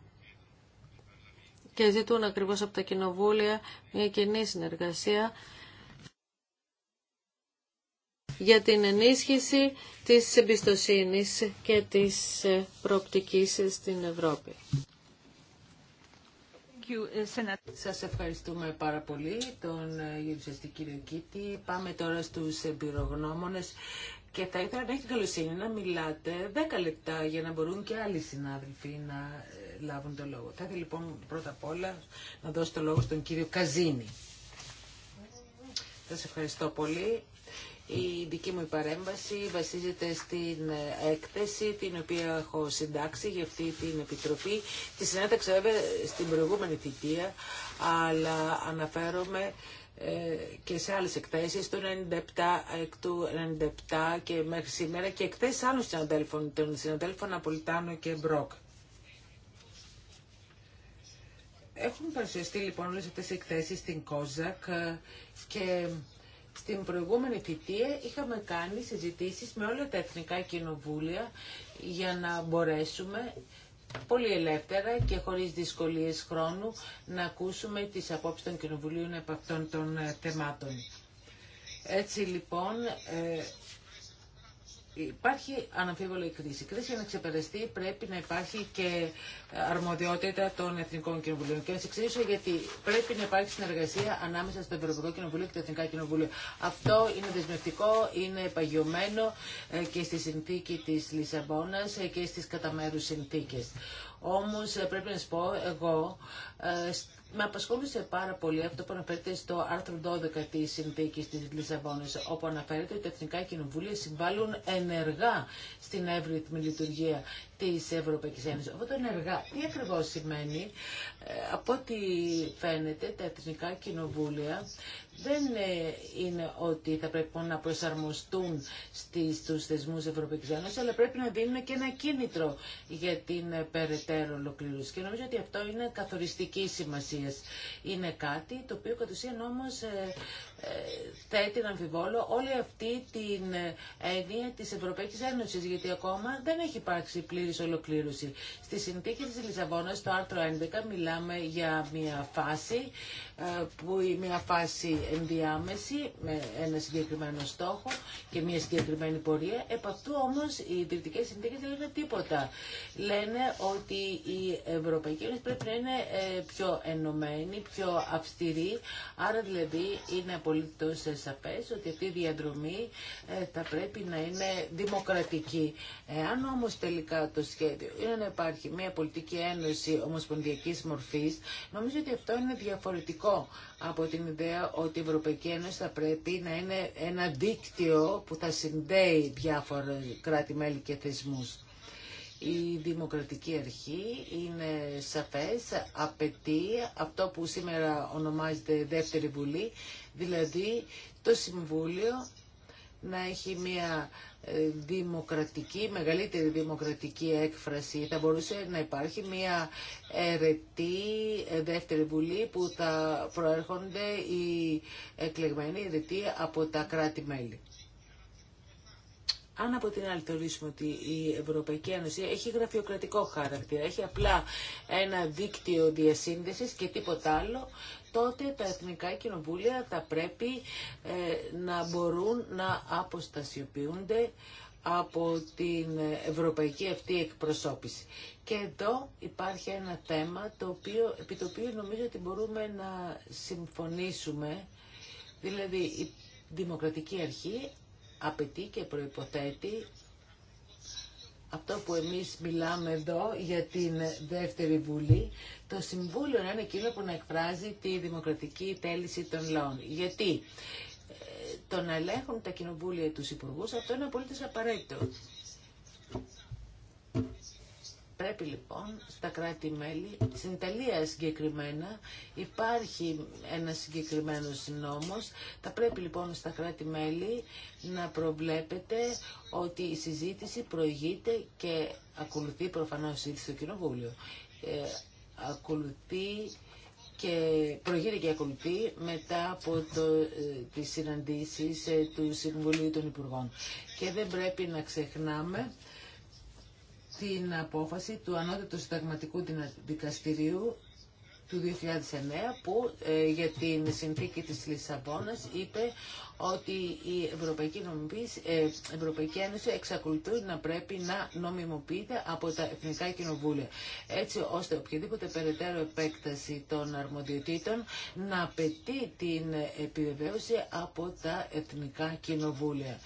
και ζητούν ακριβώς από τα κοινοβούλια μια κοινή συνεργασία για την ενίσχυση της εμπιστοσύνης και της προοπτικής στην Ευρώπη. Ε, Σας ευχαριστούμε πάρα πολύ τον ε, Γερουσιαστή κύριο Κίτη. Πάμε τώρα στους εμπειρογνώμονες και θα ήθελα να έχετε καλοσύνη να μιλάτε 10 λεπτά για να μπορούν και άλλοι συνάδελφοι να ε, λάβουν το λόγο. Θα ήθελα λοιπόν πρώτα απ' όλα να δώσω το λόγο στον κύριο Καζίνη. Σας ευχαριστώ πολύ. Η δική μου παρέμβαση βασίζεται στην ε, έκθεση την οποία έχω συντάξει για αυτή την επιτροπή. Τη συνέταξα βέβαια στην προηγούμενη θητεία, αλλά αναφέρομαι ε, και σε άλλες εκθέσεις του 97, 97 και μέχρι σήμερα και εκθέσεις άλλων συναδέλφων, των συναδέλφων Απολιτάνο και Μπρόκ. Έχουν παρουσιαστεί λοιπόν όλε αυτές οι εκθέσεις στην ΚΟΖΑΚ ε, και στην προηγούμενη θητεία είχαμε κάνει συζητήσει με όλα τα εθνικά κοινοβούλια για να μπορέσουμε πολύ ελεύθερα και χωρίς δυσκολίες χρόνου να ακούσουμε τις απόψεις των κοινοβουλίων επ' αυτών των ε, θεμάτων. Έτσι λοιπόν ε, Υπάρχει αναμφίβολη κρίση. Η κρίση για να ξεπεραστεί πρέπει να υπάρχει και αρμοδιότητα των Εθνικών Κοινοβουλίων. Και να σα εξηγήσω γιατί πρέπει να υπάρχει συνεργασία ανάμεσα στο Ευρωπαϊκό Κοινοβούλιο και το Εθνικά Κοινοβούλιο. Αυτό είναι δεσμευτικό, είναι παγιωμένο ε, και στη συνθήκη τη Λισαβόνα ε, και στι καταμέρου συνθήκε. Όμω ε, πρέπει να σα πω εγώ με απασχόλησε πάρα πολύ αυτό που αναφέρεται στο άρθρο 12 τη συνθήκη τη Λισαβόνα, όπου αναφέρεται ότι τα εθνικά κοινοβούλια συμβάλλουν ενεργά στην εύρυθμη λειτουργία τη Ευρωπαϊκή Ένωση. Αυτό το ενεργά, τι ακριβώ σημαίνει, ε, από ό,τι φαίνεται, τα εθνικά κοινοβούλια δεν ε, είναι ότι θα πρέπει να προσαρμοστούν στους θεσμούς Ευρωπαϊκής Ένωσης, αλλά πρέπει να δίνουν και ένα κίνητρο για την ε, περαιτέρω ολοκλήρωση. Και νομίζω ότι αυτό είναι καθοριστική σημασία. Είναι κάτι το οποίο κατ' ουσίαν όμως ε, θέτει να αμφιβόλω όλη αυτή την έννοια της Ευρωπαϊκής Ένωσης, γιατί ακόμα δεν έχει υπάρξει πλήρης ολοκλήρωση. Στη συνθήκη της Λισαβόνας, στο άρθρο 11, μιλάμε για μια φάση που είναι μια φάση ενδιάμεση με ένα συγκεκριμένο στόχο και μια συγκεκριμένη πορεία. Επ' αυτού όμως οι ιδρυτικές συνθήκες δεν λένε τίποτα. Λένε ότι η Ευρωπαϊκή Ένωση πρέπει να είναι ε, πιο ενωμένη, πιο αυστηρή. Άρα δηλαδή είναι απολύτως σαφές ότι αυτή η διαδρομή ε, θα πρέπει να είναι δημοκρατική. Εάν όμως τελικά το σχέδιο είναι να υπάρχει μια πολιτική ένωση ομοσπονδιακής μορφής, νομίζω ότι αυτό είναι διαφορετικό από την ιδέα ότι η Ευρωπαϊκή Ένωση θα πρέπει να είναι ένα δίκτυο που θα συνδέει διάφορα κράτη-μέλη και θεσμούς. Η δημοκρατική αρχή είναι σαφές, απαιτεί αυτό που σήμερα ονομάζεται δεύτερη βουλή, δηλαδή το Συμβούλιο να έχει μια δημοκρατική, μεγαλύτερη δημοκρατική έκφραση. Θα μπορούσε να υπάρχει μια ερετή δεύτερη βουλή που θα προέρχονται οι εκλεγμένοι ερετοί από τα κράτη-μέλη. Αν από την άλλη θεωρήσουμε ότι η Ευρωπαϊκή Ένωση έχει γραφειοκρατικό χαρακτήρα, έχει απλά ένα δίκτυο διασύνδεσης και τίποτα άλλο, τότε τα εθνικά κοινοβούλια θα πρέπει ε, να μπορούν να αποστασιοποιούνται από την ευρωπαϊκή αυτή εκπροσώπηση. Και εδώ υπάρχει ένα θέμα το οποίο, επί το οποίο νομίζω ότι μπορούμε να συμφωνήσουμε. Δηλαδή η δημοκρατική αρχή απαιτεί και προϋποθέτει αυτό που εμείς μιλάμε εδώ για την δεύτερη βουλή, το Συμβούλιο να είναι εκείνο που να εκφράζει τη δημοκρατική τέληση των λαών. Γιατί ε, το να ελέγχουν τα κοινοβούλια τους υπουργούς, αυτό είναι απολύτως απαραίτητο πρέπει λοιπόν στα κράτη-μέλη, στην Ιταλία συγκεκριμένα, υπάρχει ένα συγκεκριμένο νόμος. Θα πρέπει λοιπόν στα κράτη-μέλη να προβλέπετε ότι η συζήτηση προηγείται και ακολουθεί προφανώς συζήτηση στο Κοινοβούλιο. Ε, ακολουθεί και και ακολουθεί μετά από το, ε, τις συναντήσεις ε, του Συμβουλίου των Υπουργών. Και δεν πρέπει να ξεχνάμε την απόφαση του Ανώτατου Συνταγματικού Δικαστηρίου του 2009 που ε, για την συνθήκη της Λισαβόνας είπε ότι η Ευρωπαϊκή, ε, Ευρωπαϊκή Ένωση εξακολουθεί να πρέπει να νομιμοποιείται από τα Εθνικά Κοινοβούλια. Έτσι ώστε οποιαδήποτε περαιτέρω επέκταση των αρμοδιοτήτων να απαιτεί την επιβεβαίωση από τα Εθνικά Κοινοβούλια.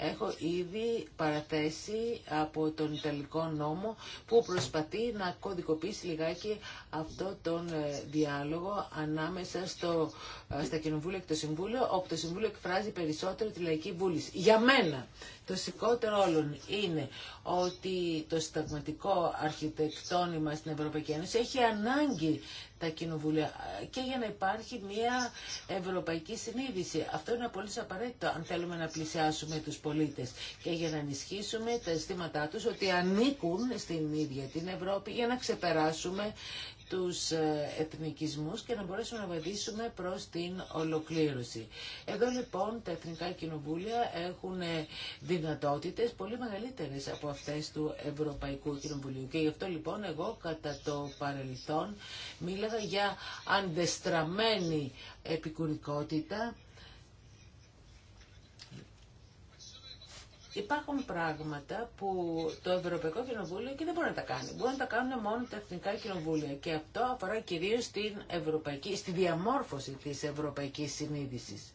Έχω ήδη παραθέσει από τον Ιταλικό νόμο που προσπαθεί να κωδικοποιήσει λιγάκι αυτό τον ε, διάλογο ανάμεσα στο ε, στα Κοινοβούλια και το Συμβούλιο, όπου το Συμβούλιο εκφράζει περισσότερο τη λαϊκή βούληση. Για μένα το σηκότερο όλων είναι ότι το συνταγματικό αρχιτεκτόνημα στην Ευρωπαϊκή Ένωση έχει ανάγκη τα κοινοβούλια ε, και για να υπάρχει μια ευρωπαϊκή συνείδηση. Αυτό είναι πολύ απαραίτητο αν θέλουμε να πλησιάσουμε τους πολίτες και για να ενισχύσουμε τα αισθήματά τους ότι ανήκουν στην ίδια την Ευρώπη για να ξεπεράσουμε τους ε, εθνικισμούς και να μπορέσουμε να βαδίσουμε προς την ολοκλήρωση. Εδώ λοιπόν τα Εθνικά Κοινοβούλια έχουν ε, δυνατότητες πολύ μεγαλύτερες από αυτές του Ευρωπαϊκού Κοινοβουλίου και γι' αυτό λοιπόν εγώ κατά το παρελθόν μίλαγα για αντεστραμμένη επικουρικότητα Υπάρχουν πράγματα που το Ευρωπαϊκό Κοινοβούλιο και δεν μπορεί να τα κάνει. Μπορεί να τα κάνουν μόνο τα Εθνικά Κοινοβούλια και αυτό αφορά κυρίως στην ευρωπαϊκή, στη διαμόρφωση της Ευρωπαϊκής Συνείδησης.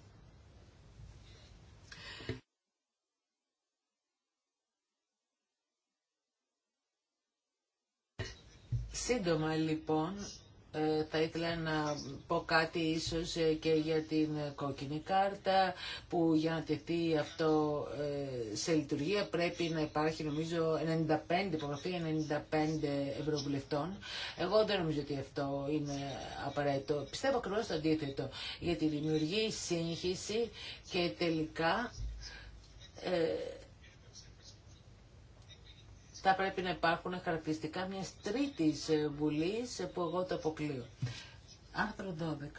Σύντομα λοιπόν ε, θα ήθελα να πω κάτι ίσως ε, και για την κόκκινη κάρτα που για να τεθεί αυτό ε, σε λειτουργία πρέπει να υπάρχει νομίζω 95, υπογραφή 95 ευρωβουλευτών. Εγώ δεν νομίζω ότι αυτό είναι απαραίτητο. Πιστεύω ακριβώ το αντίθετο γιατί δημιουργεί σύγχυση και τελικά θα πρέπει να υπάρχουν χαρακτηριστικά μιας τρίτης ε, βουλής ε, που εγώ το αποκλείω. Άρθρο 12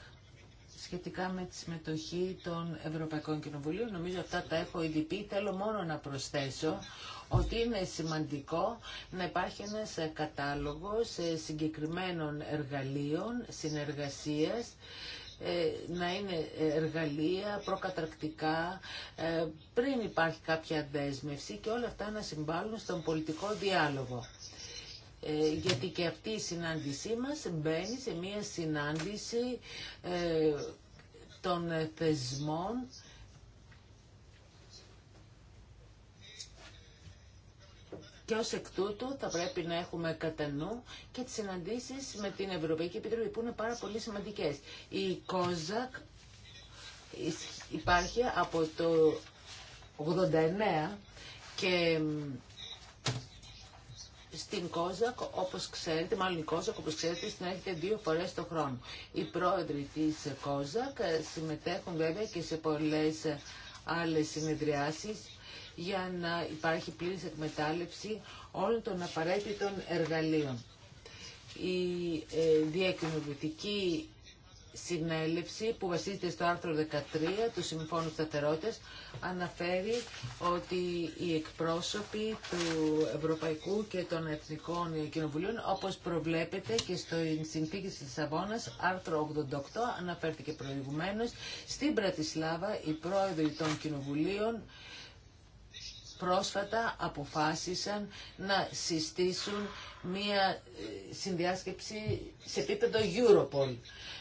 σχετικά με τη συμμετοχή των Ευρωπαϊκών Κοινοβουλίων. Νομίζω αυτά τα έχω ήδη πει. Θέλω μόνο να προσθέσω ότι είναι σημαντικό να υπάρχει ένας ε, κατάλογος συγκεκριμένων εργαλείων συνεργασίας ε, να είναι εργαλεία προκαταρκτικά ε, πριν υπάρχει κάποια δέσμευση και όλα αυτά να συμβάλλουν στον πολιτικό διάλογο. Ε, γιατί και αυτή η συνάντησή μας μπαίνει σε μία συνάντηση των θεσμών Και ως εκ τούτου θα πρέπει να έχουμε κατά νου και τις συναντήσεις με την Ευρωπαϊκή Επιτροπή που είναι πάρα πολύ σημαντικές. Η ΚΟΖΑΚ υπάρχει από το 89 και στην Κόζακ, όπως ξέρετε, μάλλον η Κόζακ, όπως ξέρετε, συνέρχεται δύο φορές το χρόνο. Οι πρόεδροι της Κόζακ ε, συμμετέχουν βέβαια και σε πολλές άλλες συνεδριάσεις για να υπάρχει πλήρης εκμετάλλευση όλων των απαραίτητων εργαλείων. Η ε, διακοινοβητική συνέλευση που βασίζεται στο άρθρο 13 του Συμφώνου Σταθερότητας αναφέρει ότι οι εκπρόσωποι του Ευρωπαϊκού και των Εθνικών Κοινοβουλίων όπως προβλέπεται και στο συνθήκη της Λισαβόνα, άρθρο 88 αναφέρθηκε προηγουμένως στην Πρατισλάβα οι πρόεδροι των Κοινοβουλίων πρόσφατα αποφάσισαν να συστήσουν μία ε, συνδιάσκεψη σε επίπεδο Europol.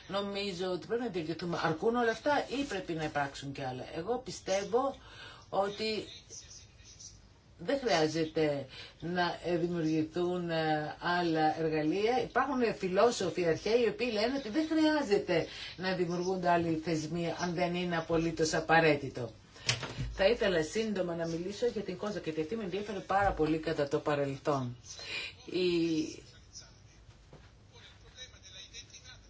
Νομίζω ότι πρέπει να διοικηθούμε. Αρκούν όλα αυτά ή πρέπει να υπάρξουν και άλλα. Εγώ πιστεύω ότι δεν χρειάζεται να ε, δημιουργηθούν ε, άλλα εργαλεία. Υπάρχουν φιλόσοφοι αρχαίοι οι οποίοι λένε ότι δεν χρειάζεται να δημιουργούνται άλλοι θεσμοί αν δεν είναι απολύτως απαραίτητο. Θα ήθελα σύντομα να μιλήσω για την Κόζα, γιατί αυτή με ενδιαφέρει πάρα πολύ κατά το παρελθόν.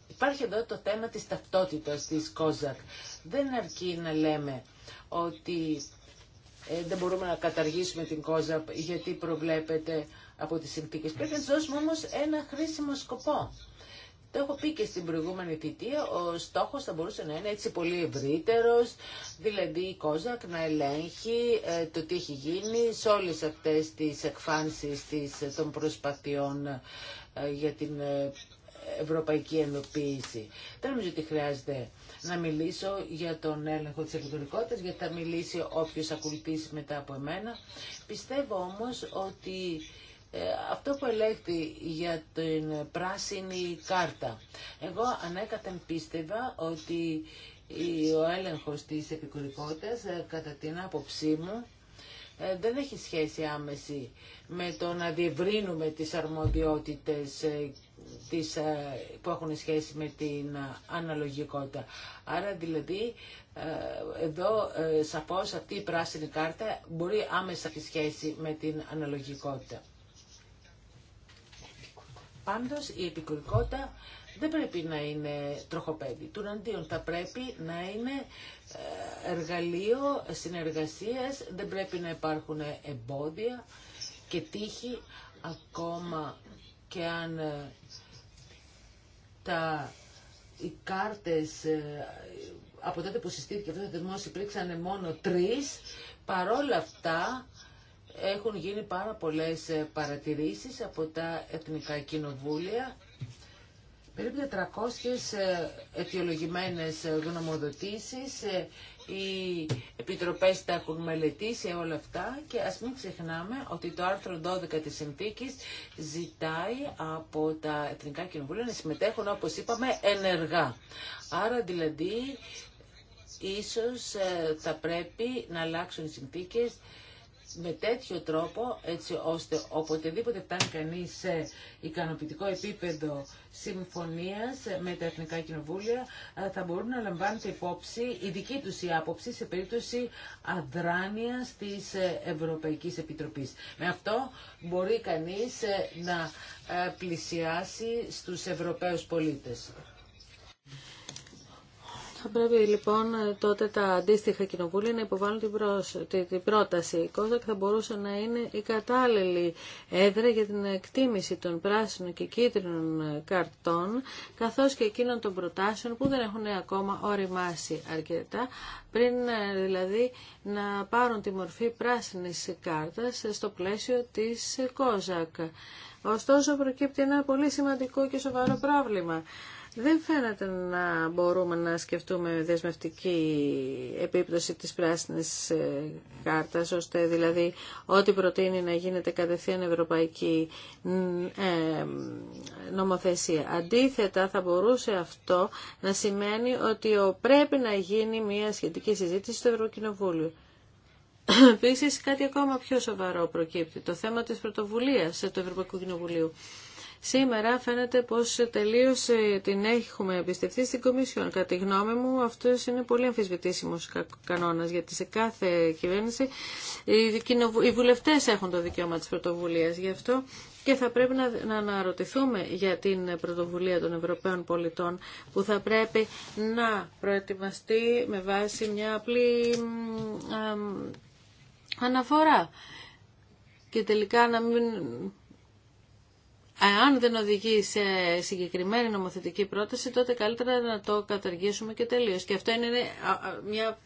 Υπάρχει εδώ το θέμα της ταυτότητας της Κόζακ. Δεν αρκεί να λέμε ότι ε, δεν μπορούμε να καταργήσουμε την Κόζακ γιατί προβλέπεται από τις συνθήκες. Πρέπει να δώσουμε όμως ένα χρήσιμο σκοπό. Το έχω πει και στην προηγούμενη θητεία, ο στόχος θα μπορούσε να είναι έτσι πολύ ευρύτερος, δηλαδή η Κόζακ να ελέγχει ε, το τι έχει γίνει σε όλες αυτές τις εκφάνσεις της, ε, των προσπαθειών ε, για την ευρωπαϊκή ενοποίηση. Δεν νομίζω ότι χρειάζεται να μιλήσω για τον έλεγχο της ελεκτρονικότητας, γιατί θα μιλήσει όποιος ακολουθήσει μετά από εμένα. Πιστεύω όμως ότι ε, αυτό που ελέγχθη για την πράσινη κάρτα. Εγώ ανέκαθεν πίστευα ότι ο έλεγχος της επικουρικότητας, ε, κατά την άποψή μου, ε, δεν έχει σχέση άμεση με το να διευρύνουμε τις αρμοδιότητες τις, που έχουν σχέση με την αναλογικότητα. Άρα δηλαδή εδώ σαφώς αυτή η πράσινη κάρτα μπορεί άμεσα τη σχέση με την αναλογικότητα. Πάντως η επικουρικότητα δεν πρέπει να είναι τροχοπέδι. Τουναντίον θα πρέπει να είναι ε, εργαλείο συνεργασίας, δεν πρέπει να υπάρχουν εμπόδια και τύχη ακόμα και αν ε, τα, οι κάρτες ε, από τότε που συστήθηκε αυτό το δημόσιο υπήρξαν μόνο τρεις, παρόλα αυτά έχουν γίνει πάρα πολλές ε, παρατηρήσεις από τα Εθνικά Κοινοβούλια. Περίπου 400 ε, αιτιολογημένες ε, γνωμοδοτήσεις, οι επιτροπές τα έχουν μελετήσει όλα αυτά και ας μην ξεχνάμε ότι το άρθρο 12 της συνθήκης ζητάει από τα Εθνικά Κοινοβούλια να συμμετέχουν όπως είπαμε ενεργά. Άρα δηλαδή ίσως θα πρέπει να αλλάξουν οι συνθήκες με τέτοιο τρόπο έτσι ώστε οποτεδήποτε φτάνει κανείς σε ικανοποιητικό επίπεδο συμφωνίας με τα Εθνικά Κοινοβούλια ε, θα μπορούν να λαμβάνεται υπόψη η δική τους η άποψη σε περίπτωση αδράνειας της ε, Ευρωπαϊκής Επιτροπής. Με αυτό μπορεί κανείς ε, να πλησιάσει στους Ευρωπαίους πολίτες. Θα πρέπει λοιπόν τότε τα αντίστοιχα κοινοβούλια να υποβάλουν την, προσ... την πρόταση. Η Κόζακ θα μπορούσε να είναι η κατάλληλη έδρα για την εκτίμηση των πράσινων και κίτρινων καρτών, καθώς και εκείνων των προτάσεων που δεν έχουν ακόμα οριμάσει αρκετά, πριν ε, δηλαδή να πάρουν τη μορφή πράσινης κάρτας στο πλαίσιο της Κόζακ. Ωστόσο προκύπτει ένα πολύ σημαντικό και σοβαρό πρόβλημα. Δεν φαίνεται να μπορούμε να σκεφτούμε δεσμευτική επίπτωση της πράσινης ε, κάρτας, ώστε δηλαδή ό,τι προτείνει να γίνεται κατευθείαν ευρωπαϊκή ε, νομοθεσία. Αντίθετα, θα μπορούσε αυτό να σημαίνει ότι πρέπει να γίνει μια σχετική συζήτηση στο Ευρωκοινοβούλιο. Επίση, κάτι ακόμα πιο σοβαρό προκύπτει. Το θέμα της πρωτοβουλίας του Ευρωπαϊκού Κοινοβουλίου. Σήμερα φαίνεται πως τελείω ε, την έχουμε εμπιστευτεί στην Κομισιόν. Κατά τη γνώμη μου αυτό είναι πολύ αμφισβητήσιμος κανόνας γιατί σε κάθε κυβέρνηση οι βουλευτές έχουν το δικαίωμα της πρωτοβουλίας. Γι' αυτό και θα πρέπει να, αναρωτηθούμε για την πρωτοβουλία των Ευρωπαίων πολιτών που θα πρέπει να προετοιμαστεί με βάση μια απλή αναφορά και τελικά να μην αν δεν οδηγεί σε συγκεκριμένη νομοθετική πρόταση, τότε καλύτερα να το καταργήσουμε και τελείω. Και αυτό είναι μια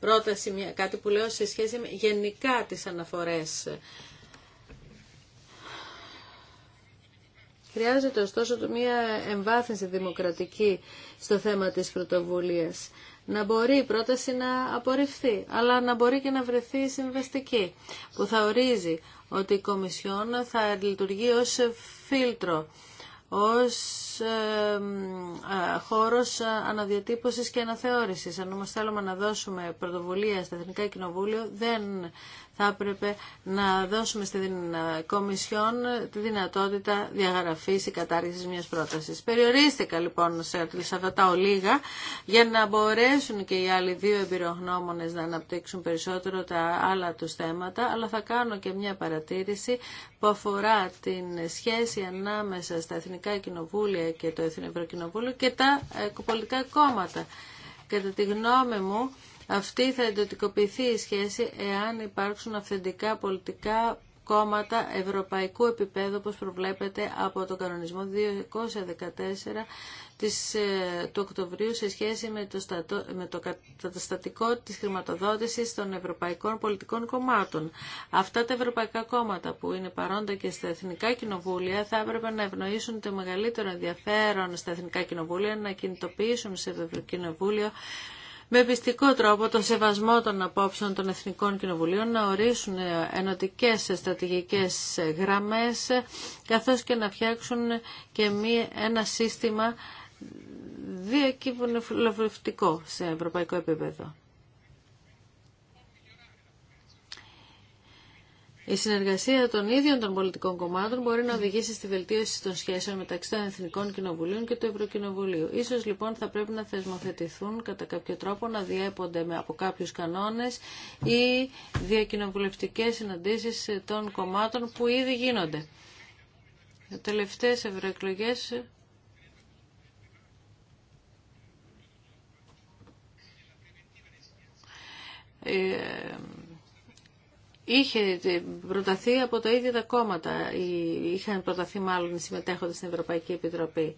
πρόταση, κάτι που λέω σε σχέση με γενικά τι αναφορέ. Χρειάζεται ωστόσο μια εμβάθυνση δημοκρατική στο θέμα της πρωτοβουλίας. Να μπορεί η πρόταση να απορριφθεί, αλλά να μπορεί και να βρεθεί συμβαστική, που θα ορίζει ότι η Κομισιόν θα λειτουργεί ως φίλτρο, ως χώρος αναδιατύπωσης και αναθεώρησης. Αν όμως θέλουμε να δώσουμε πρωτοβουλία στο Εθνικά Κοινοβούλιο, δεν θα έπρεπε να δώσουμε στη ε, Κομισιόν τη δυνατότητα διαγραφής ή κατάργησης μιας πρότασης. Περιορίστηκα λοιπόν σε αυτά τα ολίγα για να μπορέσουν και οι άλλοι δύο εμπειρογνώμονες να αναπτύξουν περισσότερο τα άλλα τους θέματα, αλλά θα κάνω και μια παρατήρηση που αφορά την σχέση ανάμεσα στα Εθνικά Κοινοβούλια και το Εθνικό Κοινοβούλιο και τα ε, πολιτικά κόμματα. Κατά τη γνώμη μου, αυτή θα εντοτικοποιηθεί η σχέση εάν υπάρξουν αυθεντικά πολιτικά κόμματα ευρωπαϊκού επίπεδου όπως προβλέπεται από τον κανονισμό 214 της, ε, του Οκτωβρίου σε σχέση με το, στατο, το καταστατικό της χρηματοδότησης των ευρωπαϊκών πολιτικών κομμάτων. Αυτά τα ευρωπαϊκά κόμματα που είναι παρόντα και στα εθνικά κοινοβούλια θα έπρεπε να ευνοήσουν το μεγαλύτερο ενδιαφέρον στα εθνικά κοινοβούλια, να κινητοποιήσουν σε ευρωκοινοβούλιο με πιστικό τρόπο το σεβασμό των απόψεων των Εθνικών Κοινοβουλίων να ορίσουν ενωτικές στρατηγικές γραμμές καθώς και να φτιάξουν και ένα σύστημα διακυβουλευτικό σε ευρωπαϊκό επίπεδο. Η συνεργασία των ίδιων των πολιτικών κομμάτων μπορεί να οδηγήσει στη βελτίωση των σχέσεων μεταξύ των Εθνικών Κοινοβουλίων και του Ευρωκοινοβουλίου. Ίσως λοιπόν θα πρέπει να θεσμοθετηθούν κατά κάποιο τρόπο να διέπονται με από κάποιου κανόνες ή διακοινοβουλευτικέ συναντήσεις των κομμάτων που ήδη γίνονται. Οι τελευταίε ευρωεκλογέ. ε, είχε προταθεί από τα ίδια τα κόμματα, είχαν προταθεί μάλλον οι συμμετέχοντες στην Ευρωπαϊκή Επιτροπή.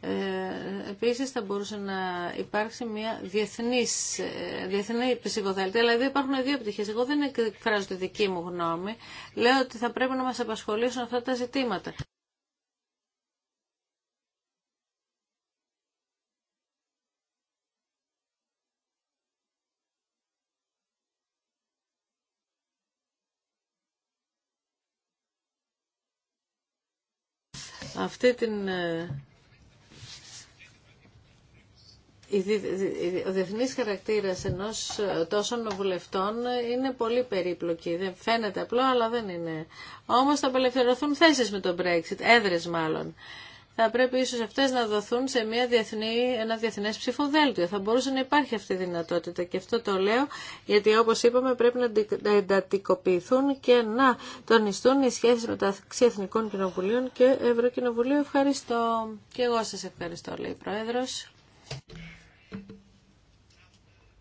Ε, επίσης θα μπορούσε να υπάρξει μια διεθνής, ε, διεθνή ψυχοθελτία, αλλά εδώ υπάρχουν δύο πτυχές. Εγώ δεν εκφράζω τη δική μου γνώμη, λέω ότι θα πρέπει να μας απασχολήσουν αυτά τα ζητήματα. Αυτή την... Ε, ο διεθνή χαρακτήρα ενό ε, τόσων βουλευτών είναι πολύ περίπλοκη. Δεν φαίνεται απλό, αλλά δεν είναι. Όμως θα απελευθερωθούν θέσει με το Brexit, έδρες μάλλον θα πρέπει ίσως αυτές να δοθούν σε μια διεθνή, ένα διεθνές ψηφοδέλτιο. Θα μπορούσε να υπάρχει αυτή η δυνατότητα και αυτό το λέω γιατί όπως είπαμε πρέπει να εντατικοποιηθούν και να τονιστούν οι σχέσεις μεταξύ Εθνικών Κοινοβουλίων και Ευρωκοινοβουλίου. Ευχαριστώ και εγώ σας ευχαριστώ λέει η Πρόεδρος.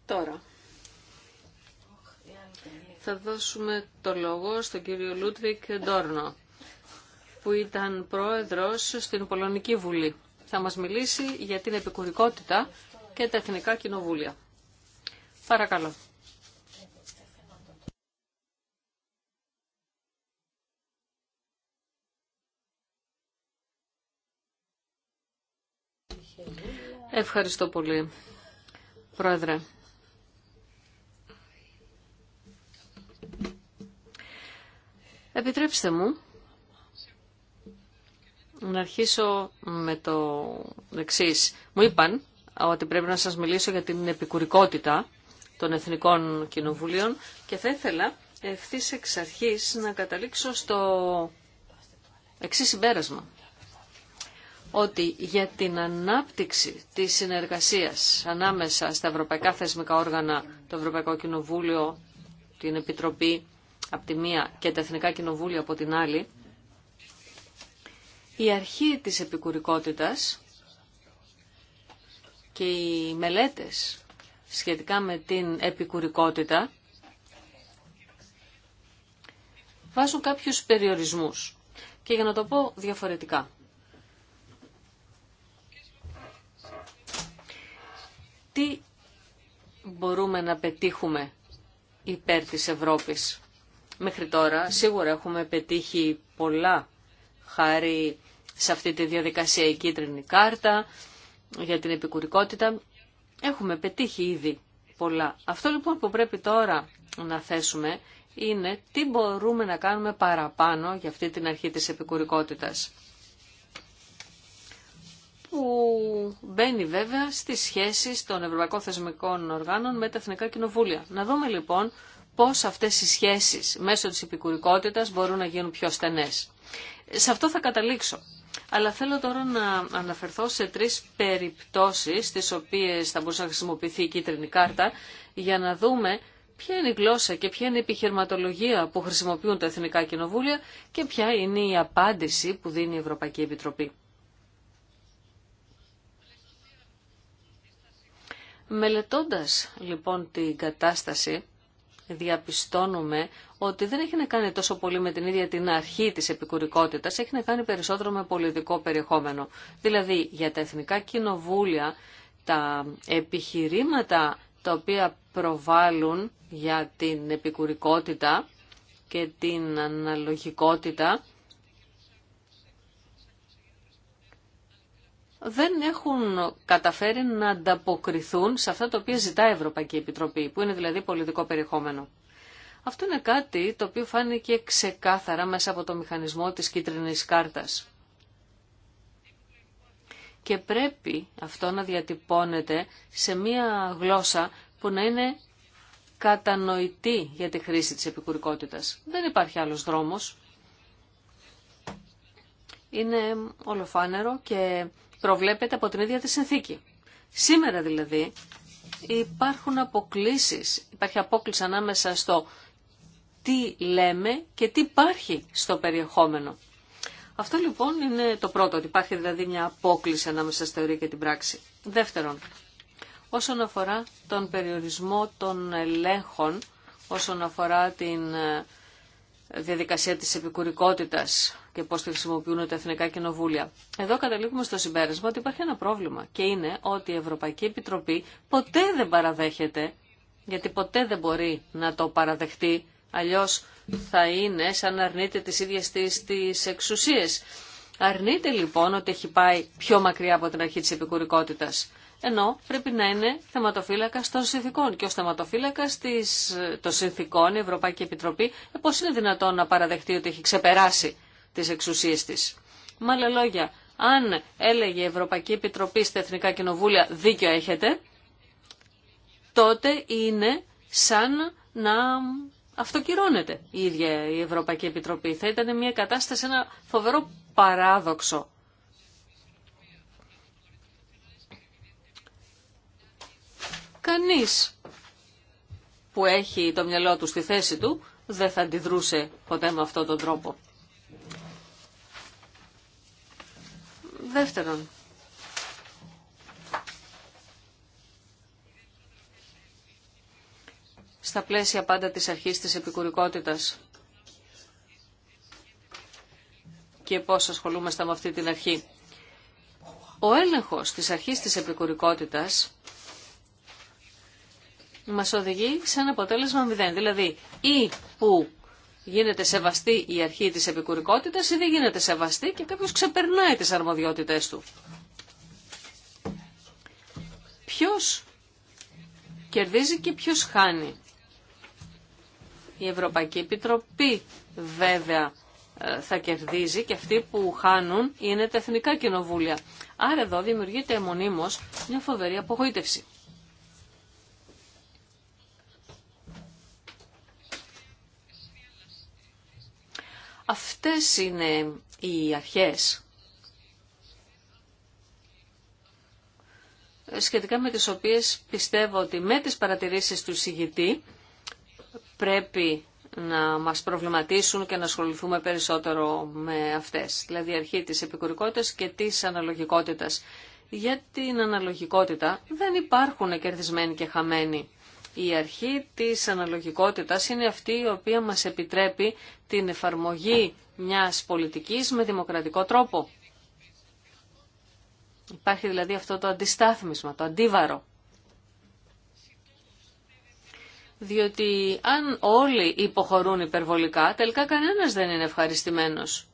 Τώρα. Θα δώσουμε το λόγο στον κύριο Λούτβικ Ντόρνο που ήταν πρόεδρος στην Πολωνική Βουλή. Θα μας μιλήσει για την επικουρικότητα και τα Εθνικά Κοινοβούλια. Παρακαλώ. Ευχαριστώ πολύ, Πρόεδρε. Επιτρέψτε μου να αρχίσω με το εξή. Μου είπαν ότι πρέπει να σας μιλήσω για την επικουρικότητα των Εθνικών Κοινοβουλίων και θα ήθελα ευθύ εξ αρχής να καταλήξω στο εξή συμπέρασμα. Ότι για την ανάπτυξη της συνεργασίας ανάμεσα στα ευρωπαϊκά θεσμικά όργανα, το Ευρωπαϊκό Κοινοβούλιο, την Επιτροπή από τη μία και τα Εθνικά Κοινοβούλια από την άλλη, η αρχή της επικουρικότητας και οι μελέτες σχετικά με την επικουρικότητα βάζουν κάποιους περιορισμούς. Και για να το πω διαφορετικά. Τι μπορούμε να πετύχουμε υπέρ της Ευρώπης. Μέχρι τώρα σίγουρα έχουμε πετύχει πολλά χάρη σε αυτή τη διαδικασία η κίτρινη κάρτα για την επικουρικότητα. Έχουμε πετύχει ήδη πολλά. Αυτό λοιπόν που πρέπει τώρα να θέσουμε είναι τι μπορούμε να κάνουμε παραπάνω για αυτή την αρχή της επικουρικότητας που μπαίνει βέβαια στις σχέσεις των ευρωπαϊκών θεσμικών οργάνων με τα εθνικά κοινοβούλια. Να δούμε λοιπόν πώς αυτές οι σχέσεις μέσω της επικουρικότητας μπορούν να γίνουν πιο στενές. Σε αυτό θα καταλήξω. Αλλά θέλω τώρα να αναφερθώ σε τρεις περιπτώσεις τις οποίες θα μπορούσε να χρησιμοποιηθεί η κίτρινη κάρτα για να δούμε ποια είναι η γλώσσα και ποια είναι η επιχειρηματολογία που χρησιμοποιούν τα Εθνικά Κοινοβούλια και ποια είναι η απάντηση που δίνει η Ευρωπαϊκή Επιτροπή. Μελετώντας λοιπόν την κατάσταση διαπιστώνουμε ότι δεν έχει να κάνει τόσο πολύ με την ίδια την αρχή της επικουρικότητας, έχει να κάνει περισσότερο με πολιτικό περιεχόμενο. Δηλαδή για τα εθνικά κοινοβούλια, τα επιχειρήματα τα οποία προβάλλουν για την επικουρικότητα και την αναλογικότητα, δεν έχουν καταφέρει να ανταποκριθούν σε αυτά τα οποία ζητά η Ευρωπαϊκή Επιτροπή, που είναι δηλαδή πολιτικό περιεχόμενο. Αυτό είναι κάτι το οποίο φάνηκε ξεκάθαρα μέσα από το μηχανισμό της κίτρινης κάρτας. Και πρέπει αυτό να διατυπώνεται σε μία γλώσσα που να είναι κατανοητή για τη χρήση της επικουρικότητας. Δεν υπάρχει άλλος δρόμος. Είναι ολοφάνερο και προβλέπεται από την ίδια τη συνθήκη. Σήμερα δηλαδή υπάρχουν αποκλήσεις, υπάρχει απόκληση ανάμεσα στο τι λέμε και τι υπάρχει στο περιεχόμενο. Αυτό λοιπόν είναι το πρώτο, ότι υπάρχει δηλαδή μια απόκληση ανάμεσα στη θεωρία και την πράξη. Δεύτερον, όσον αφορά τον περιορισμό των ελέγχων, όσον αφορά την ε, διαδικασία της επικουρικότητας και πώς τη χρησιμοποιούν τα εθνικά κοινοβούλια. Εδώ καταλήγουμε στο συμπέρασμα ότι υπάρχει ένα πρόβλημα και είναι ότι η Ευρωπαϊκή Επιτροπή ποτέ δεν παραδέχεται, γιατί ποτέ δεν μπορεί να το παραδεχτεί, αλλιώς θα είναι σαν να αρνείται τις ίδιες τις, τις εξουσίες. Αρνείται λοιπόν ότι έχει πάει πιο μακριά από την αρχή της επικουρικότητας ενώ πρέπει να είναι θεματοφύλακα των συνθήκων. Και ω θεματοφύλακα των συνθήκων η Ευρωπαϊκή Επιτροπή, ε, πώ είναι δυνατόν να παραδεχτεί ότι έχει ξεπεράσει τι εξουσίε τη. Με άλλα λόγια, αν έλεγε η Ευρωπαϊκή Επιτροπή στα Εθνικά Κοινοβούλια δίκιο έχετε, τότε είναι σαν να αυτοκυρώνεται η ίδια η Ευρωπαϊκή Επιτροπή. Θα ήταν μια κατάσταση, ένα φοβερό παράδοξο Κανείς που έχει το μυαλό του στη θέση του δεν θα αντιδρούσε ποτέ με αυτόν τον τρόπο. Δεύτερον, στα πλαίσια πάντα της αρχής της επικουρικότητας και πώς ασχολούμαστε με αυτή την αρχή. Ο έλεγχος της αρχής της επικουρικότητας μας οδηγεί σε ένα αποτέλεσμα μηδέν. Δηλαδή, ή που γίνεται σεβαστή η αρχή της επικουρικότητας ή δεν γίνεται σεβαστή και κάποιος ξεπερνάει τις αρμοδιότητες του. Ποιος κερδίζει και ποιος χάνει. Η Ευρωπαϊκή Επιτροπή βέβαια ε, θα κερδίζει και αυτοί που χάνουν είναι τα εθνικά κοινοβούλια. Άρα εδώ δημιουργείται μονίμως μια φοβερή απογοήτευση. Αυτές είναι οι αρχές σχετικά με τις οποίες πιστεύω ότι με τις παρατηρήσεις του συγητή πρέπει να μας προβληματίσουν και να ασχοληθούμε περισσότερο με αυτές. Δηλαδή η αρχή της επικουρικότητας και της αναλογικότητας. Για την αναλογικότητα δεν υπάρχουν κερδισμένοι και χαμένοι. Η αρχή της αναλογικότητας είναι αυτή η οποία μας επιτρέπει την εφαρμογή μιας πολιτικής με δημοκρατικό τρόπο. Υπάρχει δηλαδή αυτό το αντιστάθμισμα, το αντίβαρο. Διότι αν όλοι υποχωρούν υπερβολικά, τελικά κανένας δεν είναι ευχαριστημένος.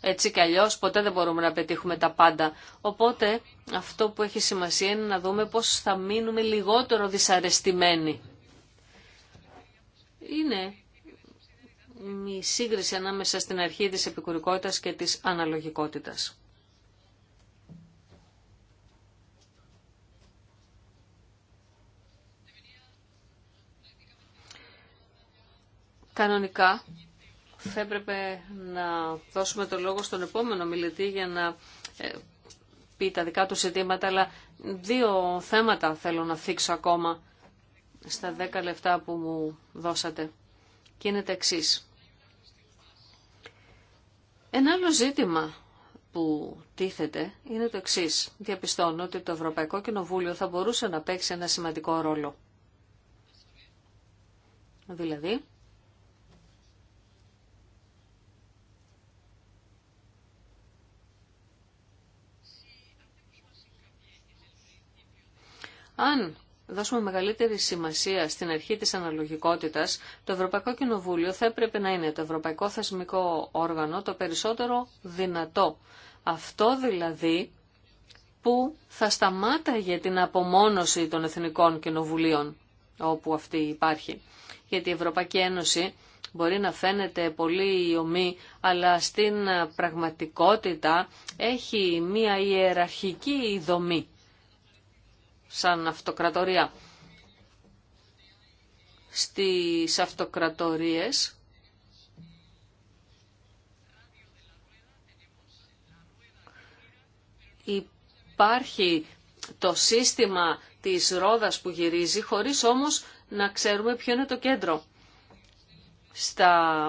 Έτσι κι αλλιώς ποτέ δεν μπορούμε να πετύχουμε τα πάντα. Οπότε αυτό που έχει σημασία είναι να δούμε πώς θα μείνουμε λιγότερο δυσαρεστημένοι. Είναι η σύγκριση ανάμεσα στην αρχή της επικουρικότητας και της αναλογικότητας. Κανονικά θα έπρεπε να δώσουμε το λόγο στον επόμενο μιλητή για να ε, πει τα δικά του ζητήματα, αλλά δύο θέματα θέλω να θίξω ακόμα στα δέκα λεπτά που μου δώσατε. Και είναι τα εξή. Ένα άλλο ζήτημα που τίθεται είναι το εξή. Διαπιστώνω ότι το Ευρωπαϊκό Κοινοβούλιο θα μπορούσε να παίξει ένα σημαντικό ρόλο. Δηλαδή, Αν δώσουμε μεγαλύτερη σημασία στην αρχή της αναλογικότητας, το Ευρωπαϊκό Κοινοβούλιο θα έπρεπε να είναι το Ευρωπαϊκό Θεσμικό Όργανο το περισσότερο δυνατό. Αυτό δηλαδή που θα σταμάταγε την απομόνωση των εθνικών κοινοβουλίων όπου αυτή υπάρχει. Γιατί η Ευρωπαϊκή Ένωση μπορεί να φαίνεται πολύ ομή, αλλά στην πραγματικότητα έχει μία ιεραρχική δομή σαν αυτοκρατορία. Στις αυτοκρατορίες υπάρχει το σύστημα της ρόδας που γυρίζει, χωρίς όμως να ξέρουμε ποιο είναι το κέντρο. Στα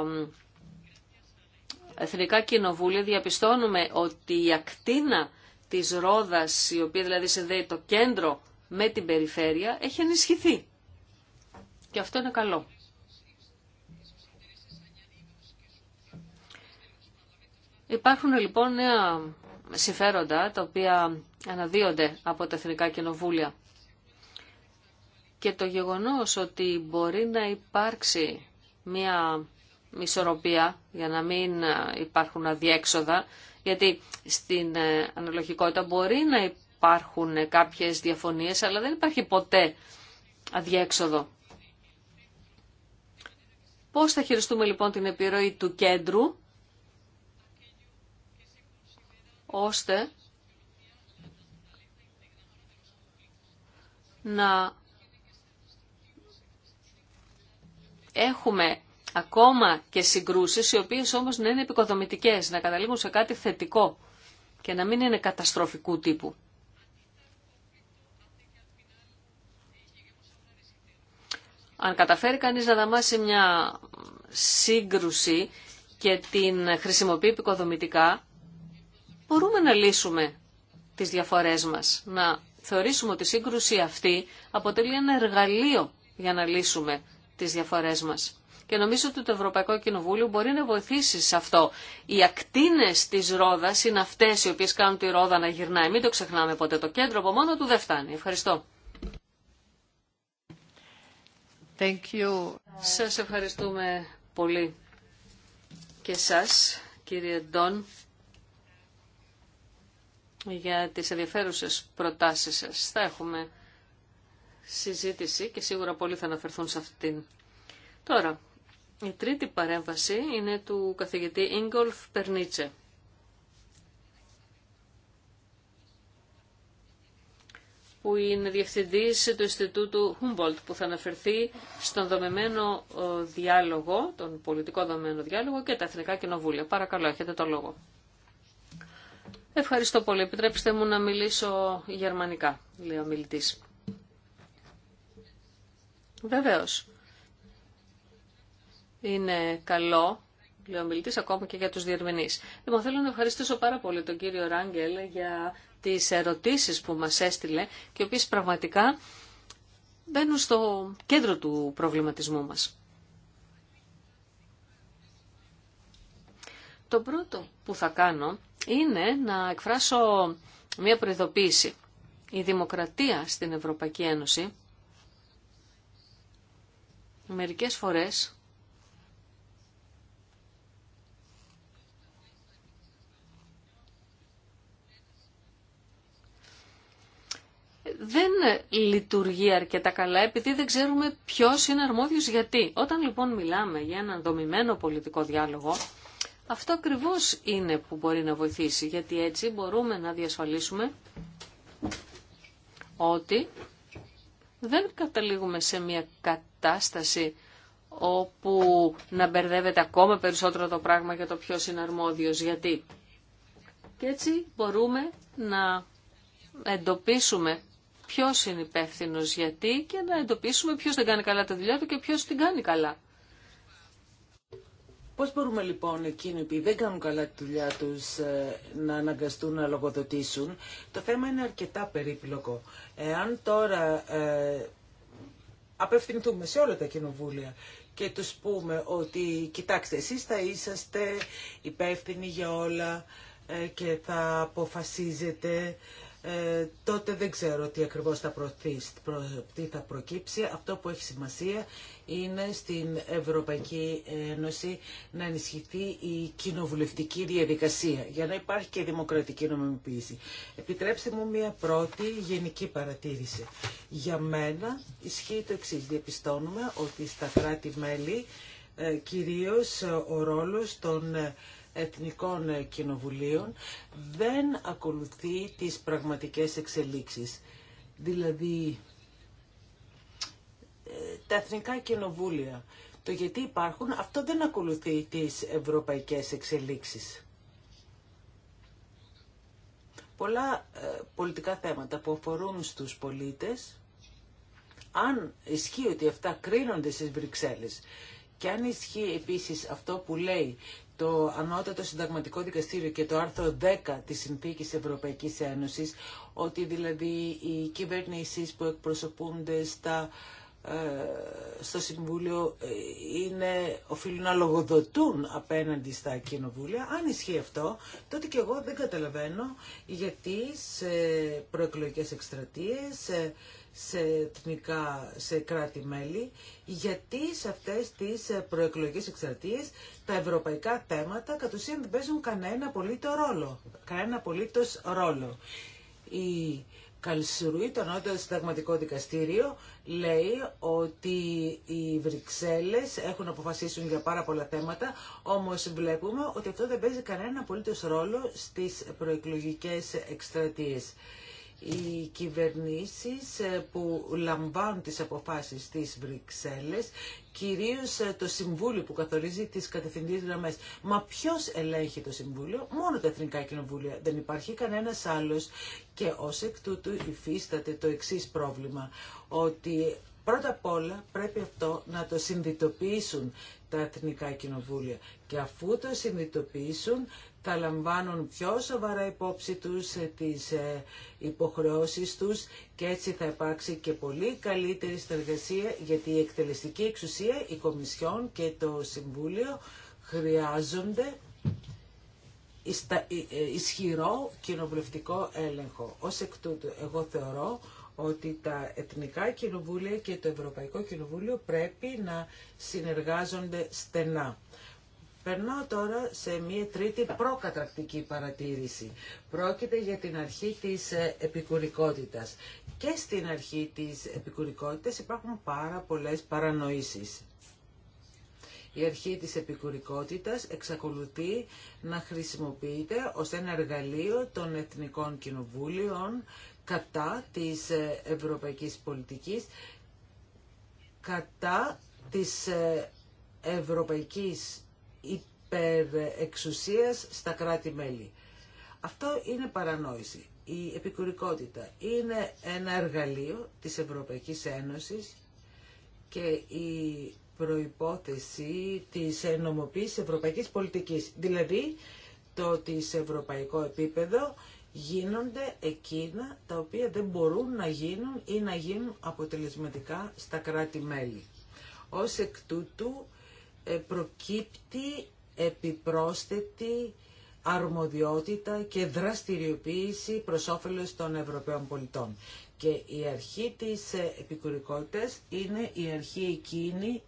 Εθνικά Κοινοβούλια διαπιστώνουμε ότι η ακτίνα της ρόδας, η οποία δηλαδή συνδέει το κέντρο με την περιφέρεια έχει ενισχυθεί. Και αυτό είναι καλό. Υπάρχουν λοιπόν νέα συμφέροντα τα οποία αναδύονται από τα Εθνικά Κοινοβούλια. Και το γεγονός ότι μπορεί να υπάρξει μια μισορροπία για να μην υπάρχουν αδιέξοδα, γιατί στην ε, αναλογικότητα μπορεί να υπάρχουν κάποιες διαφωνίες, αλλά δεν υπάρχει ποτέ αδιέξοδο. Πώς θα χειριστούμε λοιπόν την επιρροή του κέντρου, ώστε να έχουμε ακόμα και συγκρούσεις, οι οποίες όμως να είναι επικοδομητικές, να καταλήγουν σε κάτι θετικό και να μην είναι καταστροφικού τύπου. Αν καταφέρει κανείς να δαμάσει μια σύγκρουση και την χρησιμοποιεί επικοδομητικά, μπορούμε να λύσουμε τις διαφορές μας, να θεωρήσουμε ότι η σύγκρουση αυτή αποτελεί ένα εργαλείο για να λύσουμε τις διαφορές μας. Και νομίζω ότι το Ευρωπαϊκό Κοινοβούλιο μπορεί να βοηθήσει σε αυτό. Οι ακτίνες της ρόδας είναι αυτές οι οποίες κάνουν τη ρόδα να γυρνάει. Μην το ξεχνάμε ποτέ. Το κέντρο από μόνο του δεν φτάνει. Ευχαριστώ. Thank Σας ευχαριστούμε πολύ και σας, κύριε Ντόν, για τις ενδιαφέρουσες προτάσεις σας. Θα έχουμε συζήτηση και σίγουρα πολλοί θα αναφερθούν σε αυτήν. Τώρα, η τρίτη παρέμβαση είναι του καθηγητή Ίγκολφ Περνίτσε. που είναι διευθυντής του Ινστιτούτου Humboldt, που θα αναφερθεί στον δομημένο ε, διάλογο, τον πολιτικό δομημένο διάλογο και τα Εθνικά Κοινοβούλια. Παρακαλώ, έχετε το λόγο. Ευχαριστώ πολύ. Επιτρέψτε μου να μιλήσω γερμανικά, λέει ο μιλητής. Βεβαίως. Είναι καλό, λέει ο μιλητής, ακόμα και για τους διερμηνείς. Λοιπόν, θέλω να ευχαριστήσω πάρα πολύ τον κύριο Ράγκελ για τις ερωτήσεις που μας έστειλε και οι οποίες πραγματικά μπαίνουν στο κέντρο του προβληματισμού μας. Το πρώτο που θα κάνω είναι να εκφράσω μια προειδοποίηση. Η δημοκρατία στην Ευρωπαϊκή Ένωση μερικές φορές δεν λειτουργεί αρκετά καλά επειδή δεν ξέρουμε ποιος είναι αρμόδιος γιατί. Όταν λοιπόν μιλάμε για έναν δομημένο πολιτικό διάλογο, αυτό ακριβώς είναι που μπορεί να βοηθήσει, γιατί έτσι μπορούμε να διασφαλίσουμε ότι δεν καταλήγουμε σε μια κατάσταση όπου να μπερδεύεται ακόμα περισσότερο το πράγμα για το ποιος είναι αρμόδιος γιατί. Και έτσι μπορούμε να εντοπίσουμε Ποιο είναι υπεύθυνο γιατί και να εντοπίσουμε ποιο δεν κάνει καλά τη δουλειά του και ποιο την κάνει καλά. Πώς μπορούμε λοιπόν εκείνοι που δεν κάνουν καλά τη δουλειά τους ε, να αναγκαστούν να λογοδοτήσουν. Το θέμα είναι αρκετά περίπλοκο. Εάν τώρα ε, απευθυνθούμε σε όλα τα κοινοβούλια και τους πούμε ότι κοιτάξτε εσείς θα είσαστε υπεύθυνοι για όλα ε, και θα αποφασίζετε ε, τότε δεν ξέρω τι ακριβώς θα, προθείς, τι θα προκύψει. Αυτό που έχει σημασία είναι στην Ευρωπαϊκή Ένωση να ενισχυθεί η κοινοβουλευτική διαδικασία για να υπάρχει και δημοκρατική νομιμοποίηση. Επιτρέψτε μου μία πρώτη γενική παρατήρηση. Για μένα ισχύει το εξής. Διαπιστώνουμε ότι στα κράτη-μέλη ε, κυρίως ο ρόλος των ε, εθνικών κοινοβουλίων δεν ακολουθεί τις πραγματικές εξελίξεις. Δηλαδή, ε, τα εθνικά κοινοβούλια, το γιατί υπάρχουν, αυτό δεν ακολουθεί τις ευρωπαϊκές εξελίξεις. Πολλά ε, πολιτικά θέματα που αφορούν στους πολίτες, αν ισχύει ότι αυτά κρίνονται στις Βρυξέλλες και αν ισχύει επίσης αυτό που λέει το Ανώτατο Συνταγματικό Δικαστήριο και το άρθρο 10 της Συνθήκης Ευρωπαϊκής Ένωσης, ότι δηλαδή οι κυβερνήσεις που εκπροσωπούνται στα, ε, στο Συμβούλιο ε, είναι, οφείλουν να λογοδοτούν απέναντι στα κοινοβούλια. Αν ισχύει αυτό, τότε και εγώ δεν καταλαβαίνω γιατί σε προεκλογικές εκστρατείες, σε εθνικά, σε κράτη-μέλη, γιατί σε αυτές τις ε, προεκλογικές εξαρτίες τα ευρωπαϊκά θέματα κατ' ουσίαν δεν παίζουν κανένα απολύτω ρόλο. Κανένα απολύτως ρόλο. Η Καλσουρουή το νότιο συνταγματικό δικαστήριο, λέει ότι οι Βρυξέλλες έχουν αποφασίσει για πάρα πολλά θέματα, όμως βλέπουμε ότι αυτό δεν παίζει κανένα απολύτω ρόλο στις προεκλογικές εκστρατείες οι κυβερνήσεις ε, που λαμβάνουν τις αποφάσεις στις Βρυξέλλες, κυρίως ε, το Συμβούλιο που καθορίζει τις κατευθυντήριες γραμμές. Μα ποιος ελέγχει το Συμβούλιο, μόνο τα Εθνικά Κοινοβούλια, δεν υπάρχει κανένας άλλος και ως εκ τούτου υφίσταται το εξής πρόβλημα, ότι Πρώτα απ' όλα πρέπει αυτό να το συνδυτοποιήσουν τα εθνικά κοινοβούλια και αφού το συνειδητοποιήσουν θα λαμβάνουν πιο σοβαρά υπόψη τους ε, τις ε, υποχρεώσεις τους και έτσι θα υπάρξει και πολύ καλύτερη συνεργασία γιατί η εκτελεστική εξουσία, η Κομισιόν και το Συμβούλιο χρειάζονται ε, ισχυρό κοινοβουλευτικό έλεγχο. Ως εκ τούτου, εγώ θεωρώ ότι τα Εθνικά Κοινοβούλια και το Ευρωπαϊκό Κοινοβούλιο πρέπει να συνεργάζονται στενά. Περνώ τώρα σε μία τρίτη προκατρακτική παρατήρηση. Πρόκειται για την αρχή της ε, επικουρικότητας. Και στην αρχή της επικουρικότητας υπάρχουν πάρα πολλές παρανοήσεις. Η αρχή της επικουρικότητας εξακολουθεί να χρησιμοποιείται ως ένα εργαλείο των εθνικών κοινοβούλιων κατά της ε, ευρωπαϊκής πολιτικής, κατά της ε, ευρωπαϊκής υπερεξουσίας στα κράτη-μέλη. Αυτό είναι παρανόηση. Η επικουρικότητα είναι ένα εργαλείο της Ευρωπαϊκής Ένωσης και η προϋπόθεση της νομοποίησης ευρωπαϊκής πολιτικής. Δηλαδή, το ότι σε ευρωπαϊκό επίπεδο γίνονται εκείνα τα οποία δεν μπορούν να γίνουν ή να γίνουν αποτελεσματικά στα κράτη-μέλη. Ως εκ τούτου, ε, προκύπτει επιπρόσθετη αρμοδιότητα και δραστηριοποίηση προς όφελος των Ευρωπαίων πολιτών. Και η αρχή της ε, επικουρικότητας είναι η αρχή εκείνη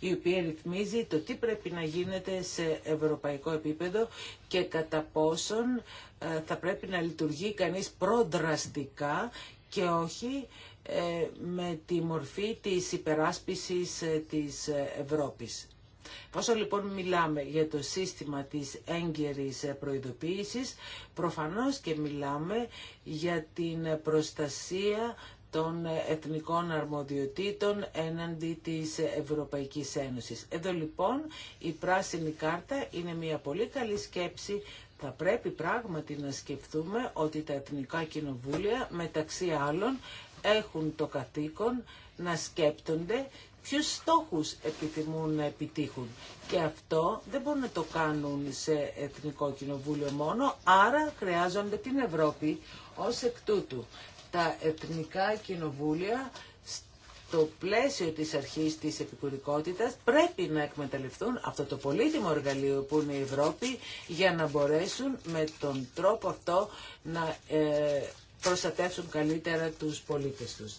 η οποία ρυθμίζει το τι πρέπει να γίνεται σε ευρωπαϊκό επίπεδο και κατά πόσον ε, θα πρέπει να λειτουργεί κανείς προδραστικά και όχι με τη μορφή της υπεράσπισης της Ευρώπης. Πόσο λοιπόν μιλάμε για το σύστημα της έγκαιρης προειδοποίησης, προφανώς και μιλάμε για την προστασία των εθνικών αρμοδιοτήτων έναντι της Ευρωπαϊκής Ένωσης. Εδώ λοιπόν η πράσινη κάρτα είναι μια πολύ καλή σκέψη. Θα πρέπει πράγματι να σκεφτούμε ότι τα εθνικά κοινοβούλια μεταξύ άλλων έχουν το καθήκον να σκέπτονται ποιους στόχους επιθυμούν να επιτύχουν. Και αυτό δεν μπορούν να το κάνουν σε Εθνικό Κοινοβούλιο μόνο, άρα χρειάζονται την Ευρώπη ως εκ τούτου. Τα Εθνικά Κοινοβούλια στο πλαίσιο της αρχής της επικουρικότητας πρέπει να εκμεταλλευτούν αυτό το πολύτιμο εργαλείο που είναι η Ευρώπη για να μπορέσουν με τον τρόπο αυτό να ε, προστατεύσουν καλύτερα τους πολίτες τους.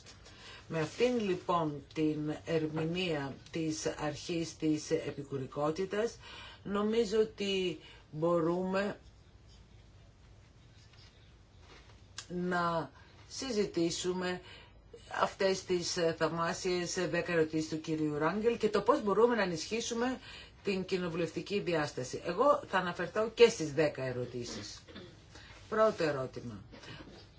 Με αυτήν λοιπόν την ερμηνεία της αρχής της επικουρικότητας νομίζω ότι μπορούμε να συζητήσουμε αυτές τις θαυμάσιες δέκα ερωτήσεις του κυρίου Ράγκελ και το πώς μπορούμε να ενισχύσουμε την κοινοβουλευτική διάσταση. Εγώ θα αναφερθώ και στις 10 ερωτήσεις. Πρώτο ερώτημα.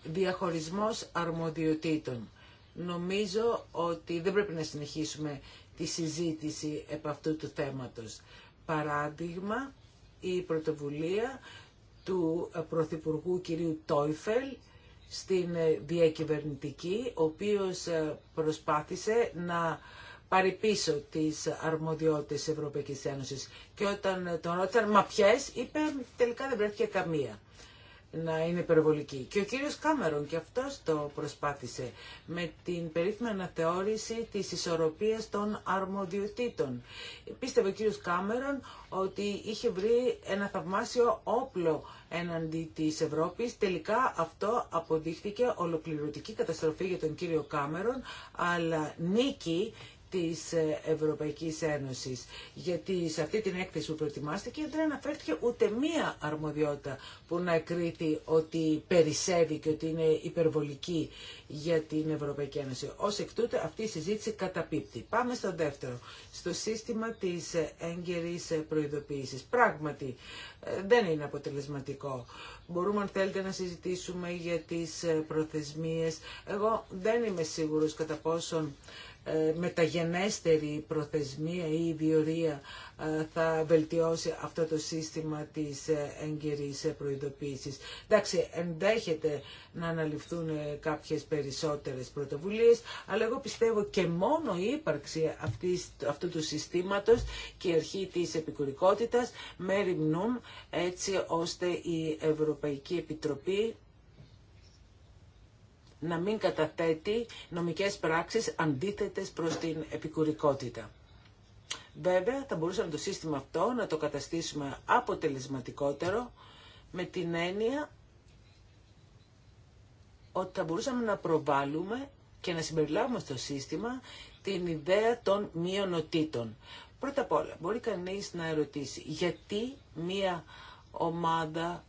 Διαχωρισμός αρμοδιοτήτων. Νομίζω ότι δεν πρέπει να συνεχίσουμε τη συζήτηση επ' αυτού του θέματος. Παράδειγμα, η πρωτοβουλία του Πρωθυπουργού κυρίου Τόιφελ στην ε, διακυβερνητική, ο οποίος ε, προσπάθησε να πάρει πίσω τις αρμοδιότητες της Ευρωπαϊκής Ένωσης. Και όταν τον ρώτησαν, μα ποιες, είπε τελικά δεν βρέθηκε καμία να είναι υπερβολική. Και ο κύριος Κάμερον και αυτός το προσπάθησε με την περίφημη αναθεώρηση της ισορροπίας των αρμοδιοτήτων. Πίστευε ο κύριος Κάμερον ότι είχε βρει ένα θαυμάσιο όπλο έναντι της Ευρώπης. Τελικά αυτό αποδείχθηκε ολοκληρωτική καταστροφή για τον κύριο Κάμερον, αλλά νίκη της ε, Ευρωπαϊκής Ένωσης. Γιατί σε αυτή την έκθεση που προετοιμάστηκε δεν αναφέρθηκε ούτε μία αρμοδιότητα που να κρίθει ότι περισσεύει και ότι είναι υπερβολική για την Ευρωπαϊκή Ένωση. Ως εκ τούτου αυτή η συζήτηση καταπίπτει. Πάμε στο δεύτερο, στο σύστημα της ε, έγκαιρης ε, προειδοποίησης. Πράγματι δεν είναι αποτελεσματικό. Μπορούμε αν θέλετε να συζητήσουμε για τις προθεσμίες. Εγώ δεν είμαι σίγουρος κατά πόσον ε, μεταγενέστερη προθεσμία ή διορία ε, θα βελτιώσει αυτό το σύστημα της ε, έγκυρης προειδοποίησης. Εντάξει, ενδέχεται να αναλυφθούν κάποιες περισσότερες πρωτοβουλίες, αλλά εγώ πιστεύω και μόνο η ύπαρξη αυτής, εγω πιστευω και μονο η υπαρξη αυτου του συστήματος και η αρχή της επικουρικότητας με έτσι ώστε η Ευρωπαϊκή Επιτροπή να μην καταθέτει νομικές πράξεις αντίθετες προς την επικουρικότητα. Βέβαια, θα μπορούσαμε το σύστημα αυτό να το καταστήσουμε αποτελεσματικότερο με την έννοια ότι θα μπορούσαμε να προβάλλουμε και να συμπεριλάβουμε στο σύστημα την ιδέα των μειονοτήτων. Πρώτα απ' όλα, μπορεί κανείς να ερωτήσει γιατί μία ομάδα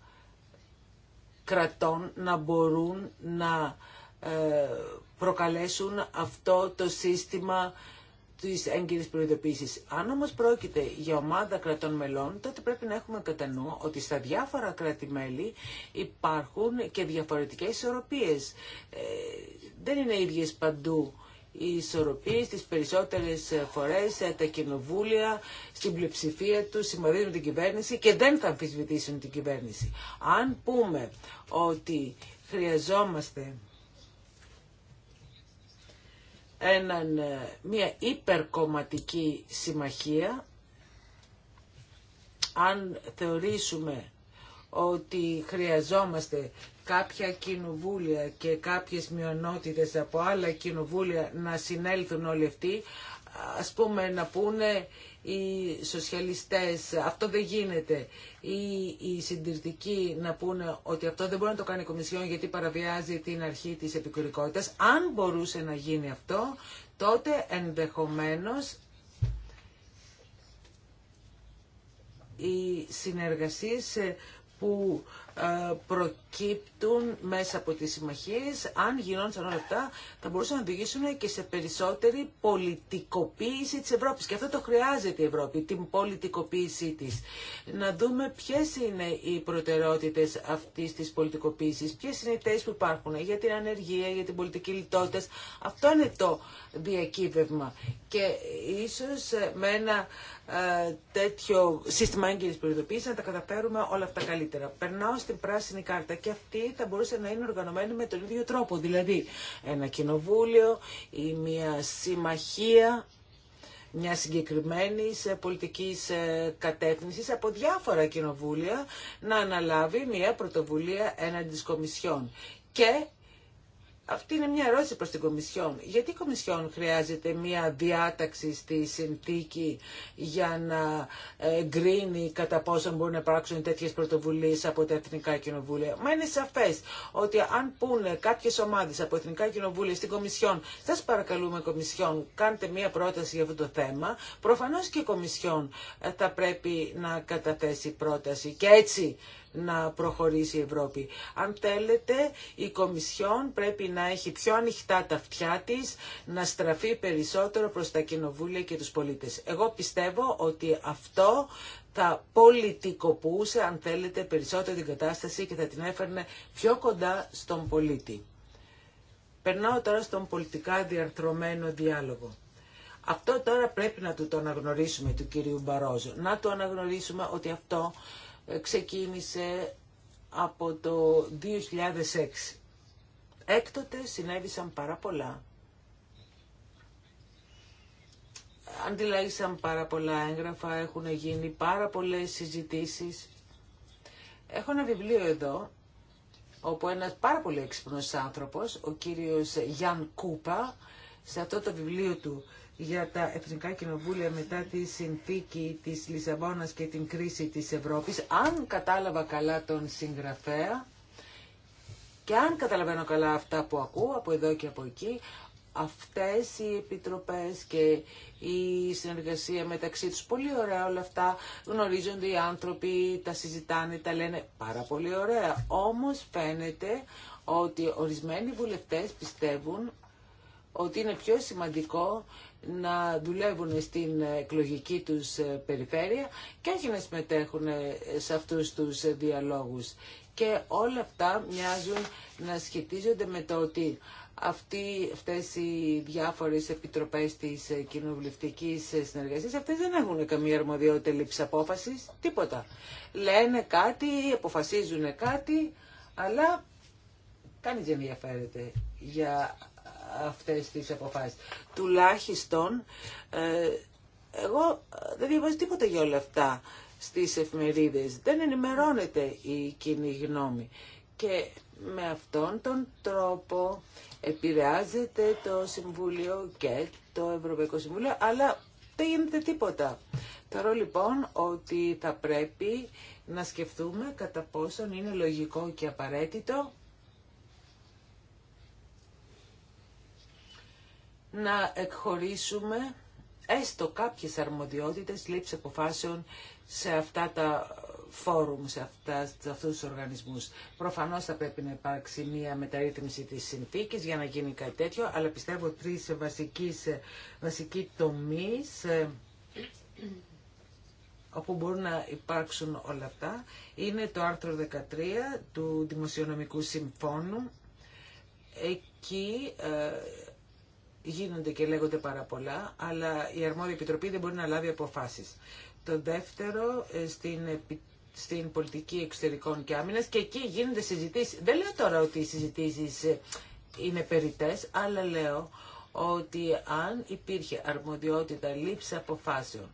κρατών να μπορούν να ε, προκαλέσουν αυτό το σύστημα της έγκυρης προειδοποίησης. Αν όμως πρόκειται για ομάδα κρατών μελών, τότε πρέπει να έχουμε κατά νου ότι στα διάφορα κράτη-μέλη υπάρχουν και διαφορετικές ισορροπίες. Ε, δεν είναι ίδιες παντού οι ισορροπίες τις περισσότερες φορές ε, τα κοινοβούλια στην πλειοψηφία του συμμορίζουν την κυβέρνηση και δεν θα αμφισβητήσουν την κυβέρνηση. Αν πούμε ότι χρειαζόμαστε έναν, ε, μια υπερκομματική συμμαχία αν θεωρήσουμε ότι χρειαζόμαστε κάποια κοινοβούλια και κάποιες μειονότητες από άλλα κοινοβούλια να συνέλθουν όλοι αυτοί, ας πούμε να πούνε οι σοσιαλιστές αυτό δεν γίνεται ή οι συντηρητικοί να πούνε ότι αυτό δεν μπορεί να το κάνει η Κομισιόν γιατί παραβιάζει την αρχή της επικουρικότητας. Αν μπορούσε να γίνει αυτό, τότε ενδεχομένως οι συνεργασίες που ε, προκύπτουν μέσα από τις συμμαχίες, αν γινόντουσαν όλα αυτά, θα μπορούσαν να οδηγήσουν και σε περισσότερη πολιτικοποίηση της Ευρώπης. Και αυτό το χρειάζεται η Ευρώπη, την πολιτικοποίησή της. Να δούμε ποιες είναι οι προτεραιότητες αυτής της πολιτικοποίησης, ποιες είναι οι θέσεις που υπάρχουν για την ανεργία, για την πολιτική λιτότητα. Αυτό είναι το διακύβευμα. Και ίσως με ένα ε, τέτοιο σύστημα έγκυρης προειδοποίησης να τα καταφέρουμε όλα αυτά καλύτερα. Περνάω στην πράσινη κάρτα και αυτή θα μπορούσε να είναι οργανωμένη με τον ίδιο τρόπο. Δηλαδή ένα κοινοβούλιο ή μια συμμαχία μια συγκεκριμένη πολιτική ε, κατεύθυνση από διάφορα κοινοβούλια να αναλάβει μια πρωτοβουλία έναντι τη Κομισιόν. Και αυτή είναι μια ερώτηση προς την Κομισιόν. Γιατί η Κομισιόν χρειάζεται μια διάταξη στη συνθήκη για να γκρίνει κατά πόσο μπορούν να υπάρξουν τέτοιες πρωτοβουλίες από τα Εθνικά Κοινοβούλια. Μα είναι σαφές ότι αν πούνε κάποιες ομάδες από Εθνικά Κοινοβούλια στην Κομισιόν σας παρακαλούμε Κομισιόν κάντε μια πρόταση για αυτό το θέμα προφανώς και η Κομισιόν θα πρέπει να καταθέσει πρόταση και έτσι να προχωρήσει η Ευρώπη. Αν θέλετε, η Κομισιόν πρέπει να έχει πιο ανοιχτά τα αυτιά της, να στραφεί περισσότερο προς τα κοινοβούλια και τους πολίτες. Εγώ πιστεύω ότι αυτό θα πολιτικοπούσε αν θέλετε, περισσότερο την κατάσταση και θα την έφερνε πιο κοντά στον πολίτη. Περνάω τώρα στον πολιτικά διαρθρωμένο διάλογο. Αυτό τώρα πρέπει να το αναγνωρίσουμε του κυρίου Μπαρόζου. Να το αναγνωρίσουμε ότι αυτό ξεκίνησε από το 2006. Έκτοτε συνέβησαν πάρα πολλά. Αντιλάγησαν πάρα πολλά έγγραφα, έχουν γίνει πάρα πολλές συζητήσεις. Έχω ένα βιβλίο εδώ, όπου ένας πάρα πολύ έξυπνος άνθρωπος, ο κύριος Γιάν Κούπα, σε αυτό το βιβλίο του για τα Εθνικά Κοινοβούλια μετά τη συνθήκη της Λισαβόνας και την κρίση της Ευρώπης, αν κατάλαβα καλά τον συγγραφέα και αν καταλαβαίνω καλά αυτά που ακούω από εδώ και από εκεί, αυτές οι επιτροπές και η συνεργασία μεταξύ τους. Πολύ ωραία όλα αυτά. Γνωρίζονται οι άνθρωποι, τα συζητάνε, τα λένε πάρα πολύ ωραία. Όμως φαίνεται ότι ορισμένοι βουλευτές πιστεύουν ότι είναι πιο σημαντικό να δουλεύουν στην εκλογική τους ε, περιφέρεια και όχι να συμμετέχουν ε, σε αυτούς τους ε, διαλόγους. Και όλα αυτά μοιάζουν να σχετίζονται με το ότι αυτοί, αυτές οι διάφορες επιτροπές της κοινοβουλευτικής συνεργασίας, αυτές δεν έχουν καμία αρμοδιότητα λήψη απόφασης, τίποτα. Λένε κάτι, αποφασίζουν κάτι, αλλά κανείς δεν ενδιαφέρεται για αυτές τις αποφάσεις. Τουλάχιστον, ε, εγώ δεν διαβάζω τίποτα για όλα αυτά στις εφημερίδες. Δεν ενημερώνεται η κοινή γνώμη. Και με αυτόν τον τρόπο επηρεάζεται το Συμβούλιο και το Ευρωπαϊκό Συμβούλιο, αλλά δεν γίνεται τίποτα. Θεωρώ λοιπόν ότι θα πρέπει να σκεφτούμε κατά πόσον είναι λογικό και απαραίτητο να εκχωρήσουμε έστω κάποιες αρμοδιότητες λήψη αποφάσεων σε αυτά τα φόρουμ, σε, αυτά, σε αυτούς τους οργανισμούς. Προφανώς θα πρέπει να υπάρξει μια μεταρρύθμιση της συνθήκης για να γίνει κάτι τέτοιο, αλλά πιστεύω τρεις βασικής, βασικοί τομείς ε, όπου μπορούν να υπάρξουν όλα αυτά είναι το άρθρο 13 του Δημοσιονομικού Συμφώνου. Εκεί ε, γίνονται και λέγονται πάρα πολλά, αλλά η αρμόδια επιτροπή δεν μπορεί να λάβει αποφάσεις. Το δεύτερο, ε, στην, στην πολιτική εξωτερικών και άμυνας και εκεί γίνονται συζητήσεις. Δεν λέω τώρα ότι οι συζητήσεις ε, είναι περιτές, αλλά λέω ότι αν υπήρχε αρμοδιότητα λήψη αποφάσεων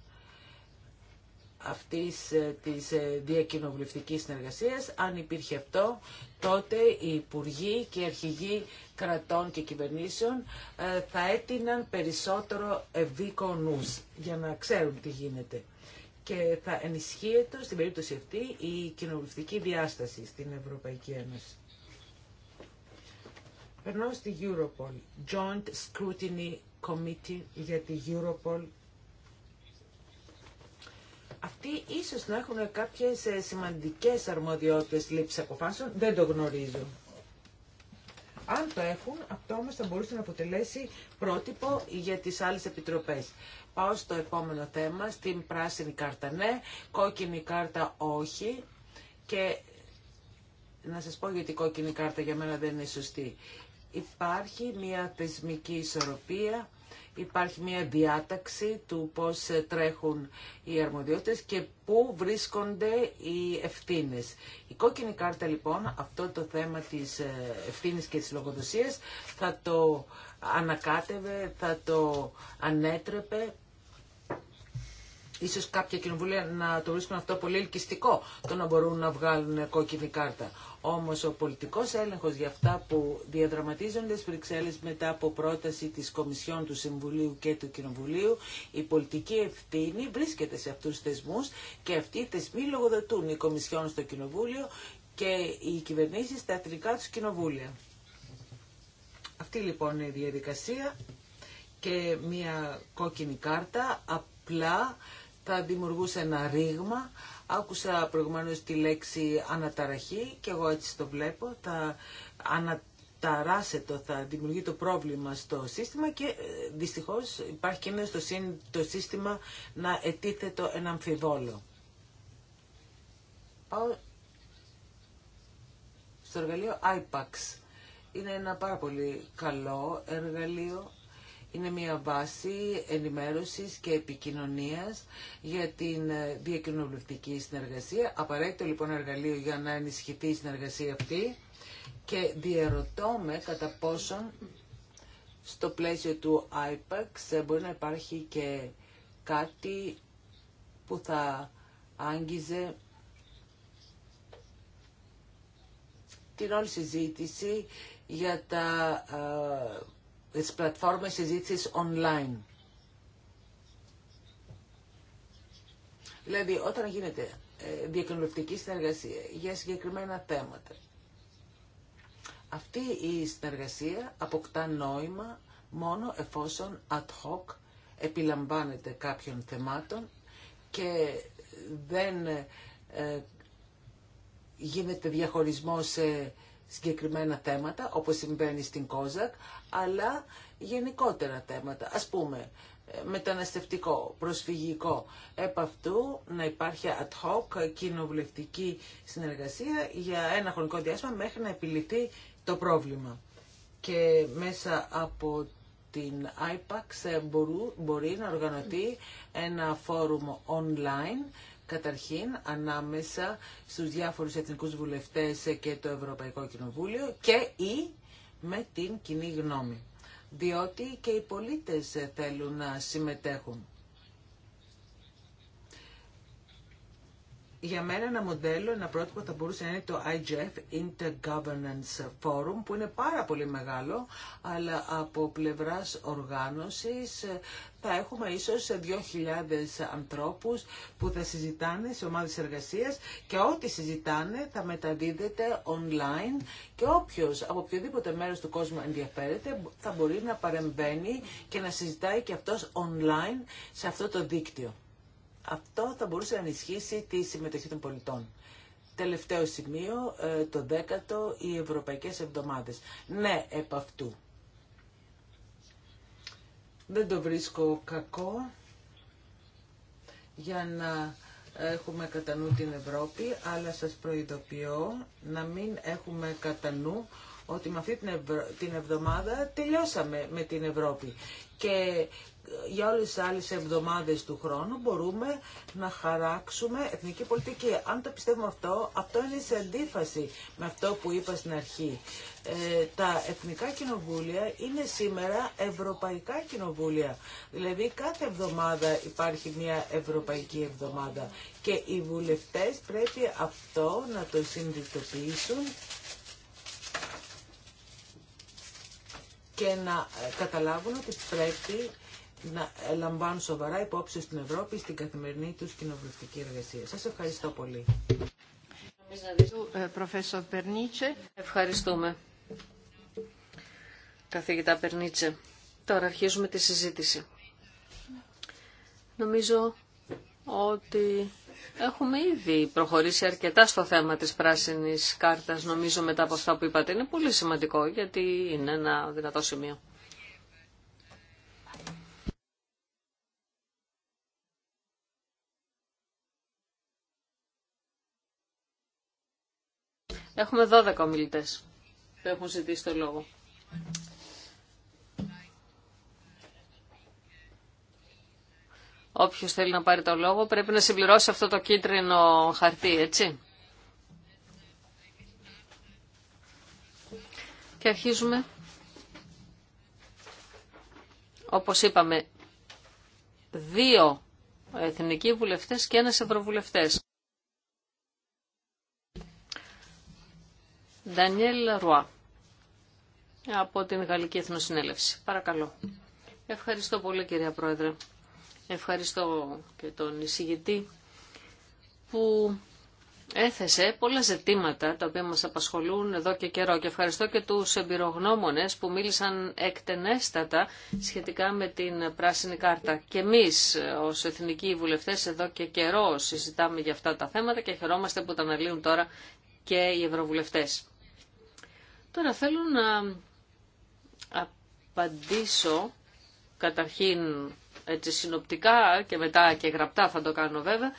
αυτής ε, της ε, διακοινοβουλευτικής συνεργασίας. Αν υπήρχε αυτό, τότε οι υπουργοί και οι αρχηγοί κρατών και κυβερνήσεων ε, θα έτειναν περισσότερο ευήκο για να ξέρουν τι γίνεται. Και θα ενισχύεται στην περίπτωση αυτή η κοινοβουλευτική διάσταση στην Ευρωπαϊκή Ένωση. Περνώ στη Europol, Joint Scrutiny Committee για τη Europol αυτοί ίσως να έχουν κάποιες ε, σημαντικές αρμοδιότητες λήψη αποφάσεων, δεν το γνωρίζω. Αν το έχουν, αυτό όμω θα μπορούσε να αποτελέσει πρότυπο για τις άλλες επιτροπές. Πάω στο επόμενο θέμα, στην πράσινη κάρτα ναι, κόκκινη κάρτα όχι και να σας πω γιατί η κόκκινη κάρτα για μένα δεν είναι σωστή. Υπάρχει μια θεσμική ισορροπία υπάρχει μια διάταξη του πώς τρέχουν οι αρμοδιότητες και πού βρίσκονται οι ευθύνες. Η κόκκινη κάρτα λοιπόν αυτό το θέμα της ε, ευθύνης και της λογοδοσίας θα το ανακάτευε, θα το ανέτρεπε Ίσως κάποια κοινοβούλια να το βρίσκουν αυτό πολύ ελκυστικό, το να μπορούν να βγάλουν κόκκινη κάρτα. Όμω ο πολιτικό έλεγχο για αυτά που διαδραματίζονται στις Βρυξέλλε μετά από πρόταση τη Κομισιόν του Συμβουλίου και του Κοινοβουλίου, η πολιτική ευθύνη βρίσκεται σε αυτού του θεσμού και αυτοί οι θεσμοί λογοδοτούν η Κομισιόν στο Κοινοβούλιο και οι κυβερνήσει στα εθνικά του κοινοβούλια. Αυτή λοιπόν είναι η διαδικασία και μια κόκκινη κάρτα απλά θα δημιουργούσε ένα ρήγμα. Άκουσα προηγουμένως τη λέξη αναταραχή και εγώ έτσι το βλέπω. Θα το θα δημιουργεί το πρόβλημα στο σύστημα και ε, δυστυχώς υπάρχει κίνδυνο στο το σύστημα να ετίθετο ένα αμφιβόλο. Πάω στο εργαλείο IPAX. Είναι ένα πάρα πολύ καλό εργαλείο είναι μια βάση ενημέρωσης και επικοινωνίας για την διακοινοβουλευτική συνεργασία. Απαραίτητο λοιπόν εργαλείο για να ενισχυθεί η συνεργασία αυτή και διαρωτώ με κατά πόσον στο πλαίσιο του IPAX μπορεί να υπάρχει και κάτι που θα άγγιζε την όλη συζήτηση για τα ε, τις πλατφόρμες συζήτησης online. Δηλαδή, όταν γίνεται ε, διακοινωτική συνεργασία για συγκεκριμένα θέματα, αυτή η συνεργασία αποκτά νόημα μόνο εφόσον ad hoc επιλαμβάνεται κάποιων θεμάτων και δεν ε, γίνεται διαχωρισμό σε συγκεκριμένα θέματα, όπως συμβαίνει στην Κόζακ, αλλά γενικότερα θέματα. Ας πούμε, ε, μεταναστευτικό, προσφυγικό. Επ' αυτού να υπάρχει ad hoc κοινοβουλευτική συνεργασία για ένα χρονικό διάστημα μέχρι να επιληθεί το πρόβλημα. Και μέσα από την IPAX ε, μπορεί να οργανωθεί ένα φόρουμ online καταρχήν ανάμεσα στους διάφορους εθνικούς βουλευτές και το Ευρωπαϊκό Κοινοβούλιο και ή με την κοινή γνώμη. Διότι και οι πολίτες θέλουν να συμμετέχουν. για μένα ένα μοντέλο, ένα πρότυπο θα μπορούσε να είναι το IGF, Intergovernance Forum, που είναι πάρα πολύ μεγάλο, αλλά από πλευράς οργάνωσης ε, θα έχουμε ίσως 2.000 ανθρώπους που θα συζητάνε σε ομάδες εργασίας και ό,τι συζητάνε θα μεταδίδεται online και όποιος από οποιοδήποτε μέρος του κόσμου ενδιαφέρεται θα μπορεί να παρεμβαίνει και να συζητάει και αυτός online σε αυτό το δίκτυο. Αυτό θα μπορούσε να ενισχύσει τη συμμετοχή των πολιτών. Τελευταίο σημείο, ε, το δέκατο, οι Ευρωπαϊκές Εβδομάδες. Ναι, επ' αυτού. Δεν το βρίσκω κακό για να έχουμε κατά νου την Ευρώπη, αλλά σας προειδοποιώ να μην έχουμε κατά νου ότι με αυτή την, εβδομάδα τελειώσαμε με την Ευρώπη. Και για όλες τις άλλες εβδομάδες του χρόνου μπορούμε να χαράξουμε εθνική πολιτική. Αν το πιστεύουμε αυτό, αυτό είναι σε αντίφαση με αυτό που είπα στην αρχή. Ε, τα εθνικά κοινοβούλια είναι σήμερα ευρωπαϊκά κοινοβούλια. Δηλαδή κάθε εβδομάδα υπάρχει μια ευρωπαϊκή εβδομάδα και οι βουλευτές πρέπει αυτό να το συνειδητοποιήσουν και να ε, καταλάβουν ότι πρέπει να ε, λαμβάνουν σοβαρά υπόψη στην Ευρώπη στην καθημερινή του κοινοβουλευτική εργασία. Σας ευχαριστώ πολύ. Ε, Ευχαριστούμε. Καθηγητά Περνίτσε. Τώρα αρχίζουμε τη συζήτηση. Νομίζω ότι Έχουμε ήδη προχωρήσει αρκετά στο θέμα της πράσινης κάρτας, νομίζω μετά από αυτά που είπατε. Είναι πολύ σημαντικό γιατί είναι ένα δυνατό σημείο. Έχουμε 12 ομιλητές που έχουν ζητήσει το λόγο. Όποιο θέλει να πάρει το λόγο πρέπει να συμπληρώσει αυτό το κίτρινο χαρτί, έτσι. Και αρχίζουμε. Όπως είπαμε, δύο εθνικοί βουλευτές και ένας ευρωβουλευτές. Ντανιέλ Ρουά από την Γαλλική Εθνοσυνέλευση. Παρακαλώ. Ευχαριστώ πολύ κυρία Πρόεδρε. Ευχαριστώ και τον εισηγητή που έθεσε πολλά ζητήματα τα οποία μας απασχολούν εδώ και καιρό και ευχαριστώ και τους εμπειρογνώμονες που μίλησαν εκτενέστατα σχετικά με την πράσινη κάρτα. Και εμείς ως εθνικοί βουλευτές εδώ και καιρό συζητάμε για αυτά τα θέματα και χαιρόμαστε που τα αναλύουν τώρα και οι ευρωβουλευτές. Τώρα θέλω να απαντήσω καταρχήν έτσι συνοπτικά και μετά και γραπτά θα το κάνω βέβαια,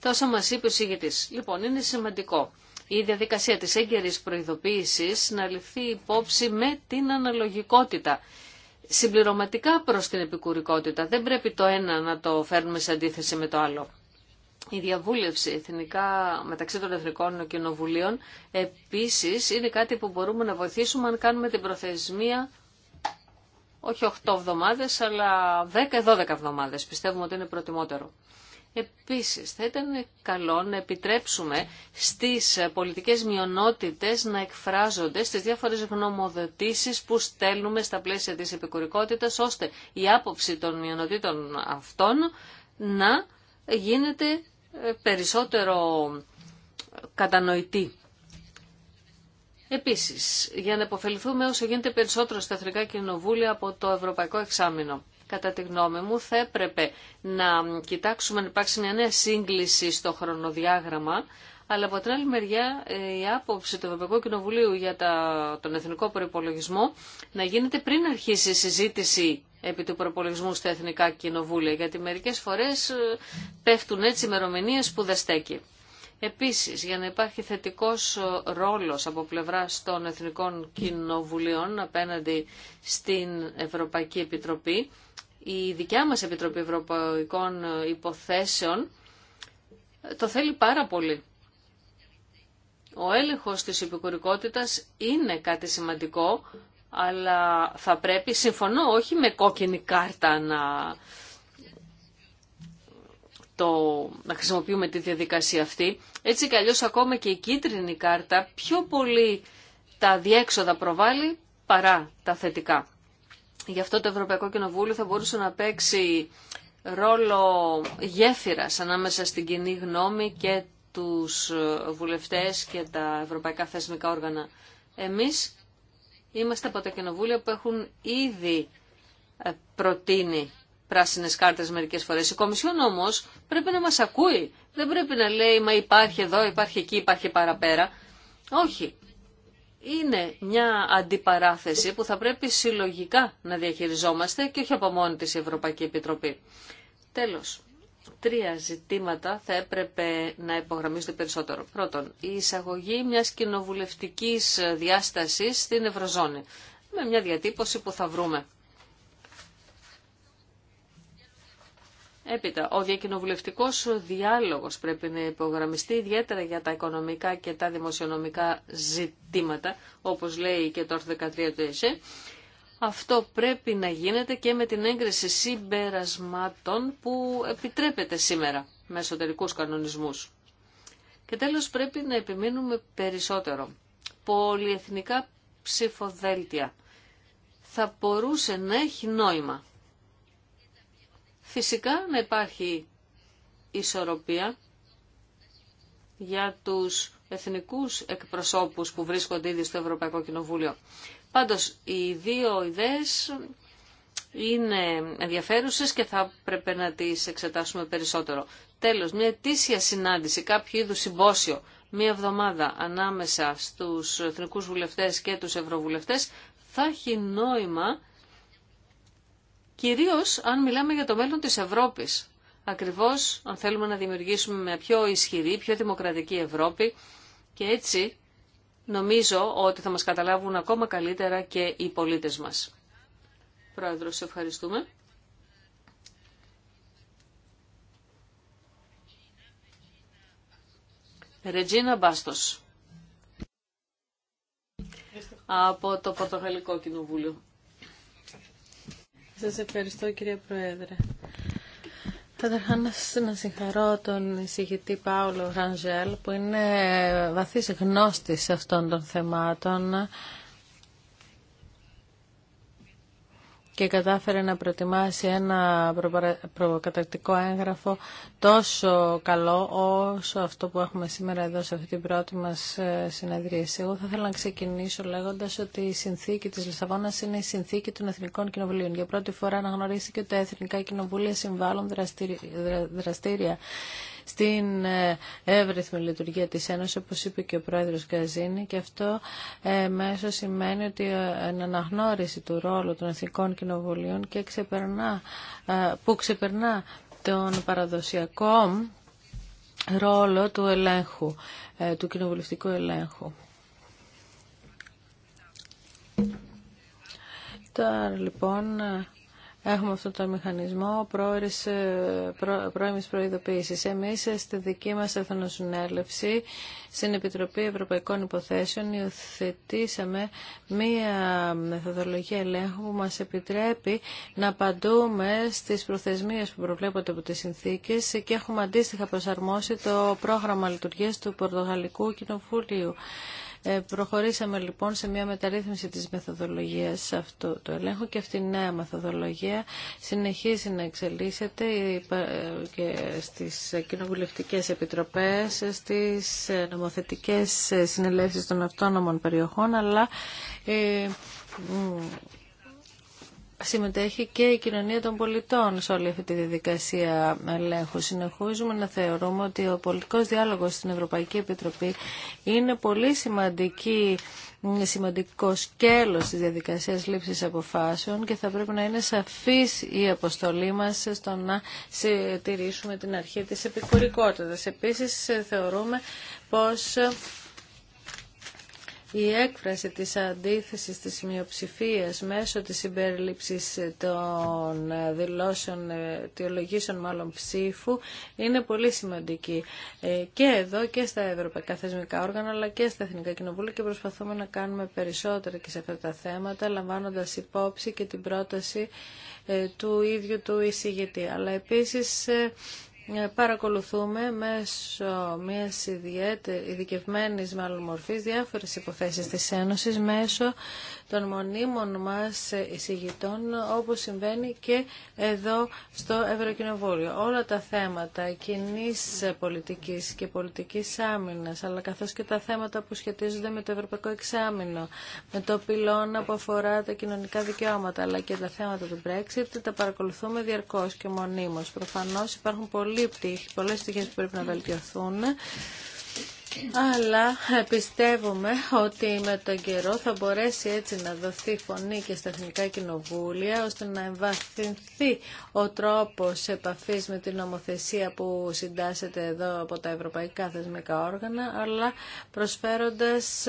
τόσο μας είπε ο συγητής. Λοιπόν, είναι σημαντικό η διαδικασία της έγκαιρης προειδοποίησης να ληφθεί υπόψη με την αναλογικότητα. Συμπληρωματικά προς την επικουρικότητα. Δεν πρέπει το ένα να το φέρνουμε σε αντίθεση με το άλλο. Η διαβούλευση εθνικά, μεταξύ των εθνικών κοινοβουλίων επίσης είναι κάτι που μπορούμε να βοηθήσουμε αν κάνουμε την προθεσμία όχι 8 εβδομάδες, αλλά 10-12 εβδομάδες. Πιστεύουμε ότι είναι προτιμότερο. Επίσης, θα ήταν καλό να επιτρέψουμε στις πολιτικές μειονότητε να εκφράζονται στις διάφορες γνωμοδοτήσει που στέλνουμε στα πλαίσια της επικουρικότητα, ώστε η άποψη των μειονοτήτων αυτών να γίνεται ε, περισσότερο κατανοητή. Επίσης, για να υποφεληθούμε όσο γίνεται περισσότερο στα εθνικά κοινοβούλια από το Ευρωπαϊκό Εξάμεινο. Κατά τη γνώμη μου θα έπρεπε να κοιτάξουμε να υπάρξει μια νέα σύγκληση στο χρονοδιάγραμμα, αλλά από την άλλη μεριά ε, η άποψη του Ευρωπαϊκού Κοινοβουλίου για τα, τον εθνικό προπολογισμό να γίνεται πριν αρχίσει η συζήτηση επί του προπολογισμού στα εθνικά κοινοβούλια, γιατί μερικές φορές ε, πέφτουν έτσι ημερομηνίε που δεν στέκει. Επίσης, για να υπάρχει θετικός ρόλος από πλευράς των Εθνικών Κοινοβουλίων απέναντι στην Ευρωπαϊκή Επιτροπή, η δικιά μας Επιτροπή Ευρωπαϊκών Υποθέσεων το θέλει πάρα πολύ. Ο έλεγχος της υπηκουρικότητας είναι κάτι σημαντικό, αλλά θα πρέπει, συμφωνώ, όχι με κόκκινη κάρτα να το, να χρησιμοποιούμε τη διαδικασία αυτή. Έτσι κι αλλιώς ακόμα και η κίτρινη κάρτα πιο πολύ τα διέξοδα προβάλλει παρά τα θετικά. Γι' αυτό το Ευρωπαϊκό Κοινοβούλιο θα μπορούσε να παίξει ρόλο γέφυρας ανάμεσα στην κοινή γνώμη και τους βουλευτές και τα ευρωπαϊκά θεσμικά όργανα. Εμείς είμαστε από τα κοινοβούλια που έχουν ήδη ε, προτείνει πράσινες κάρτες μερικές φορές. Η Κομισιόν όμως πρέπει να μας ακούει. Δεν πρέπει να λέει μα υπάρχει εδώ, υπάρχει εκεί, υπάρχει παραπέρα. Όχι. Είναι μια αντιπαράθεση που θα πρέπει συλλογικά να διαχειριζόμαστε και όχι από μόνη της Ευρωπαϊκή Επιτροπή. Τέλος, τρία ζητήματα θα έπρεπε να υπογραμμίζονται περισσότερο. Πρώτον, η εισαγωγή μιας κοινοβουλευτικής διάστασης στην Ευρωζώνη με μια διατύπωση που θα βρούμε. Έπειτα, ο διακοινοβουλευτικό διάλογος πρέπει να υπογραμμιστεί ιδιαίτερα για τα οικονομικά και τα δημοσιονομικά ζητήματα, όπως λέει και το 13 του ΕΣΕ. Αυτό πρέπει να γίνεται και με την έγκριση συμπερασμάτων που επιτρέπεται σήμερα με εσωτερικού κανονισμούς. Και τέλος πρέπει να επιμείνουμε περισσότερο. Πολυεθνικά ψηφοδέλτια θα μπορούσε να έχει νόημα Φυσικά να υπάρχει ισορροπία για τους εθνικούς εκπροσώπους που βρίσκονται ήδη στο Ευρωπαϊκό Κοινοβούλιο. Πάντως, οι δύο ιδέες είναι ενδιαφέρουσες και θα πρέπει να τις εξετάσουμε περισσότερο. Τέλος, μια ετήσια συνάντηση, κάποιο είδους συμπόσιο, μια εβδομάδα ανάμεσα στους εθνικούς βουλευτές και τους ευρωβουλευτές, θα έχει νόημα Κυρίως αν μιλάμε για το μέλλον της Ευρώπης. Ακριβώς αν θέλουμε να δημιουργήσουμε μια πιο ισχυρή, πιο δημοκρατική Ευρώπη και έτσι νομίζω ότι θα μας καταλάβουν ακόμα καλύτερα και οι πολίτες μας. Πρόεδρος, ευχαριστούμε. Ρετζίνα Μπάστος από το Πορτογαλικό Κοινοβούλιο. Σα ευχαριστώ κύριε Πρόεδρε. Καταρχά να συγχαρώ τον εισηγητή Πάολο Ρανζέλ που είναι βαθύς γνώστης αυτών των θεμάτων και κατάφερε να προετοιμάσει ένα προκατακτικό έγγραφο τόσο καλό όσο αυτό που έχουμε σήμερα εδώ σε αυτή την πρώτη μας ε, συνεδρίαση. Εγώ θα ήθελα να ξεκινήσω λέγοντας ότι η συνθήκη της Λισαβόνας είναι η συνθήκη των Εθνικών Κοινοβουλίων. Για πρώτη φορά αναγνωρίστηκε ότι τα Εθνικά Κοινοβούλια συμβάλλουν δραστήρια στην ε, εύρυθμη λειτουργία της Ένωσης, όπως είπε και ο πρόεδρος Καζίνη, και αυτό ε, μέσω σημαίνει ότι η ε, αναγνώριση του ρόλου των εθνικών κοινοβουλίων και ξεπερνά, που ξεπερνά τον παραδοσιακό ρόλο του ελέγχου, του κοινοβουλευτικού ελέγχου. Τώρα λοιπόν έχουμε αυτό το μηχανισμό πρόερες, προ, προειδοποίησης. Εμείς στη δική μας Εθνοσυνέλευση, στην Επιτροπή Ευρωπαϊκών Υποθέσεων, υιοθετήσαμε μία μεθοδολογία ελέγχου που μας επιτρέπει να απαντούμε στις προθεσμίες που προβλέπονται από τις συνθήκες και έχουμε αντίστοιχα προσαρμόσει το πρόγραμμα λειτουργίας του Πορτογαλικού Κοινοβουλίου. Ε, προχωρήσαμε λοιπόν σε μια μεταρρύθμιση της μεθοδολογίας αυτού του ελέγχου και αυτή η νέα μεθοδολογία συνεχίζει να εξελίσσεται ε, και στις κοινοβουλευτικές επιτροπές, στις ε, νομοθετικές συνελεύσεις των αυτόνομων περιοχών, αλλά συμμετέχει και η κοινωνία των πολιτών σε όλη αυτή τη διαδικασία ελέγχου. Συνεχίζουμε να θεωρούμε ότι ο πολιτικός διάλογος στην Ευρωπαϊκή Επιτροπή είναι πολύ σημαντική σημαντικό σκέλο της διαδικασίας λήψης αποφάσεων και θα πρέπει να είναι σαφή η αποστολή μας στο να τηρήσουμε την αρχή της επικουρικότητα. Επίση, θεωρούμε πω η έκφραση της αντίθεσης της μειοψηφίας μέσω της συμπερίληψης των δηλώσεων, αιτιολογήσεων μάλλον ψήφου είναι πολύ σημαντική ε, και εδώ και στα ευρωπαϊκά θεσμικά όργανα αλλά και στα εθνικά κοινοβούλια και προσπαθούμε να κάνουμε περισσότερα και σε αυτά τα θέματα λαμβάνοντας υπόψη και την πρόταση ε, του ίδιου του εισηγητή. Αλλά επίσης ε, ε, παρακολουθούμε μέσω μιας ιδιαίτερη, ειδικευμένης μάλλον μορφής διάφορες υποθέσεις της Ένωσης μέσω των μονίμων μας εισηγητών όπως συμβαίνει και εδώ στο Ευρωκοινοβούλιο. Όλα τα θέματα κοινή πολιτικής και πολιτικής άμυνας αλλά καθώς και τα θέματα που σχετίζονται με το Ευρωπαϊκό Εξάμεινο, με το πυλώνα που αφορά τα κοινωνικά δικαιώματα αλλά και τα θέματα του Brexit τα παρακολουθούμε διαρκώς και μονίμως. Προφανώς υπάρχουν πολλές πτυχές που πρέπει να βελτιωθούν αλλά πιστεύουμε ότι με τον καιρό θα μπορέσει έτσι να δοθεί φωνή και στα εθνικά κοινοβούλια ώστε να εμβαθυνθεί ο τρόπος επαφής με την νομοθεσία που συντάσσεται εδώ από τα ευρωπαϊκά θεσμικά όργανα αλλά προσφέροντας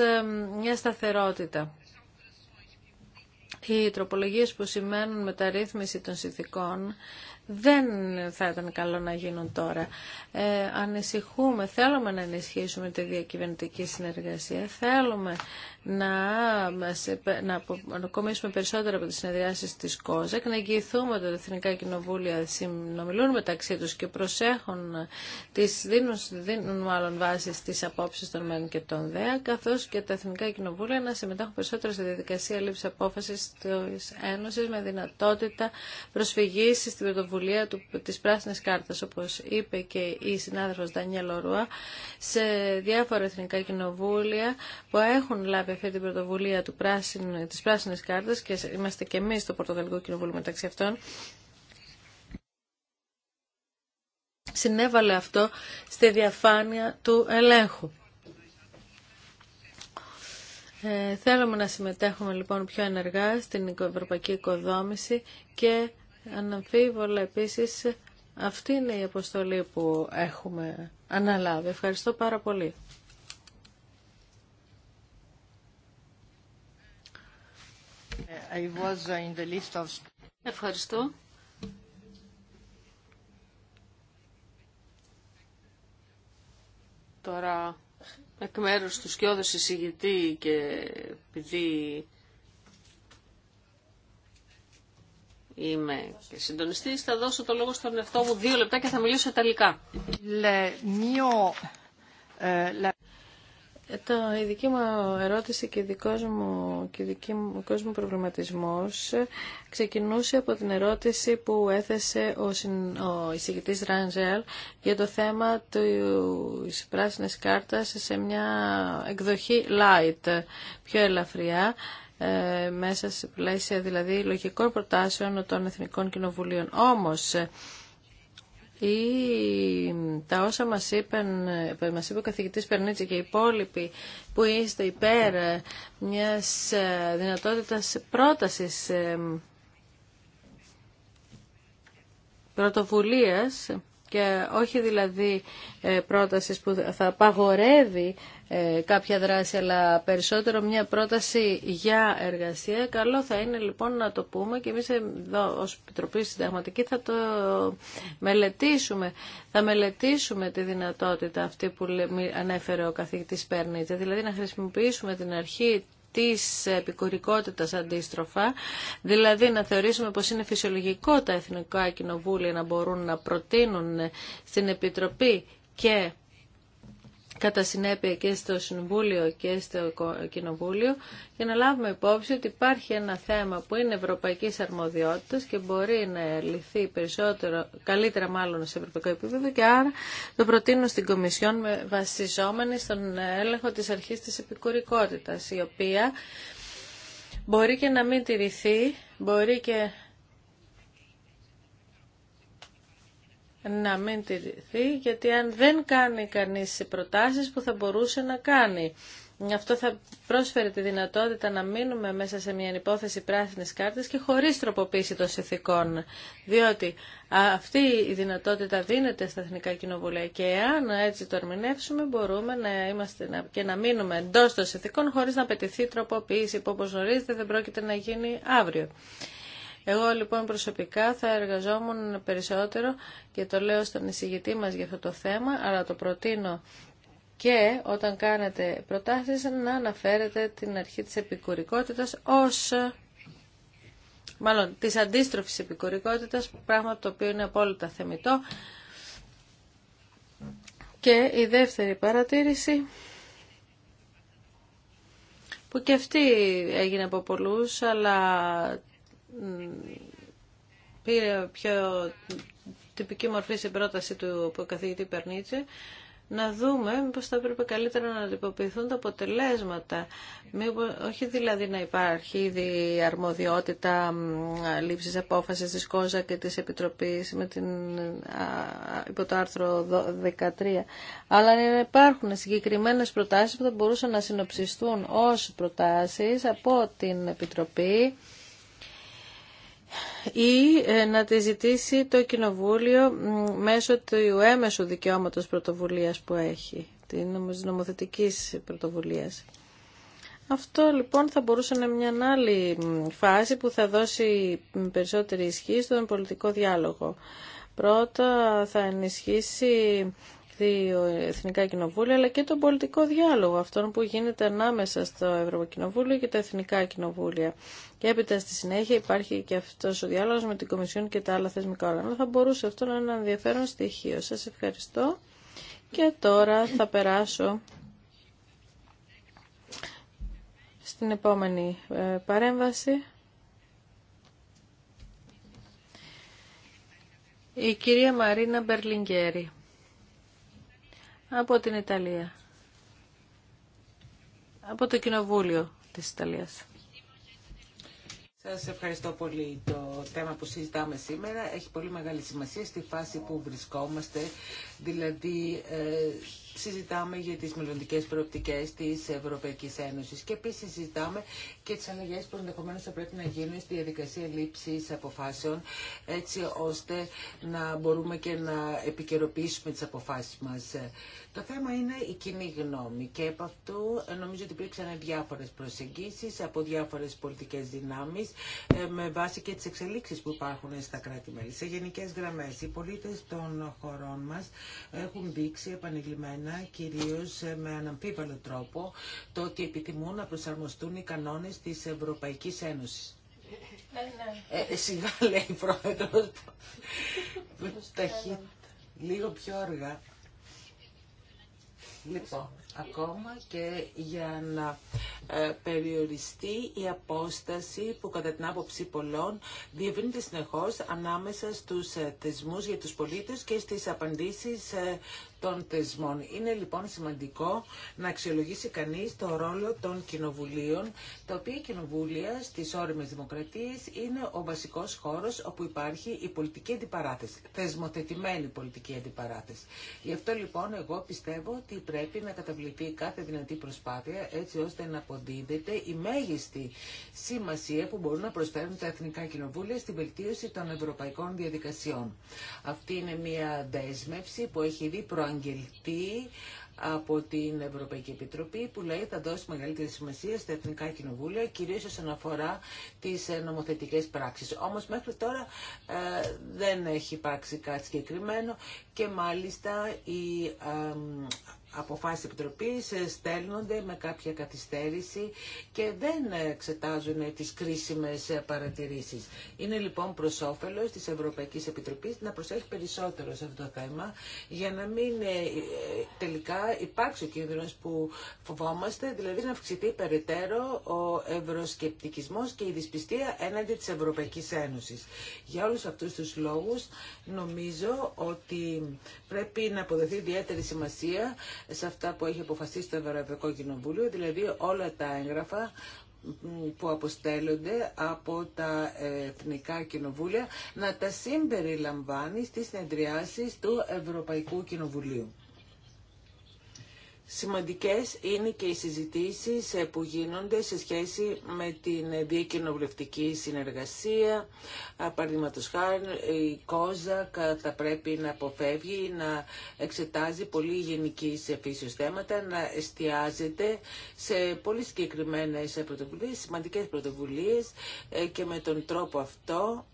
μια σταθερότητα. Οι τροπολογίες που σημαίνουν μεταρρύθμιση των συνθηκών δεν θα ήταν καλό να γίνουν τώρα. Ε, ανησυχούμε, θέλουμε να ενισχύσουμε τη διακυβερνητική συνεργασία, θέλουμε να, μας, να αποκομίσουμε περισσότερα από τις συνεδριάσεις της ΚΟΖΕΚ, να εγγυηθούμε ότι τα Εθνικά Κοινοβούλια συνομιλούν μεταξύ τους και προσέχουν, τις δίνουν, δίνουν μάλλον βάση στις απόψεις των ΜΕΝ και των ΔΕΑ, καθώς και τα Εθνικά Κοινοβούλια να συμμετάχουν περισσότερο στη διαδικασία λήψη απόφασης της Ένωσης με δυνατότητα προσφυγής στην πρωτοβουλία του, της Πράσινης Κάρτας, όπως είπε και η συνάδελφος Ντανιέλο Ρουά σε διάφορα Εθνικά Κοινοβούλια που έχουν λάβει αυτή την πρωτοβουλία του πράσινου, της πράσινης κάρτας και είμαστε και εμείς στο Πορτογαλικό Κοινοβούλιο μεταξύ αυτών συνέβαλε αυτό στη διαφάνεια του ελέγχου. Ε, θέλουμε να συμμετέχουμε λοιπόν πιο ενεργά στην ευρωπαϊκή οικοδόμηση και αναμφίβολα επίσης αυτή είναι η αποστολή που έχουμε αναλάβει. Ευχαριστώ πάρα πολύ. Ευχαριστώ. Τώρα, εκ μέρους του σκιώδους εισηγητή και επειδή είμαι και συντονιστή, θα δώσω το λόγο στον εαυτό μου δύο λεπτά και θα μιλήσω ιταλικά. Ε, το, η δική μου ερώτηση και, δικός μου, και δική μου, ο δικός μου προβληματισμός ξεκινούσε από την ερώτηση που έθεσε ο, ο εισηγητής Ρανζέλ για το θέμα της πράσινης κάρτας σε μια εκδοχή light, πιο ελαφριά, ε, μέσα σε πλαίσια δηλαδή λογικών προτάσεων των Εθνικών Κοινοβουλίων. Όμως, ή τα όσα μας, είπαν, μας είπε ο καθηγητής Περνίτση και οι υπόλοιποι που είστε υπέρ μιας ε, δυνατότητας πρότασης ε, πρωτοβουλίας και όχι δηλαδή ε, πρότασης που θα απαγορεύει ε, κάποια δράση αλλά περισσότερο μια πρόταση για εργασία. Καλό θα είναι λοιπόν να το πούμε και εμείς εδώ ως Επιτροπή Συνταγματική θα το μελετήσουμε. Θα μελετήσουμε τη δυνατότητα αυτή που ανέφερε ο καθηγητής Πέρνιτζε, δηλαδή να χρησιμοποιήσουμε την αρχή της επικουρικότητας αντίστροφα, δηλαδή να θεωρήσουμε πως είναι φυσιολογικό τα εθνικά κοινοβούλια να μπορούν να προτείνουν στην Επιτροπή και κατά συνέπεια και στο Συμβούλιο και στο Κοινοβούλιο για να λάβουμε υπόψη ότι υπάρχει ένα θέμα που είναι ευρωπαϊκής αρμοδιότητας και μπορεί να λυθεί περισσότερο, καλύτερα μάλλον σε ευρωπαϊκό επίπεδο και άρα το προτείνω στην Κομισιόν με βασιζόμενη στον έλεγχο της αρχής της επικουρικότητας η οποία μπορεί και να μην τηρηθεί, μπορεί και να μην τηρηθεί, γιατί αν δεν κάνει κανείς προτάσεις που θα μπορούσε να κάνει. Αυτό θα πρόσφερε τη δυνατότητα να μείνουμε μέσα σε μια υπόθεση πράσινης κάρτας και χωρίς τροποποίηση των συνθηκών. Διότι αυτή η δυνατότητα δίνεται στα Εθνικά Κοινοβούλια και αν έτσι το ερμηνεύσουμε μπορούμε να είμαστε και να μείνουμε εντός των συνθηκών χωρίς να απαιτηθεί τροποποίηση που όπως γνωρίζετε δεν πρόκειται να γίνει αύριο. Εγώ λοιπόν προσωπικά θα εργαζόμουν περισσότερο και το λέω στον εισηγητή μας για αυτό το θέμα, αλλά το προτείνω και όταν κάνετε προτάσεις να αναφέρετε την αρχή της επικουρικότητας ως μάλλον της αντίστροφης επικουρικότητας, πράγμα το οποίο είναι απόλυτα θεμητό. Και η δεύτερη παρατήρηση, που και αυτή έγινε από πολλούς, αλλά πήρε πιο τυπική μορφή στην πρόταση του καθηγητή Περνίτσε, να δούμε πώς θα έπρεπε καλύτερα να αντιποποιηθούν τα αποτελέσματα. Μήπως, όχι δηλαδή να υπάρχει ήδη αρμοδιότητα λήψης απόφασης της ΚΟΖΑ και της Επιτροπής με την, υπό το άρθρο 13, αλλά να υπάρχουν συγκεκριμένες προτάσεις που θα μπορούσαν να συνοψιστούν ως προτάσεις από την Επιτροπή ή ε, να τη ζητήσει το Κοινοβούλιο μέσω του έμεσου δικαιώματος πρωτοβουλίας που έχει, τη νομοθετικής πρωτοβουλίας. Αυτό λοιπόν θα μπορούσε να είναι μια άλλη φάση που θα δώσει περισσότερη ισχύ στον πολιτικό διάλογο. Πρώτα θα ενισχύσει δύο εθνικά κοινοβούλια αλλά και τον πολιτικό διάλογο αυτόν που γίνεται ανάμεσα στο Ευρωκοινοβούλιο και τα εθνικά κοινοβούλια. Και έπειτα στη συνέχεια υπάρχει και αυτός ο διάλογος με την Κομισιόν και τα άλλα θεσμικά όργανα. Θα μπορούσε αυτό να είναι ένα ενδιαφέρον στοιχείο. Σα ευχαριστώ και τώρα θα περάσω στην επόμενη ε, παρέμβαση. Η κυρία Μαρίνα Μπερλιγκέρη από την Ιταλία. Από το Κοινοβούλιο της Ιταλίας. Σας ευχαριστώ πολύ. Το θέμα που συζητάμε σήμερα έχει πολύ μεγάλη σημασία στη φάση που βρισκόμαστε, δηλαδή ε, συζητάμε για τις μελλοντικές προοπτικές της Ευρωπαϊκής Ένωσης και επίσης συζητάμε και τις αλλαγές που ενδεχομένως θα πρέπει να γίνουν στη διαδικασία λήψης αποφάσεων έτσι ώστε να μπορούμε και να επικαιροποιήσουμε τις αποφάσεις μας. Το θέμα είναι η κοινή γνώμη και από αυτού νομίζω ότι υπήρξαν διάφορες προσεγγίσεις από διάφορες πολιτικές δυνάμεις ε, με βάση και τις εξελίξεις που υπάρχουν στα κράτη-μέλη. Σε γενικές γραμμές, οι πολίτες των χωρών μας έχουν δείξει επανειλημμένα Κυρίω κυρίως ε, με αναμφίβαλο τρόπο το ότι επιθυμούν να προσαρμοστούν οι κανόνες της Ευρωπαϊκής Ένωσης. Ναι, ναι. Ε, σιγά λέει η πρόεδρος. λίγο πιο αργά. Λοιπόν, ακόμα και για να ε, περιοριστεί η απόσταση που κατά την άποψη πολλών διευρύνεται συνεχώς ανάμεσα στους ε, θεσμούς για τους πολίτες και στις απαντήσεις ε, των Είναι λοιπόν σημαντικό να αξιολογήσει κανείς το ρόλο των κοινοβουλίων, τα οποία κοινοβούλια στις όριμες δημοκρατίες είναι ο βασικός χώρος όπου υπάρχει η πολιτική αντιπαράθεση, θεσμοθετημένη πολιτική αντιπαράθεση. Γι' αυτό λοιπόν εγώ πιστεύω ότι πρέπει να καταβληθεί κάθε δυνατή προσπάθεια έτσι ώστε να αποδίδεται η μέγιστη σημασία που μπορούν να προσφέρουν τα εθνικά κοινοβούλια στην βελτίωση των ευρωπαϊκών διαδικασιών. Αυτή είναι μια δέσμευση που έχει δει προ προαγγελτή από την Ευρωπαϊκή Επιτροπή που λέει θα δώσει μεγαλύτερη σημασία στα εθνικά κοινοβούλια κυρίως όσον αφορά τις ε, νομοθετικές πράξεις. Όμως μέχρι τώρα ε, δεν έχει υπάρξει κάτι συγκεκριμένο και μάλιστα η ε, αποφάσεις επιτροπής ε, στέλνονται με κάποια καθυστέρηση και δεν εξετάζουν τις κρίσιμες ε, παρατηρήσεις. Είναι λοιπόν προς όφελος της Ευρωπαϊκής Επιτροπής να προσέχει περισσότερο σε αυτό το θέμα για να μην ε, τελικά υπάρξει ο κίνδυνος που φοβόμαστε, δηλαδή να αυξηθεί περαιτέρω ο ευρωσκεπτικισμός και η δυσπιστία έναντι της Ευρωπαϊκής Ένωσης. Για όλους αυτούς τους λόγους νομίζω ότι πρέπει να αποδοθεί ιδιαίτερη σημασία σε αυτά που έχει αποφασίσει το Ευρωπαϊκό Κοινοβούλιο, δηλαδή όλα τα έγγραφα που αποστέλλονται από τα Εθνικά Κοινοβούλια να τα συμπεριλαμβάνει στις συνεδριάσεις του Ευρωπαϊκού Κοινοβουλίου. Σημαντικές είναι και οι συζητήσεις ε, που γίνονται σε σχέση με την ε, διακοινοβουλευτική συνεργασία. Παραδείγματο χάρη, η Κόζα ε, θα πρέπει να αποφεύγει να εξετάζει πολύ γενική φύσεως θέματα, να εστιάζεται σε πολύ συγκεκριμένες πρωτοβουλίες, σημαντικές πρωτοβουλίες και με τον τρόπο αυτό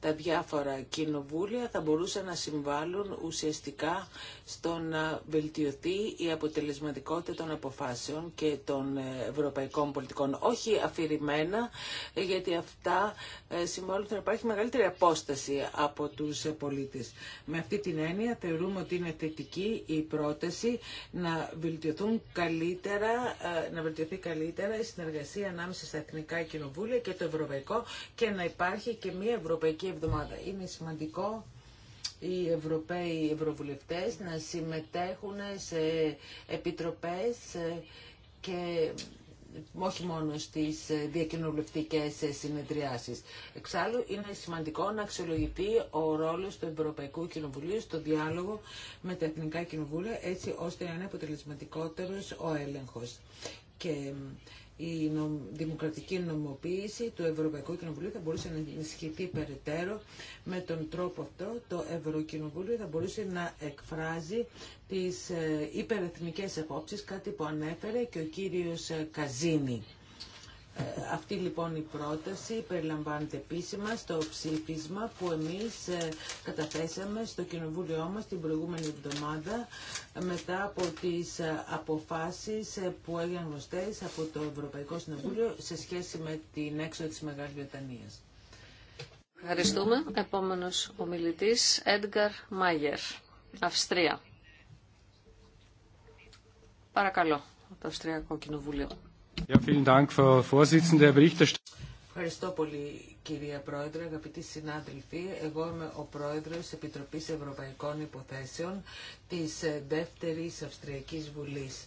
τα διάφορα κοινοβούλια θα μπορούσαν να συμβάλλουν ουσιαστικά στο να βελτιωθεί η αποτελεσματικότητα των αποφάσεων και των ε, ευρωπαϊκών πολιτικών. Όχι αφηρημένα, ε, γιατί αυτά ε, συμβάλλουν να υπάρχει μεγαλύτερη απόσταση από τους πολίτες. Με αυτή την έννοια θεωρούμε ότι είναι θετική η πρόταση να, βελτιωθούν καλύτερα, να βελτιωθεί καλύτερα η συνεργασία ανάμεσα στα εθνικά κοινοβούλια και το ευρωπαϊκό και να υπάρχει και μια ευρωπαϊκή εβδομάδα. Είναι σημαντικό οι Ευρωπαίοι Ευρωβουλευτές να συμμετέχουν σε επιτροπές και όχι μόνο στις διακοινοβουλευτικές συνεδριάσεις. Εξάλλου, είναι σημαντικό να αξιολογηθεί ο ρόλος του Ευρωπαϊκού Κοινοβουλίου στο διάλογο με τα Εθνικά Κοινοβούλια, έτσι ώστε να είναι αποτελεσματικότερος ο έλεγχος. Και η δημοκρατική νομοποίηση του Ευρωπαϊκού Κοινοβουλίου θα μπορούσε να ενισχυθεί περαιτέρω. Με τον τρόπο αυτό το Ευρωκοινοβούλιο θα μπορούσε να εκφράζει τις ε, υπερεθνικές απόψεις, κάτι που ανέφερε και ο κύριος ε, Καζίνη. Ε, αυτή λοιπόν η πρόταση περιλαμβάνεται επίσημα στο ψήφισμα που εμείς ε, καταθέσαμε στο Κοινοβούλιο μας την προηγούμενη εβδομάδα ε, μετά από τις αποφάσεις που έγιναν γνωστές από το Ευρωπαϊκό Συνοβούλιο σε σχέση με την έξοδο της Μεγάλης Βρετανίας. Ευχαριστούμε. Επόμενος ομιλητής, Έντγκαρ Μάγερ, Αυστρία. Παρακαλώ, το Αυστριακό Κοινοβούλιο. Ευχαριστώ πολύ κυρία Πρόεδρε, αγαπητοί συνάδελφοι. Εγώ είμαι ο Πρόεδρος Επιτροπής Ευρωπαϊκών Υποθέσεων της Δεύτερης Αυστριακής Βουλής.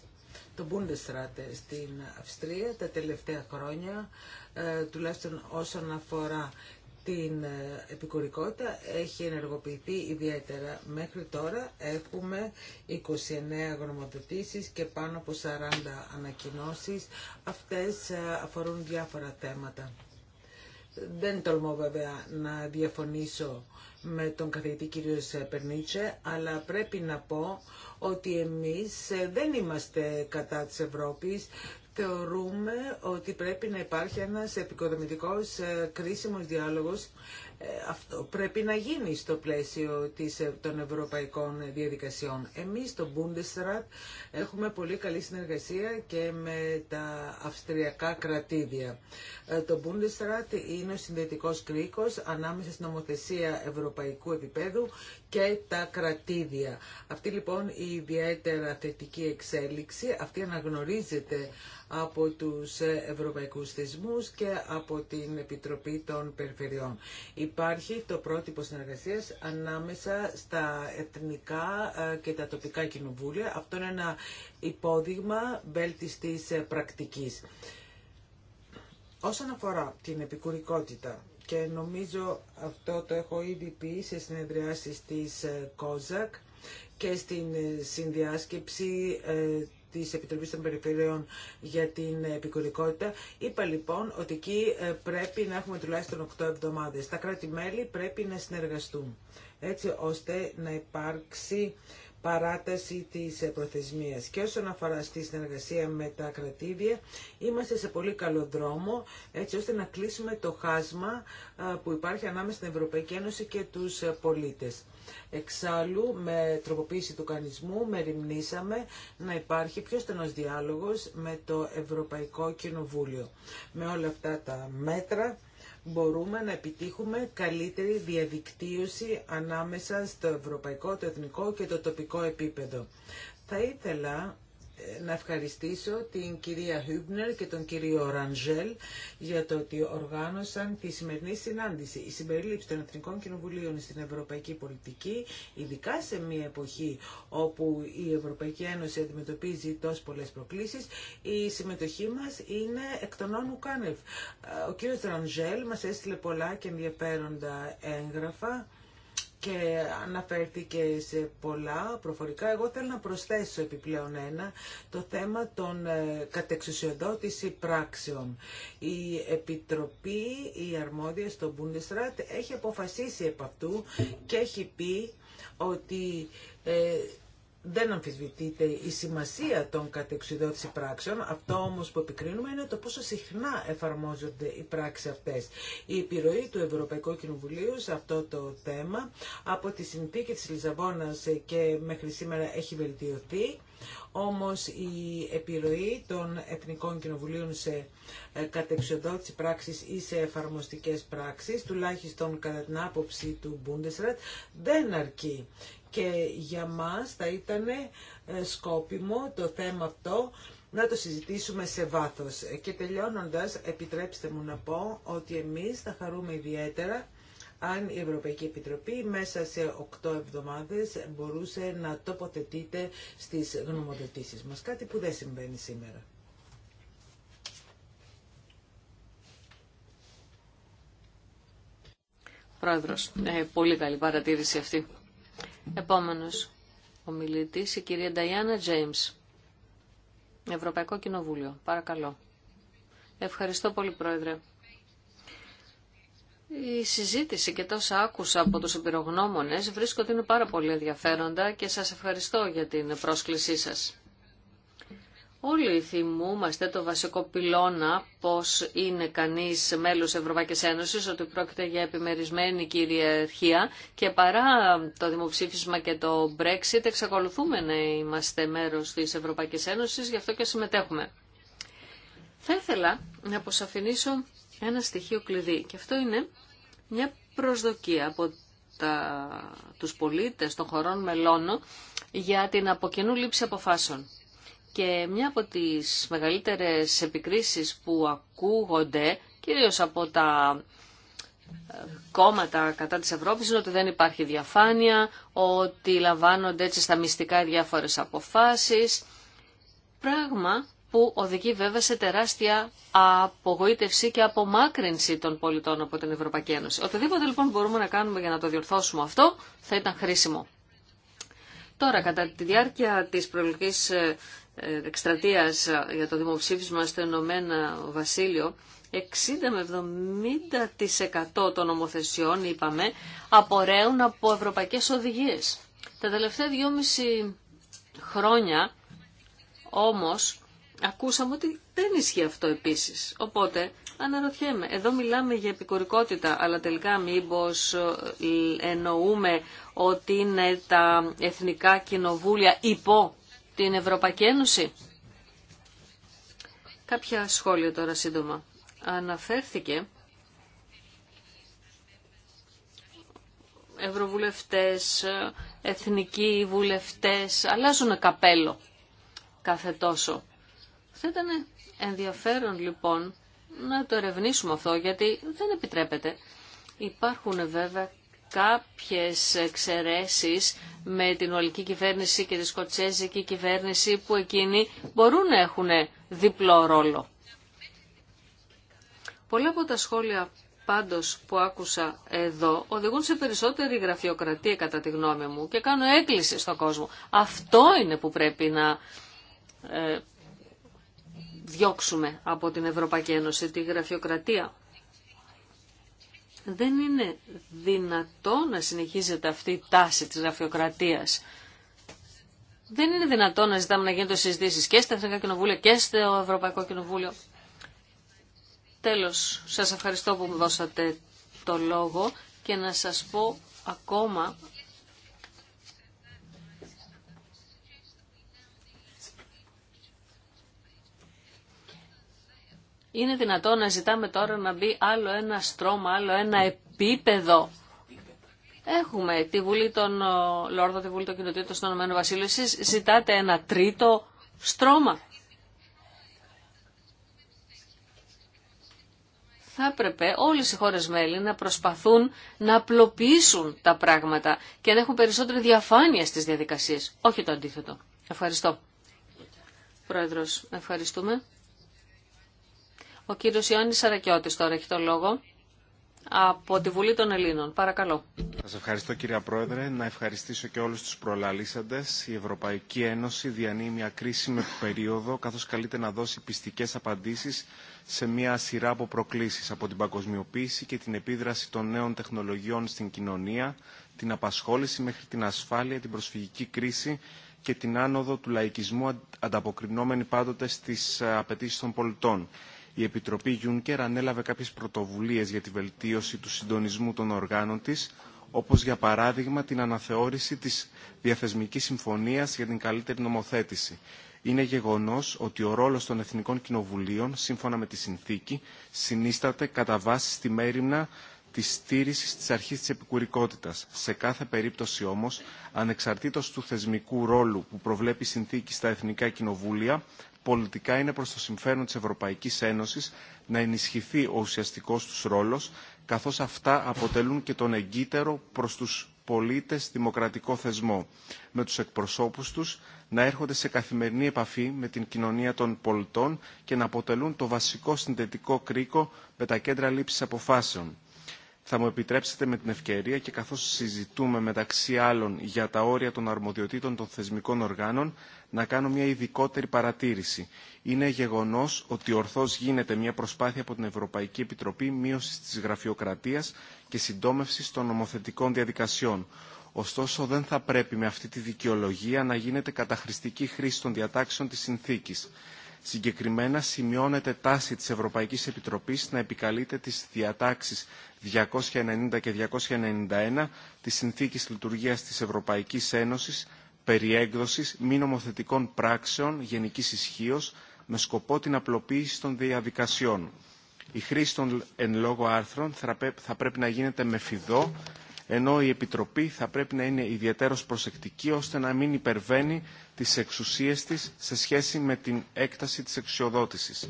Το Bundesrat στην Αυστρία τα τελευταία χρόνια, ε, τουλάχιστον όσον αφορά την ε, επικουρικότητα έχει ενεργοποιηθεί ιδιαίτερα. Μέχρι τώρα έχουμε 29 γνωμοδοτήσεις και πάνω από 40 ανακοινώσεις. Αυτές ε, αφορούν διάφορα θέματα. Δεν τολμώ βέβαια να διαφωνήσω με τον καθηγητή κύριο Περνίτσε, αλλά πρέπει να πω ότι εμείς ε, δεν είμαστε κατά της Ευρώπης, θεωρούμε ότι πρέπει να υπάρχει ένας επικοδομητικός ε, κρίσιμος διάλογος. Ε, αυτό πρέπει να γίνει στο πλαίσιο της, ε, των ευρωπαϊκών διαδικασιών. Εμείς στο Bundesrat έχουμε πολύ καλή συνεργασία και με τα αυστριακά κρατήδια. Το Bundesrat είναι ο συνδετικός κρίκος ανάμεσα στην νομοθεσία ευρωπαϊκού επίπεδου και τα κρατήδια. Αυτή λοιπόν η ιδιαίτερα θετική εξέλιξη, αυτή αναγνωρίζεται από τους ευρωπαϊκούς θεσμούς και από την Επιτροπή των Περιφερειών. Υπάρχει το πρότυπο συνεργασίας ανάμεσα στα εθνικά ε, και τα τοπικά κοινοβούλια. Αυτό είναι ένα υπόδειγμα βέλτιστης πρακτικής. Όσον αφορά την επικουρικότητα και νομίζω αυτό το έχω ήδη πει σε συνεδριάσεις της ε, ΚΟΖΑΚ και στην ε, συνδιάσκεψη ε, της Επιτροπής των Περιφερειών για την επικουρικότητα. Είπα λοιπόν ότι εκεί πρέπει να έχουμε τουλάχιστον 8 εβδομάδες. Τα κράτη-μέλη πρέπει να συνεργαστούν έτσι ώστε να υπάρξει παράταση της προθεσμίας. Και όσον αφορά στη συνεργασία με τα κρατήδια, είμαστε σε πολύ καλό δρόμο, έτσι ώστε να κλείσουμε το χάσμα που υπάρχει ανάμεσα στην Ευρωπαϊκή Ένωση και τους πολίτες. Εξάλλου, με τροποποίηση του κανισμού, μεριμνήσαμε να υπάρχει πιο στενός διάλογος με το Ευρωπαϊκό Κοινοβούλιο. Με όλα αυτά τα μέτρα, μπορούμε να επιτύχουμε καλύτερη διαδικτύωση ανάμεσα στο ευρωπαϊκό, το εθνικό και το τοπικό επίπεδο. Θα ήθελα ε, να ευχαριστήσω την κυρία Χούμπνερ και τον κύριο Ραντζέλ για το ότι οργάνωσαν τη σημερινή συνάντηση. Η συμπερίληψη των Εθνικών Κοινοβουλίων στην Ευρωπαϊκή Πολιτική, ειδικά σε μια εποχή όπου η Ευρωπαϊκή Ένωση αντιμετωπίζει τόσες πολλές προκλήσεις, η συμμετοχή μας είναι εκ των όνου κάνευ. Ε, ο κύριος Ραντζέλ μας έστειλε πολλά και ενδιαφέροντα έγγραφα και αναφέρθηκε σε πολλά προφορικά. Εγώ θέλω να προσθέσω επιπλέον ένα, το θέμα των ε, κατεξουσιοδότηση πράξεων. Η Επιτροπή, η αρμόδια στο Bundesrat, έχει αποφασίσει επ' αυτού και έχει πει ότι ε, δεν αμφισβητείται η σημασία των κατεξουδότηση πράξεων. Αυτό όμως που επικρίνουμε είναι το πόσο συχνά εφαρμόζονται οι πράξεις αυτές. Η επιρροή του Ευρωπαϊκού Κοινοβουλίου σε αυτό το θέμα από τη συνθήκη τη Λισαβόνας και μέχρι σήμερα έχει βελτιωθεί. Όμως η επιρροή των Εθνικών Κοινοβουλίων σε ε, κατεξοδότηση πράξης ή σε εφαρμοστικές πράξεις, τουλάχιστον κατά την άποψη του Bundesrat, δεν αρκεί και για μας θα ήταν ε, σκόπιμο το θέμα αυτό να το συζητήσουμε σε βάθος. Και τελειώνοντας, επιτρέψτε μου να πω ότι εμείς θα χαρούμε ιδιαίτερα αν η Ευρωπαϊκή Επιτροπή μέσα σε 8 εβδομάδες μπορούσε να τοποθετείται στις γνωμοδοτήσεις μας. Κάτι που δεν συμβαίνει σήμερα. Πρόεδρος, ε, πολύ καλή παρατήρηση αυτή. Επόμενος ομιλητής, η κυρία Νταϊάννα Τζέιμς. Ευρωπαϊκό Κοινοβούλιο. Παρακαλώ. Ευχαριστώ πολύ, Πρόεδρε. Η συζήτηση και τόσα άκουσα από τους εμπειρογνώμονες βρίσκω ότι είναι πάρα πολύ ενδιαφέροντα και σας ευχαριστώ για την πρόσκλησή σας. Όλοι θυμούμαστε το βασικό πυλώνα πως είναι κανείς μέλος Ευρωπαϊκής Ένωσης, ότι πρόκειται για επιμερισμένη κυριαρχία και παρά το δημοψήφισμα και το Brexit εξακολουθούμε να είμαστε μέρος της Ευρωπαϊκής Ένωσης, γι' αυτό και συμμετέχουμε. Θα ήθελα να αποσαφηνίσω ένα στοιχείο κλειδί και αυτό είναι μια προσδοκία από τους πολίτες των χωρών μελών για την αποκοινού λήψη αποφάσεων. Και μια από τις μεγαλύτερες επικρίσεις που ακούγονται, κυρίως από τα ε, κόμματα κατά της Ευρώπης, είναι ότι δεν υπάρχει διαφάνεια, ότι λαμβάνονται έτσι στα μυστικά διάφορες αποφάσεις, πράγμα που οδηγεί βέβαια σε τεράστια απογοήτευση και απομάκρυνση των πολιτών από την Ευρωπαϊκή Ένωση. Οτιδήποτε λοιπόν μπορούμε να κάνουμε για να το διορθώσουμε αυτό θα ήταν χρήσιμο. Τώρα, κατά τη διάρκεια της προεκλογικής ε, ε, εκστρατεία ε, για το δημοψήφισμα στο Ηνωμένο Βασίλειο, 60 με 70% των νομοθεσιών, είπαμε, απορρέουν από ευρωπαϊκές οδηγίες. Τα τελευταία δυόμιση χρόνια, όμως, ακούσαμε ότι δεν ισχύει αυτό επίσης. Οπότε, αναρωτιέμαι, εδώ μιλάμε για επικουρικότητα, αλλά τελικά μήπως ε, εννοούμε ότι είναι τα εθνικά κοινοβούλια υπό την Ευρωπαϊκή Ένωση. Κάποια σχόλια τώρα σύντομα. Αναφέρθηκε ευρωβουλευτές, εθνικοί βουλευτές, αλλάζουν καπέλο κάθε τόσο. Θα ήταν ενδιαφέρον λοιπόν να το ερευνήσουμε αυτό γιατί δεν επιτρέπεται. Υπάρχουν βέβαια κάποιες εξαιρεσει με την Ολική κυβέρνηση και τη Σκοτσέζικη κυβέρνηση που εκείνοι μπορούν να έχουν διπλό ρόλο. Πολλά από τα σχόλια πάντως που άκουσα εδώ οδηγούν σε περισσότερη γραφειοκρατία κατά τη γνώμη μου και κάνω έκκληση στον κόσμο. Αυτό είναι που πρέπει να ε, διώξουμε από την Ευρωπαϊκή Ένωση, τη γραφειοκρατία δεν είναι δυνατό να συνεχίζεται αυτή η τάση της γραφειοκρατίας. Δεν είναι δυνατό να ζητάμε να γίνονται συζητήσεις και στα Εθνικά Κοινοβούλια και στο Ευρωπαϊκό Κοινοβούλιο. Τέλος, σας ευχαριστώ που μου δώσατε το λόγο και να σας πω ακόμα είναι δυνατό να ζητάμε τώρα να μπει άλλο ένα στρώμα, άλλο ένα επίπεδο. Έχουμε τη Βουλή των Λόρδων, τη Βουλή των Κοινοτήτων στον Ηνωμένο Βασίλειο. Εσείς ζητάτε ένα τρίτο στρώμα. θα έπρεπε όλες οι χώρες μέλη να προσπαθούν να απλοποιήσουν τα πράγματα και να έχουν περισσότερη διαφάνεια στις διαδικασίες, όχι το αντίθετο. Ευχαριστώ. Πρόεδρος, ευχαριστούμε. Ο κύριος Ιωάννης Σαρακιώτης τώρα έχει το λόγο από τη Βουλή των Ελλήνων. Παρακαλώ. Σας ευχαριστώ κυρία Πρόεδρε. Να ευχαριστήσω και όλους τους προλαλήσαντες. Η Ευρωπαϊκή Ένωση διανύει μια κρίσιμη περίοδο καθώς καλείται να δώσει πιστικές απαντήσεις σε μια σειρά από προκλήσεις από την παγκοσμιοποίηση και την επίδραση των νέων τεχνολογιών στην κοινωνία, την απασχόληση μέχρι την ασφάλεια, την προσφυγική κρίση και την άνοδο του λαϊκισμού ανταποκρινόμενη πάντοτε στις ε, απαιτήσει των πολιτών η Επιτροπή Γιούνκερ ανέλαβε κάποιε πρωτοβουλίε για τη βελτίωση του συντονισμού των οργάνων τη, όπω για παράδειγμα την αναθεώρηση τη διαθεσμική συμφωνία για την καλύτερη νομοθέτηση. Είναι γεγονό ότι ο ρόλο των Εθνικών Κοινοβουλίων, σύμφωνα με τη συνθήκη, συνίσταται κατά βάση στη μέρημνα τη στήριση τη αρχή τη επικουρικότητα. Σε κάθε περίπτωση όμω, ανεξαρτήτως του θεσμικού ρόλου που προβλέπει η συνθήκη στα Εθνικά Κοινοβούλια, πολιτικά είναι προς το συμφέρον της Ευρωπαϊκής Ένωσης να ενισχυθεί ο ουσιαστικός τους ρόλος, καθώς αυτά αποτελούν και τον εγκύτερο προς τους πολίτες δημοκρατικό θεσμό, με τους εκπροσώπους τους να έρχονται σε καθημερινή επαφή με την κοινωνία των πολιτών και να αποτελούν το βασικό συνδετικό κρίκο με τα κέντρα λήψης αποφάσεων θα μου επιτρέψετε με την ευκαιρία και καθώς συζητούμε μεταξύ άλλων για τα όρια των αρμοδιοτήτων των θεσμικών οργάνων να κάνω μια ειδικότερη παρατήρηση. Είναι γεγονός ότι ορθώς γίνεται μια προσπάθεια από την Ευρωπαϊκή Επιτροπή μείωσης της γραφειοκρατίας και συντόμευσης των νομοθετικών διαδικασιών. Ωστόσο, δεν θα πρέπει με αυτή τη δικαιολογία να γίνεται καταχρηστική χρήση των διατάξεων της συνθήκης. Συγκεκριμένα σημειώνεται τάση της Ευρωπαϊκής Επιτροπής να επικαλείται τις διατάξεις 290 και 291 της Συνθήκης Λειτουργίας της Ευρωπαϊκής Ένωσης περί έκδοσης μη νομοθετικών πράξεων γενικής ισχύω με σκοπό την απλοποίηση των διαδικασιών. Η χρήση των εν λόγω άρθρων θα πρέπει να γίνεται με φιδό ενώ η Επιτροπή θα πρέπει να είναι ιδιαίτερος προσεκτική ώστε να μην υπερβαίνει τις εξουσίες της σε σχέση με την έκταση της εξουσιοδότησης.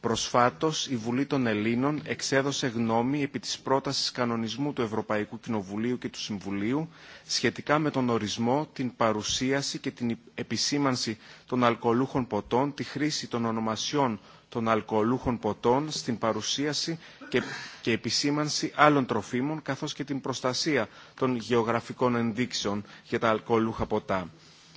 Προσφάτως, η Βουλή των Ελλήνων εξέδωσε γνώμη επί της πρότασης κανονισμού του Ευρωπαϊκού Κοινοβουλίου και του Συμβουλίου σχετικά με τον ορισμό, την παρουσίαση και την επισήμανση των αλκοολούχων ποτών, τη χρήση των ονομασιών των αλκοολούχων ποτών στην παρουσίαση και, επισήμανση άλλων τροφίμων, καθώς και την προστασία των γεωγραφικών ενδείξεων για τα αλκοολούχα ποτά.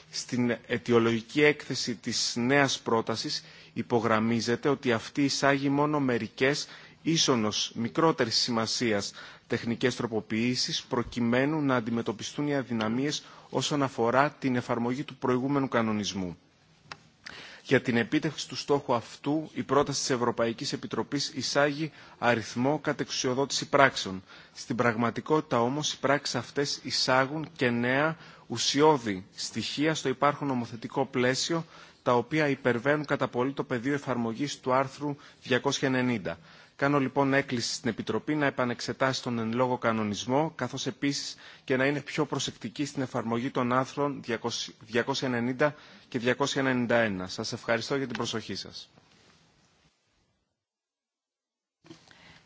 Στην αιτιολογική έκθεση της νέας πρότασης υπογραμμίζεται ότι αυτή εισάγει μόνο μερικές ίσονος μικρότερης σημασίας τεχνικές τροποποιήσεις προκειμένου να αντιμετωπιστούν οι αδυναμίες όσον αφορά την εφαρμογή του προηγούμενου κανονισμού. Για την επίτευξη του στόχου αυτού, η πρόταση της Ευρωπαϊκής Επιτροπής εισάγει αριθμό κατεξιοδότηση πράξεων. Στην πραγματικότητα όμως οι πράξεις αυτές εισάγουν και νέα ουσιώδη στοιχεία στο υπάρχον νομοθετικό πλαίσιο, τα οποία υπερβαίνουν κατά πολύ το πεδίο εφαρμογής του άρθρου 290. Κάνω λοιπόν έκκληση στην Επιτροπή να επανεξετάσει τον εν λόγω κανονισμό, καθώς επίσης και να είναι πιο προσεκτική στην εφαρμογή των άρθρων 290 και 291. Σας ευχαριστώ για την προσοχή σας.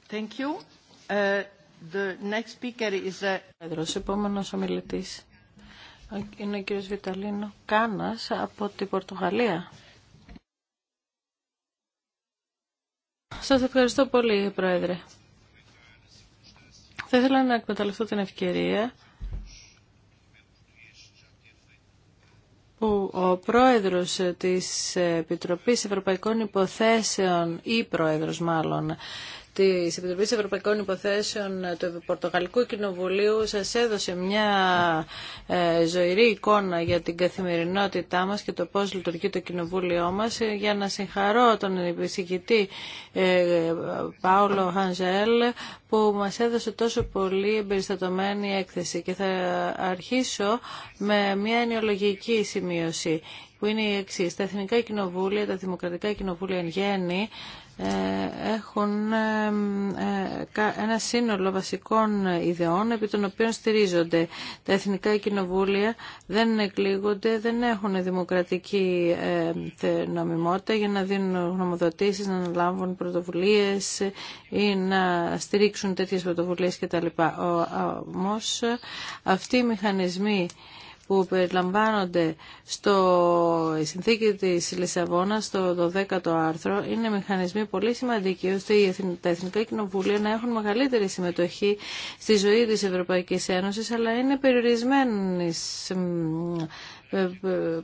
Thank you. είναι ο κύριος Βιταλίνο Κάνας από την Πορτογαλία. Σας ευχαριστώ πολύ, Πρόεδρε. Θα ήθελα να εκμεταλλευτώ την ευκαιρία που ο πρόεδρος της Επιτροπής Ευρωπαϊκών Υποθέσεων ή πρόεδρος μάλλον τη Επιτροπή Ευρωπαϊκών Υποθέσεων του Πορτογαλικού Κοινοβουλίου σας έδωσε μια ε, ζωηρή εικόνα για την καθημερινότητά μας και το πώς λειτουργεί το Κοινοβούλιο μας ε, για να συγχαρώ τον επισηγητή ε, Παύλο Χανζέλ που μα έδωσε τόσο πολύ εμπεριστατωμένη έκθεση και θα αρχίσω με μια ενοιολογική σημείωση που είναι η εξή. Τα εθνικά κοινοβούλια, τα δημοκρατικά κοινοβούλια εν γέννη, ε, έχουν ε, ε, ένα σύνολο βασικών ιδεών επί των οποίων στηρίζονται. Τα εθνικά κοινοβούλια δεν εκλήγονται, δεν έχουν δημοκρατική νομιμότητα για να δίνουν γνωμοδοτήσεις, να αναλάμβουν πρωτοβουλίες ή να στηρίξουν τέτοιες πρωτοβουλίες κτλ. Όμως αυτοί οι μηχανισμοί που περιλαμβάνονται στο συνθήκη της Λισαβόνας στο 12ο άρθρο είναι μηχανισμοί πολύ σημαντικοί ώστε τα Εθνικά Κοινοβούλια να έχουν μεγαλύτερη συμμετοχή στη ζωή της Ευρωπαϊκής Ένωσης αλλά είναι περιορισμένοι ε, ε,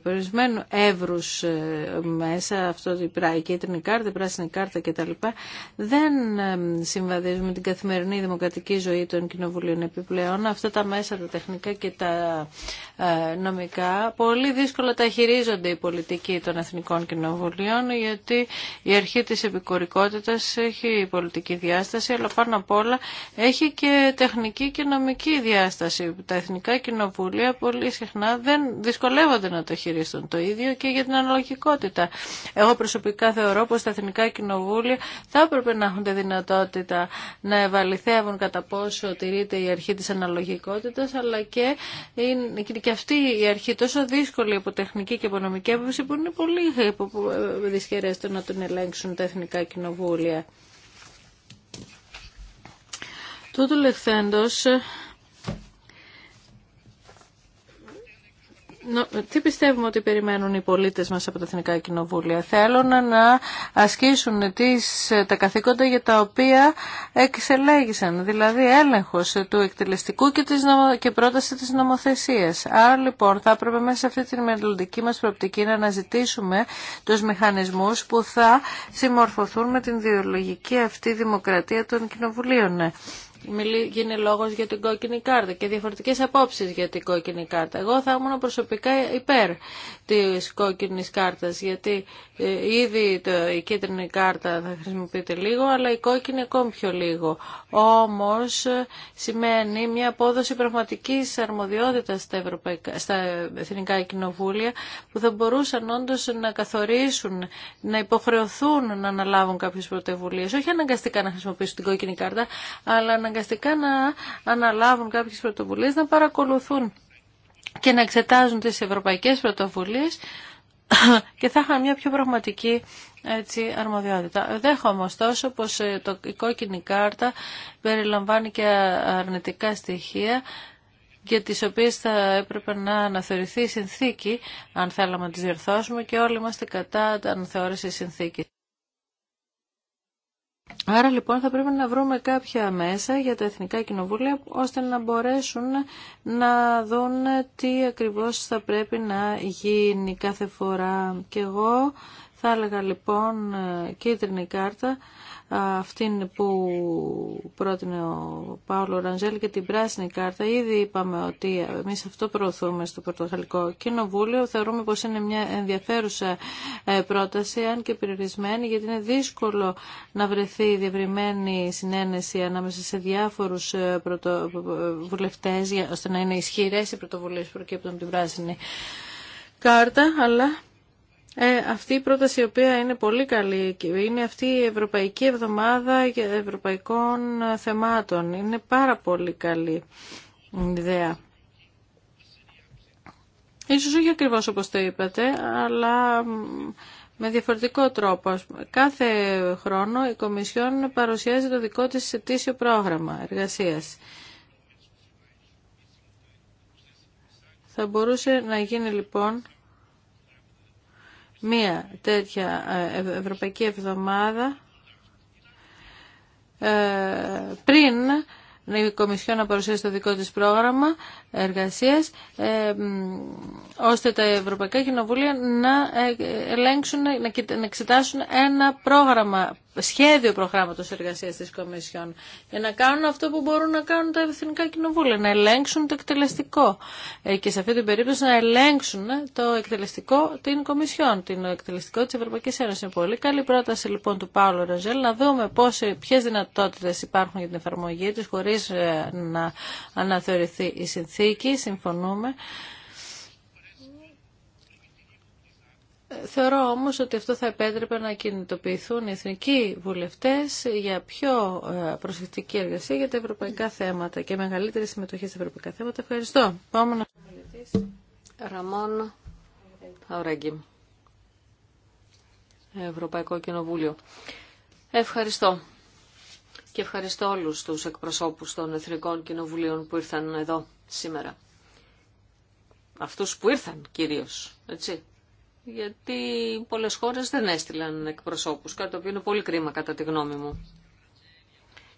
περιορισμένου εύρους ε, μέσα, αυτό η κίτρινη κάρτα, η πράσινη κάρτα κτλ. δεν συμβαδίζουν με την καθημερινή δημοκρατική ζωή των κοινοβουλίων επιπλέον. Αυτά τα μέσα, τα τεχνικά και τα νομικά πολύ δύσκολα τα χειρίζονται οι πολιτικοί των εθνικών κοινοβουλίων γιατί η αρχή της επικορικότητας έχει πολιτική διάσταση αλλά πάνω απ' όλα έχει και τεχνική και νομική διάσταση. Τα εθνικά κοινοβούλια πολύ συχνά δεν δυσκολεύονται να το χειριστούν το ίδιο και για την αναλογικότητα. Εγώ προσωπικά θεωρώ πως τα εθνικά κοινοβούλια θα έπρεπε να έχουν τη δυνατότητα να ευαληθεύουν κατά πόσο τηρείται η αρχή της αναλογικότητας αλλά και, είναι, και αυτή η αρχή τόσο δύσκολη από τεχνική και οικονομική άποψη που είναι πολύ ε, ε, δυσχερές να τον ελέγξουν τα εθνικά κοινοβούλια. Τούτου λεχθέντος τι πιστεύουμε ότι περιμένουν οι πολίτες μας από τα Εθνικά Κοινοβούλια. Θέλουν να ασκήσουν τις, τα καθήκοντα για τα οποία εξελέγησαν, δηλαδή έλεγχος του εκτελεστικού και, της και πρόταση της νομοθεσίας. Άρα λοιπόν θα έπρεπε μέσα σε αυτή τη μελλοντική μας προοπτική να αναζητήσουμε τους μηχανισμούς που θα συμμορφωθούν με την διολογική αυτή δημοκρατία των κοινοβουλίων γίνει λόγος για την κόκκινη κάρτα και διαφορετικές απόψεις για την κόκκινη κάρτα. Εγώ θα ήμουν προσωπικά υπέρ της κόκκινης κάρτας γιατί ε, ήδη η κίτρινη κάρτα θα χρησιμοποιείται λίγο αλλά η κόκκινη ακόμη πιο λίγο. Όμως ε, σημαίνει μια απόδοση πραγματικής αρμοδιότητας στα, ευρωπαϊκά, στα εθνικά κοινοβούλια που θα μπορούσαν όντως να καθορίσουν, να υποχρεωθούν να αναλάβουν κάποιες πρωτευουλίες. Όχι αναγκαστικά να χρησιμοποιήσουν την κόκκινη κάρτα αλλά να αναγκαστικά να αναλάβουν κάποιες πρωτοβουλίες, να παρακολουθούν και να εξετάζουν τις ευρωπαϊκές πρωτοβουλίες και θα είχαν μια πιο πραγματική έτσι, αρμοδιότητα. Δέχομαι ωστόσο πως ε, το, η κόκκινη κάρτα περιλαμβάνει και αρνητικά στοιχεία για τις οποίες θα έπρεπε να αναθεωρηθεί η συνθήκη αν θέλαμε να τις διορθώσουμε και όλοι είμαστε κατά αναθεώρηση συνθήκης. Άρα λοιπόν θα πρέπει να βρούμε κάποια μέσα για τα εθνικά κοινοβούλια ώστε να μπορέσουν να δουν τι ακριβώς θα πρέπει να γίνει κάθε φορά. Και εγώ θα έλεγα λοιπόν κίτρινη κάρτα αυτήν που πρότεινε ο Παύλο Ρανζέλ και την πράσινη κάρτα. Ήδη είπαμε ότι εμείς αυτό προωθούμε στο Πορτογαλικό Κοινοβούλιο. Θεωρούμε πως είναι μια ενδιαφέρουσα ε, πρόταση, αν και περιορισμένη, γιατί είναι δύσκολο να βρεθεί διευρυμένη συνένεση ανάμεσα σε διάφορους ε, πρωτοβουλευτές, ώστε να είναι ισχυρές οι πρωτοβουλίες που προκύπτουν την πράσινη κάρτα, αλλά ε, αυτή η πρόταση η οποία είναι πολύ καλή είναι αυτή η Ευρωπαϊκή Εβδομάδα Ευρωπαϊκών Θεμάτων. Είναι πάρα πολύ καλή ιδέα. Ίσως όχι ακριβώς όπως το είπατε, αλλά με διαφορετικό τρόπο. Κάθε χρόνο η Κομισιόν παρουσιάζει το δικό της ετήσιο πρόγραμμα εργασίας. Θα μπορούσε να γίνει λοιπόν μία τέτοια ε, Ευρωπαϊκή Εβδομάδα ε, πριν η Κομισιόν να παρουσιάσει το δικό της πρόγραμμα εργασίας ε, ώστε τα Ευρωπαϊκά Κοινοβούλια να ε, ελέγξουν, να εξετάσουν ένα πρόγραμμα, σχέδιο προγράμματος εργασίας της Κομισιόν για να κάνουν αυτό που μπορούν να κάνουν τα Εθνικά Κοινοβούλια, να ελέγξουν το εκτελεστικό ε, και σε αυτή την περίπτωση να ελέγξουν το εκτελεστικό την Κομισιόν, την εκτελεστικό της Ευρωπαϊκής Ένωσης. Είναι πολύ καλή πρόταση λοιπόν του Πάολο Ροζέλ να δούμε πώς, ποιες δυνατότητες υπάρχουν για την εφαρμογή της χωρίς να αναθεωρηθεί η συνθήκη συμφωνούμε. Θεωρώ όμως ότι αυτό θα επέτρεπε να κινητοποιηθούν οι εθνικοί βουλευτές για πιο ε, προσεκτική εργασία για τα ευρωπαϊκά θέματα και μεγαλύτερη συμμετοχή στα ευρωπαϊκά θέματα. Ευχαριστώ. να. Ραμόν Αουρέγγι. Ευρωπαϊκό Κοινοβούλιο. Ευχαριστώ και ευχαριστώ όλους τους εκπροσώπους των Εθνικών Κοινοβουλίων που ήρθαν εδώ σήμερα. Αυτούς που ήρθαν κυρίως, έτσι. Γιατί πολλές χώρες δεν έστειλαν εκπροσώπους, κάτι το οποίο είναι πολύ κρίμα κατά τη γνώμη μου.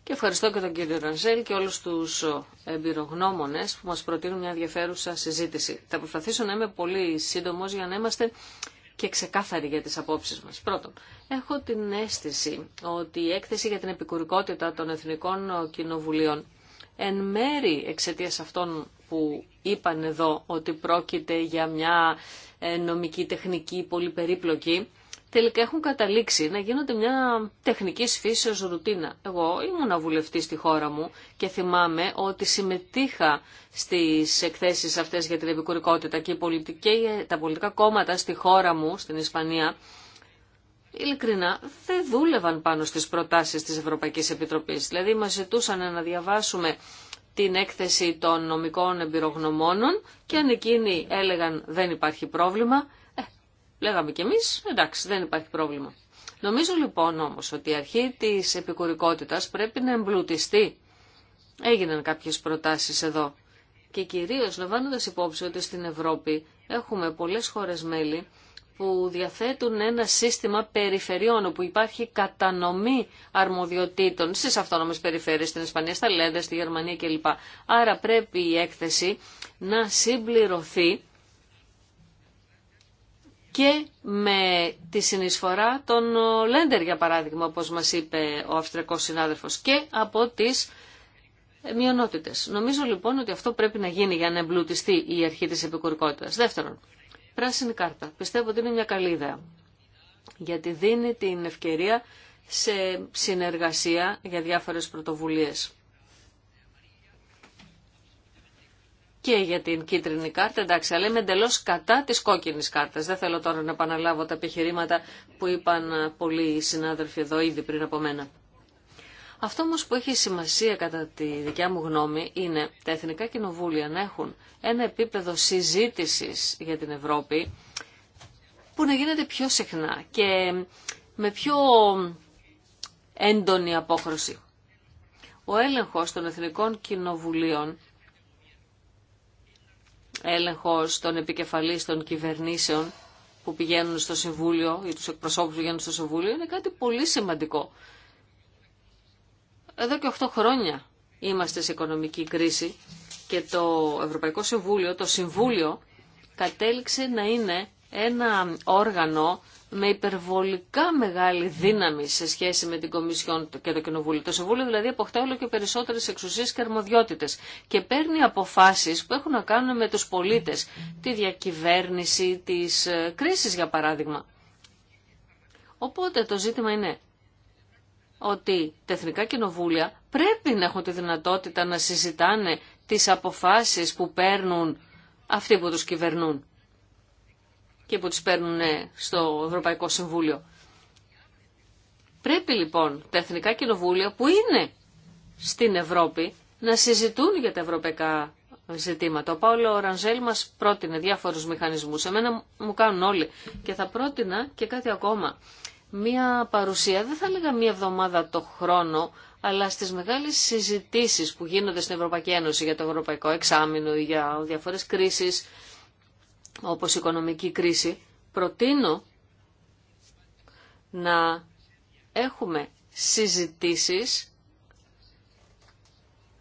Και ευχαριστώ και τον κύριο Ρανζέλ και όλους τους εμπειρογνώμονες που μας προτείνουν μια ενδιαφέρουσα συζήτηση. Θα προσπαθήσω να είμαι πολύ σύντομος για να είμαστε και ξεκάθαρη για τις απόψεις μας. Πρώτον, έχω την αίσθηση ότι η έκθεση για την επικουρικότητα των Εθνικών Κοινοβουλίων εν μέρη εξαιτία αυτών που είπαν εδώ ότι πρόκειται για μια ε, νομική τεχνική πολύ περίπλοκη, τελικά έχουν καταλήξει να γίνονται μια τεχνική φύσεως ρουτίνα. Εγώ ήμουν βουλευτή στη χώρα μου και θυμάμαι ότι συμμετείχα στις εκθέσεις αυτές για την επικουρικότητα και τα πολιτικά κόμματα στη χώρα μου, στην Ισπανία, ειλικρινά δεν δούλευαν πάνω στι προτάσει τη Ευρωπαϊκή Επιτροπής. Δηλαδή μα ζητούσαν να διαβάσουμε την έκθεση των νομικών εμπειρογνωμόνων και αν εκείνοι έλεγαν δεν υπάρχει πρόβλημα, Λέγαμε κι εμείς, εντάξει, δεν υπάρχει πρόβλημα. Νομίζω λοιπόν όμως ότι η αρχή της επικουρικότητας πρέπει να εμπλουτιστεί. Έγιναν κάποιες προτάσεις εδώ. Και κυρίως λαμβάνοντα υπόψη ότι στην Ευρώπη έχουμε πολλές χώρες μέλη που διαθέτουν ένα σύστημα περιφερειών όπου υπάρχει κατανομή αρμοδιοτήτων στις αυτόνομες περιφέρειες, στην Ισπανία, στα Λέντα, στη Γερμανία κλπ. Άρα πρέπει η έκθεση να συμπληρωθεί και με τη συνεισφορά των ε, Λέντερ, για παράδειγμα, όπως μας είπε ο Αυστριακός συνάδελφος, και από τις μειονότητες. Νομίζω λοιπόν ότι αυτό πρέπει να γίνει για να εμπλουτιστεί η αρχή της επικουρικότητας. Δεύτερον, πράσινη κάρτα. Πιστεύω ότι είναι μια καλή ιδέα, γιατί δίνει την ευκαιρία σε συνεργασία για διάφορες πρωτοβουλίες. και για την κίτρινη κάρτα. Εντάξει, αλλά είμαι εντελώ κατά τη κόκκινη κάρτα. Δεν θέλω τώρα να επαναλάβω τα επιχειρήματα που είπαν πολλοί συνάδελφοι εδώ ήδη πριν από μένα. Αυτό όμω που έχει σημασία κατά τη δικιά μου γνώμη είναι τα εθνικά κοινοβούλια να έχουν ένα επίπεδο συζήτηση για την Ευρώπη που να γίνεται πιο συχνά και με πιο έντονη απόχρωση. Ο έλεγχος των εθνικών κοινοβουλίων έλεγχος των επικεφαλής των κυβερνήσεων που πηγαίνουν στο Συμβούλιο ή τους εκπροσώπους που πηγαίνουν στο Συμβούλιο είναι κάτι πολύ σημαντικό. Εδώ και 8 χρόνια είμαστε σε οικονομική κρίση και το Ευρωπαϊκό Συμβούλιο, το Συμβούλιο κατέληξε να είναι ένα όργανο με υπερβολικά μεγάλη δύναμη σε σχέση με την Κομισιόν και το Κοινοβούλιο. Το Συμβούλιο δηλαδή αποκτά όλο και περισσότερε εξουσίε και αρμοδιότητε και παίρνει αποφάσει που έχουν να κάνουν με του πολίτε, τη διακυβέρνηση τη ε, κρίση για παράδειγμα. Οπότε το ζήτημα είναι ότι τα εθνικά κοινοβούλια πρέπει να έχουν τη δυνατότητα να συζητάνε τις αποφάσεις που παίρνουν αυτοί που τους κυβερνούν και που τις παίρνουν στο Ευρωπαϊκό Συμβούλιο. Πρέπει λοιπόν τα εθνικά κοινοβούλια που είναι στην Ευρώπη να συζητούν για τα ευρωπαϊκά ζητήματα. Ο Πάολο Ρανζέλ μας πρότεινε διάφορους μηχανισμούς. Εμένα μου κάνουν όλοι. Και θα πρότεινα και κάτι ακόμα. Μία παρουσία, δεν θα έλεγα μία εβδομάδα το χρόνο, αλλά στις μεγάλες συζητήσεις που γίνονται στην Ευρωπαϊκή Ένωση για το Ευρωπαϊκό Εξάμεινο ή για διάφορες κρίσεις, όπως η οικονομική κρίση, προτείνω να έχουμε συζητήσεις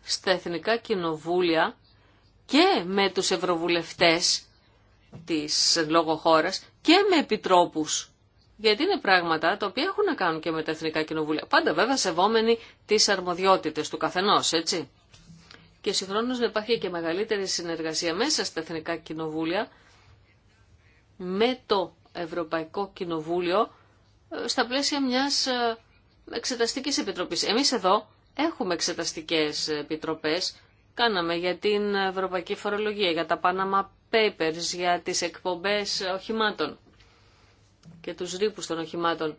στα εθνικά κοινοβούλια και με τους ευρωβουλευτές της λόγω χώρας και με επιτρόπους. Γιατί είναι πράγματα τα οποία έχουν να κάνουν και με τα εθνικά κοινοβούλια. Πάντα βέβαια σεβόμενοι τις αρμοδιότητες του καθενός, έτσι. Και συγχρόνως να υπάρχει και μεγαλύτερη συνεργασία μέσα στα εθνικά κοινοβούλια με το Ευρωπαϊκό Κοινοβούλιο ε, στα πλαίσια μιας ε, εξεταστικής επιτροπής. Εμείς εδώ έχουμε εξεταστικές επιτροπές, κάναμε για την Ευρωπαϊκή Φορολογία, για τα Panama Papers, για τις εκπομπές οχημάτων και τους ρήπους των οχημάτων.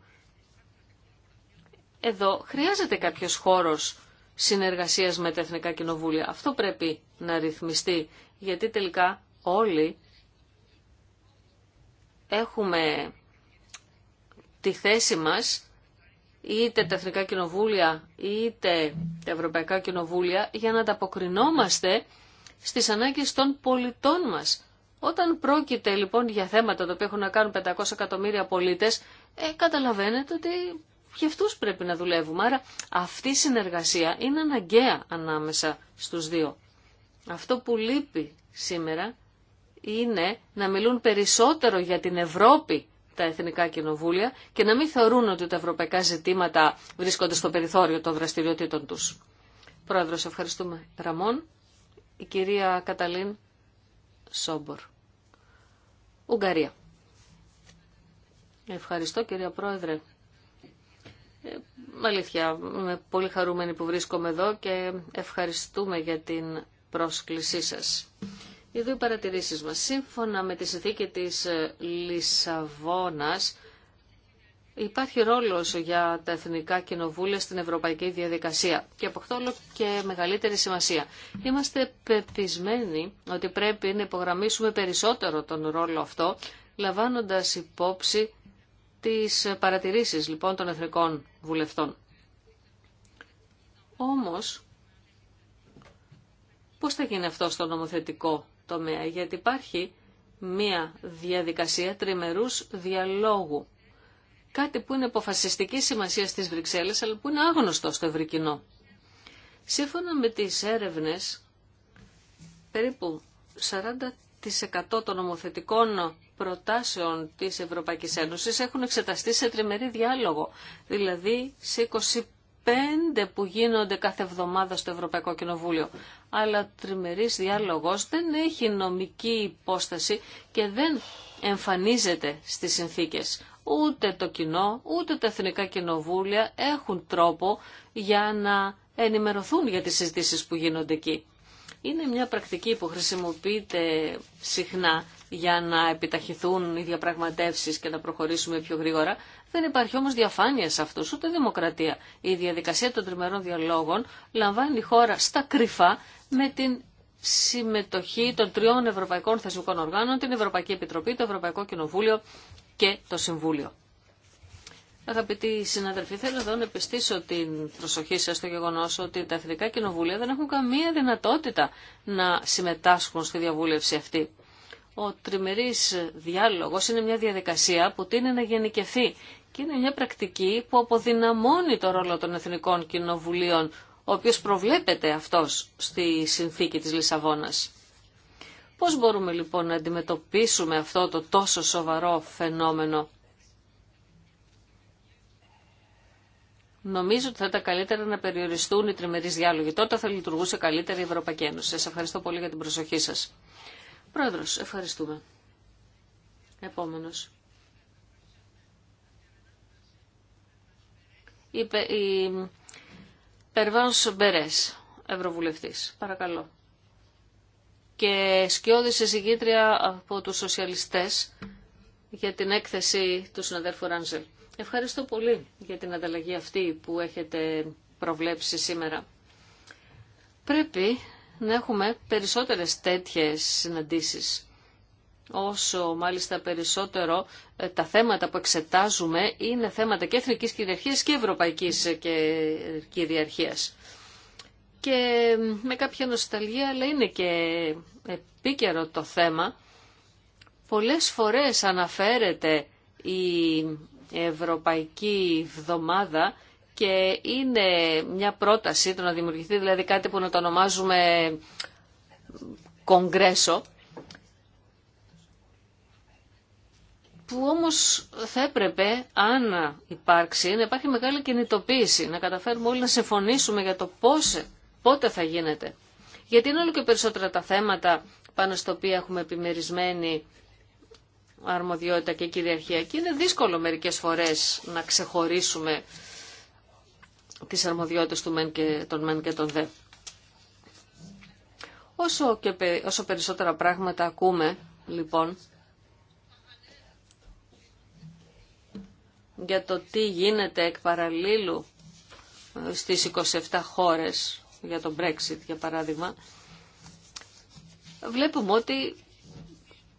Εδώ χρειάζεται κάποιος χώρος συνεργασίας με τα Εθνικά Κοινοβούλια. Αυτό πρέπει να ρυθμιστεί, γιατί τελικά όλοι έχουμε τη θέση μας είτε τα Εθνικά Κοινοβούλια είτε τα Ευρωπαϊκά Κοινοβούλια για να ανταποκρινόμαστε στις ανάγκες των πολιτών μας. Όταν πρόκειται λοιπόν για θέματα τα οποία έχουν να κάνουν 500 εκατομμύρια πολίτες, ε, καταλαβαίνετε ότι για αυτούς πρέπει να δουλεύουμε. Άρα αυτή η συνεργασία είναι αναγκαία ανάμεσα στους δύο. Αυτό που λείπει σήμερα είναι να μιλούν περισσότερο για την Ευρώπη τα εθνικά κοινοβούλια και να μην θεωρούν ότι τα ευρωπαϊκά ζητήματα βρίσκονται στο περιθώριο των δραστηριοτήτων τους. Πρόεδρος, ευχαριστούμε. Ραμόν, η κυρία Καταλίν Σόμπορ. Ουγγαρία. Ευχαριστώ κυρία Πρόεδρε. Ε, αλήθεια, είμαι πολύ χαρούμενη που βρίσκομαι εδώ και ευχαριστούμε για την πρόσκλησή σας. Οι δύο παρατηρήσεις μας. Σύμφωνα με τη συνθήκη της ε, Λισαβόνας, υπάρχει ρόλος για τα εθνικά κοινοβούλια στην ευρωπαϊκή διαδικασία και αποκτώ και μεγαλύτερη σημασία. Είμαστε πεπισμένοι ότι πρέπει να υπογραμμίσουμε περισσότερο τον ρόλο αυτό, λαμβάνοντας υπόψη τις παρατηρήσεις λοιπόν των εθνικών βουλευτών. Όμως, πώς θα γίνει αυτό στο νομοθετικό τομέα, γιατί υπάρχει μία διαδικασία τριμερούς διαλόγου. Κάτι που είναι αποφασιστική σημασία στις Βρυξέλλες, αλλά που είναι άγνωστο στο ευρύ Σύμφωνα με τις έρευνες, περίπου 40% των νομοθετικών προτάσεων της Ευρωπαϊκής Ένωσης έχουν εξεταστεί σε τριμερή διάλογο, δηλαδή σε πέντε που γίνονται κάθε εβδομάδα στο Ευρωπαϊκό Κοινοβούλιο. Αλλά τριμερής διάλογος δεν έχει νομική υπόσταση και δεν εμφανίζεται στις συνθήκες. Ούτε το κοινό, ούτε τα εθνικά κοινοβούλια έχουν τρόπο για να ενημερωθούν για τις συζητήσεις που γίνονται εκεί. Είναι μια πρακτική που χρησιμοποιείται συχνά για να επιταχυθούν οι διαπραγματεύσεις και να προχωρήσουμε πιο γρήγορα, δεν υπάρχει όμως διαφάνεια σε αυτούς, ούτε δημοκρατία. Η διαδικασία των τριμερών διαλόγων λαμβάνει η χώρα στα κρυφά με την συμμετοχή των τριών ευρωπαϊκών θεσμικών οργάνων, την Ευρωπαϊκή Επιτροπή, το Ευρωπαϊκό Κοινοβούλιο και το Συμβούλιο. Αγαπητοί συναδελφοί, θέλω εδώ να επιστήσω την προσοχή σας στο γεγονός ότι τα εθνικά κοινοβούλια δεν έχουν καμία δυνατότητα να συμμετάσχουν στη διαβούλευση αυτή. Ο τριμερής διάλογος είναι μια διαδικασία που τίνει να γενικευθεί και είναι μια πρακτική που αποδυναμώνει το ρόλο των Εθνικών Κοινοβουλίων, ο οποίος προβλέπεται αυτός στη συνθήκη της Λισαβόνας. Πώς μπορούμε λοιπόν να αντιμετωπίσουμε αυτό το τόσο σοβαρό φαινόμενο. Νομίζω ότι θα ήταν καλύτερα να περιοριστούν οι τριμερείς διάλογοι. Τότε θα λειτουργούσε καλύτερα η Ευρωπαϊκή Ένωση. Σας ευχαριστώ πολύ για την προσοχή σας. Πρόεδρος, ευχαριστούμε. Επόμενος. είπε η Περβάν Μπερές, Ευρωβουλευτής. Παρακαλώ. Και σκιώδησε εισηγήτρια από τους σοσιαλιστές για την έκθεση του συναδέρφου Ράνζελ. Ευχαριστώ πολύ για την ανταλλαγή αυτή που έχετε προβλέψει σήμερα. Πρέπει να έχουμε περισσότερες τέτοιες συναντήσεις όσο μάλιστα περισσότερο ε, τα θέματα που εξετάζουμε είναι θέματα και εθνικής κυριαρχίας και ευρωπαϊκής ε, ε, κυριαρχίας. Και με κάποια νοσταλγία, αλλά είναι και επίκαιρο το θέμα, πολλές φορές αναφέρεται η Ευρωπαϊκή Βδομάδα και είναι μια πρόταση το να δημιουργηθεί δηλαδή κάτι που να το ονομάζουμε κογκρέσο, που όμως θα έπρεπε, αν υπάρξει, να υπάρχει μεγάλη κινητοποίηση, να καταφέρουμε όλοι να συμφωνήσουμε για το πώς, πότε θα γίνεται. Γιατί είναι όλο και περισσότερα τα θέματα πάνω στο οποία έχουμε επιμερισμένη αρμοδιότητα και κυριαρχία και είναι δύσκολο μερικές φορές να ξεχωρίσουμε τις αρμοδιότητες του μεν και, των μεν και των δε. Όσο, και, όσο περισσότερα πράγματα ακούμε, λοιπόν, για το τι γίνεται εκ παραλλήλου ε, στις 27 χώρες για το Brexit για παράδειγμα βλέπουμε ότι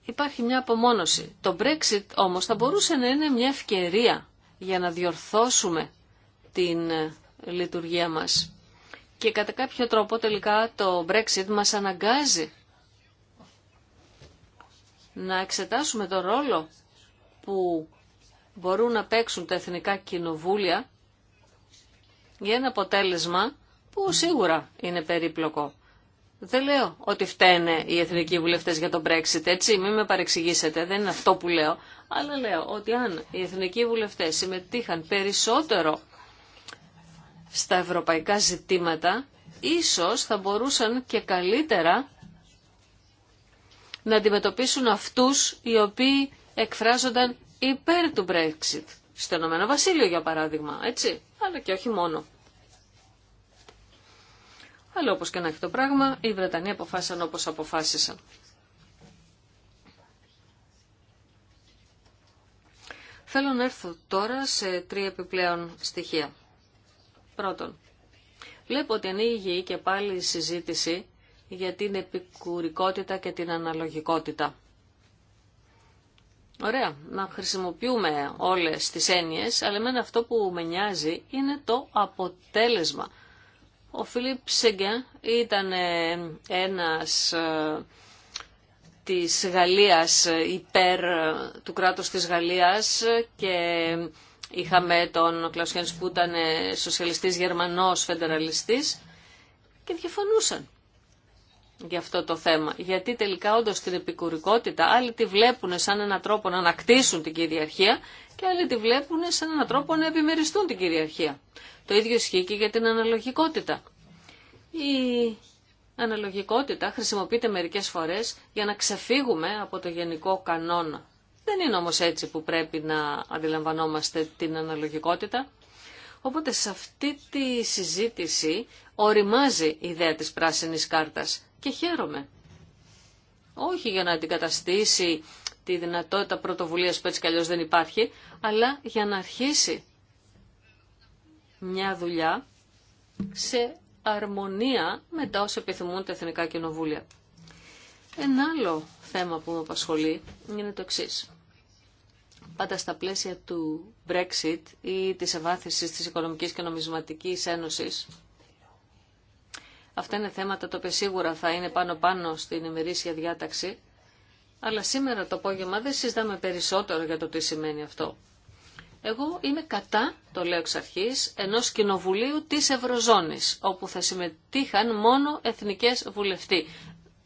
υπάρχει μια απομόνωση. Το Brexit όμως θα μπορούσε να είναι μια ευκαιρία για να διορθώσουμε την ε, λειτουργία μας. Και κατά κάποιο τρόπο τελικά το Brexit μας αναγκάζει να εξετάσουμε το ρόλο που μπορούν να παίξουν τα εθνικά κοινοβούλια για ένα αποτέλεσμα που σίγουρα είναι περίπλοκο. Δεν λέω ότι φταίνε οι εθνικοί βουλευτέ για τον Brexit, έτσι, μην με παρεξηγήσετε, δεν είναι αυτό που λέω. Αλλά λέω ότι αν οι εθνικοί βουλευτέ συμμετείχαν περισσότερο στα ευρωπαϊκά ζητήματα, ίσως θα μπορούσαν και καλύτερα να αντιμετωπίσουν αυτούς οι οποίοι εκφράζονταν υπέρ του Brexit. Στο Ενωμένο Βασίλειο, για παράδειγμα, έτσι, αλλά και όχι μόνο. Αλλά όπως και να έχει το πράγμα, οι Βρετανοί αποφάσισαν όπως αποφάσισαν. Θέλω να έρθω τώρα σε τρία επιπλέον στοιχεία. Πρώτον, βλέπω ότι ανοίγει και πάλι η συζήτηση για την επικουρικότητα και την αναλογικότητα. Ωραία, να χρησιμοποιούμε όλες τις έννοιες, αλλά εμένα αυτό που με νοιάζει είναι το αποτέλεσμα. Ο Φιλίπ Σέγγεν ήταν ε, ένας ε, της Γαλλίας υπέρ ε, του κράτους της Γαλλίας και είχαμε τον Κλαουσιάνς που ήταν σοσιαλιστής γερμανός φεντεραλιστής και διαφωνούσαν για αυτό το θέμα. Γιατί τελικά όντω την επικουρικότητα άλλοι τη βλέπουν σαν έναν τρόπο να ανακτήσουν την κυριαρχία και άλλοι τη βλέπουν σαν έναν τρόπο να επιμεριστούν την κυριαρχία. Το ίδιο ισχύει και για την αναλογικότητα. Η αναλογικότητα χρησιμοποιείται μερικέ φορέ για να ξεφύγουμε από το γενικό κανόνα. Δεν είναι όμω έτσι που πρέπει να αντιλαμβανόμαστε την αναλογικότητα. Οπότε σε αυτή τη συζήτηση οριμάζει η ιδέα της πράσινης κάρτας και χαίρομαι. Όχι για να αντικαταστήσει τη δυνατότητα πρωτοβουλίας που έτσι καλλιώς δεν υπάρχει, αλλά για να αρχίσει μια δουλειά σε αρμονία με τα όσα επιθυμούν τα Εθνικά Κοινοβούλια. Ένα άλλο θέμα που με απασχολεί είναι το εξή: πάντα στα πλαίσια του Brexit ή της ευάθυνσης της Οικονομικής και Νομισματικής Ένωσης, Αυτά είναι θέματα τα οποία σίγουρα θα είναι πάνω-πάνω στην ημερήσια διάταξη. Αλλά σήμερα το απόγευμα δεν συζητάμε περισσότερο για το τι σημαίνει αυτό. Εγώ είμαι κατά, το λέω εξ αρχή, ενό κοινοβουλίου τη Ευρωζώνη, όπου θα συμμετείχαν μόνο εθνικέ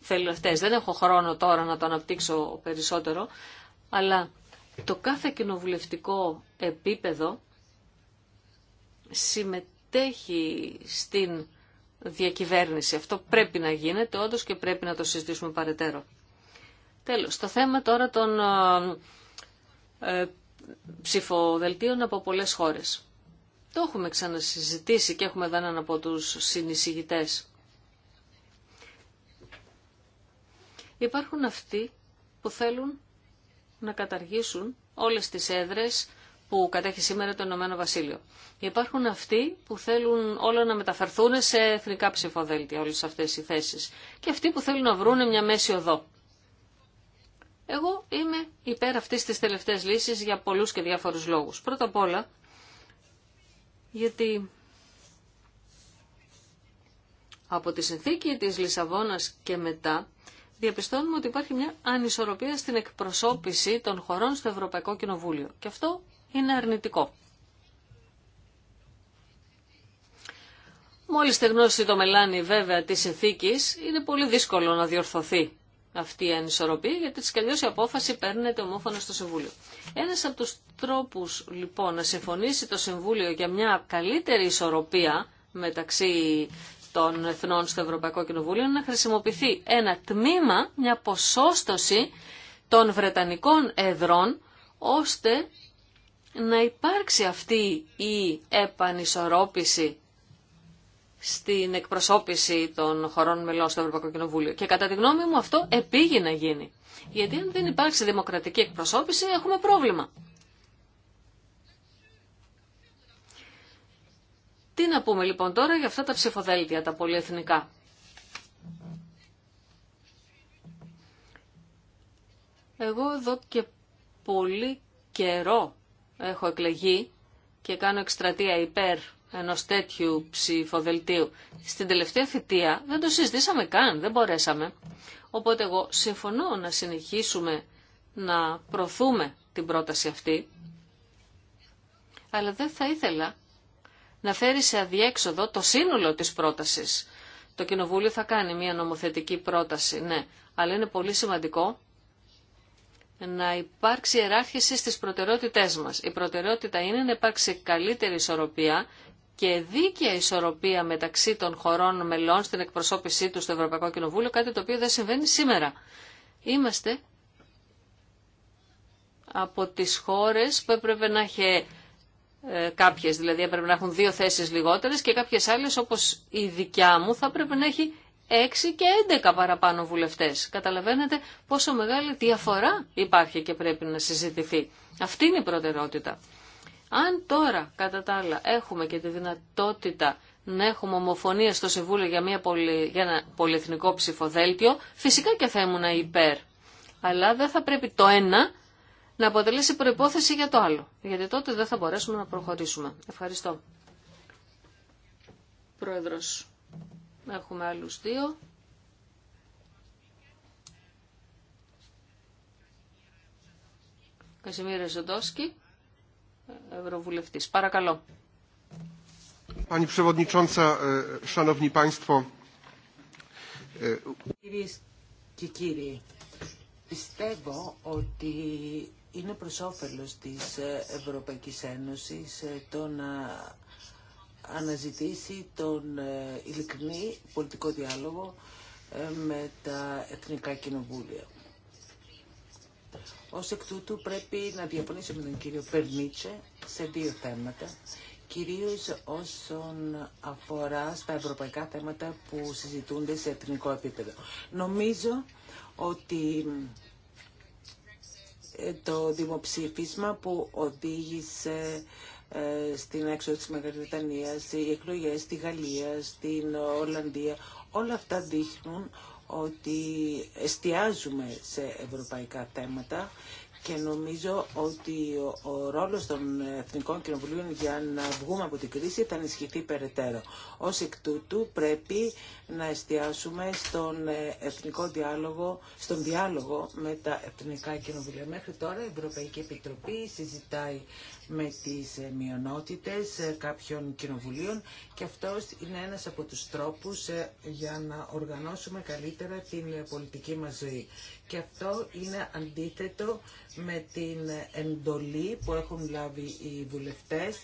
βουλευτέ. Δεν έχω χρόνο τώρα να το αναπτύξω περισσότερο, αλλά το κάθε κοινοβουλευτικό επίπεδο συμμετέχει στην διακυβέρνηση. Αυτό πρέπει να γίνεται όντω και πρέπει να το συζητήσουμε παρετέρω. Τέλος, το θέμα τώρα των ε, ε ψηφοδελτίων από πολλές χώρες. Το έχουμε ξανασυζητήσει και έχουμε έναν από τους συνεισηγητές. Υπάρχουν αυτοί που θέλουν να καταργήσουν όλες τις έδρες που κατέχει σήμερα το Ηνωμένο Βασίλειο. Υπάρχουν αυτοί που θέλουν όλα να μεταφερθούν σε εθνικά ψηφοδέλτια όλε αυτέ οι θέσει και αυτοί που θέλουν να βρουν μια μέση οδό. Εγώ είμαι υπέρ αυτή τη τελευταία λύση για πολλού και διάφορου λόγου. Πρώτα απ' όλα, γιατί από τη συνθήκη της Λισαβόνας και μετά διαπιστώνουμε ότι υπάρχει μια ανισορροπία στην εκπροσώπηση των χωρών στο Ευρωπαϊκό Κοινοβούλιο. Και αυτό είναι αρνητικό. Μόλις στεγνώσει το μελάνι βέβαια τη συνθήκη, είναι πολύ δύσκολο να διορθωθεί αυτή η ανισορροπία, γιατί της καλλιώς η απόφαση παίρνεται ομόφωνα στο Συμβούλιο. Ένας από τους τρόπους λοιπόν να συμφωνήσει το Συμβούλιο για μια καλύτερη ισορροπία μεταξύ των εθνών στο Ευρωπαϊκό Κοινοβούλιο είναι να χρησιμοποιηθεί ένα τμήμα, μια ποσόστοση των Βρετανικών εδρών, ώστε να υπάρξει αυτή η επανισορρόπηση στην εκπροσώπηση των χωρών μελών στο Ευρωπαϊκό Κοινοβούλιο. Και κατά τη γνώμη μου αυτό επήγει να γίνει. Γιατί αν δεν υπάρξει δημοκρατική εκπροσώπηση έχουμε πρόβλημα. Τι να πούμε λοιπόν τώρα για αυτά τα ψηφοδέλτια, τα πολυεθνικά. Εγώ εδώ και πολύ καιρό έχω εκλεγεί και κάνω εκστρατεία υπέρ ενό τέτοιου ψηφοδελτίου. Στην τελευταία θητεία δεν το συζητήσαμε καν, δεν μπορέσαμε. Οπότε εγώ συμφωνώ να συνεχίσουμε να προωθούμε την πρόταση αυτή, αλλά δεν θα ήθελα να φέρει σε αδιέξοδο το σύνολο της πρότασης. Το Κοινοβούλιο θα κάνει μια νομοθετική πρόταση, ναι, αλλά είναι πολύ σημαντικό να υπάρξει εράρχηση στις προτεραιότητές μας. Η προτεραιότητα είναι να υπάρξει καλύτερη ισορροπία και δίκαια ισορροπία μεταξύ των χωρών μελών στην εκπροσώπησή του στο Ευρωπαϊκό Κοινοβούλιο, κάτι το οποίο δεν συμβαίνει σήμερα. Είμαστε από τις χώρες που έπρεπε να έχει ε, κάποιες, δηλαδή έπρεπε να έχουν δύο θέσεις λιγότερες και κάποιες άλλες όπως η δικιά μου θα έπρεπε να έχει και 11 παραπάνω βουλευτές. Καταλαβαίνετε πόσο μεγάλη διαφορά υπάρχει και πρέπει να συζητηθεί. Αυτή είναι η προτεραιότητα. Αν τώρα, κατά τα άλλα, έχουμε και τη δυνατότητα να έχουμε ομοφωνία στο Συμβούλιο για, μια πολυ... για ένα πολυεθνικό ψηφοδέλτιο, φυσικά και θα ήμουν υπέρ. Αλλά δεν θα πρέπει το ένα να αποτελέσει προϋπόθεση για το άλλο, γιατί τότε δεν θα μπορέσουμε να προχωρήσουμε. Ευχαριστώ. Πρόεδρος. Έχουμε άλλους δύο. Κασιμίρα Ζοντόσκι, Ευρωβουλευτής. Παρακαλώ. Pani Σανόβνη ε, ε, και κύριοι, πιστεύω ότι είναι προς όφελος της Ευρωπαϊκής Ένωσης ε, το να αναζητήσει τον ε, ειλικρινή πολιτικό διάλογο ε, με τα εθνικά κοινοβούλια. Ως εκ τούτου πρέπει να διαφωνήσω με τον κύριο Περνίτσε σε δύο θέματα, κυρίως όσον αφορά στα ευρωπαϊκά θέματα που συζητούνται σε εθνικό επίπεδο. Νομίζω ότι το δημοψήφισμα που οδήγησε ε, στην έξοδο της Μεγάλης οι εκλογές στη Γαλλία, στην Ολλανδία. Όλα αυτά δείχνουν ότι εστιάζουμε σε ευρωπαϊκά θέματα και νομίζω ότι ο ρόλος των Εθνικών Κοινοβουλίων για να βγούμε από την κρίση θα ενισχυθεί περαιτέρω. Ως εκ τούτου πρέπει να εστιάσουμε στον ε, εθνικό διάλογο, στον διάλογο με τα Εθνικά Κοινοβουλία. Μέχρι τώρα η Ευρωπαϊκή Επιτροπή συζητάει με τις ε, μειονότητες ε, κάποιων κοινοβουλίων και αυτός είναι ένας από τους τρόπους για να οργανώσουμε καλύτερα την πολιτική μας ζωή. Και αυτό είναι αντίθετο με την εντολή που έχουν λάβει οι βουλευτές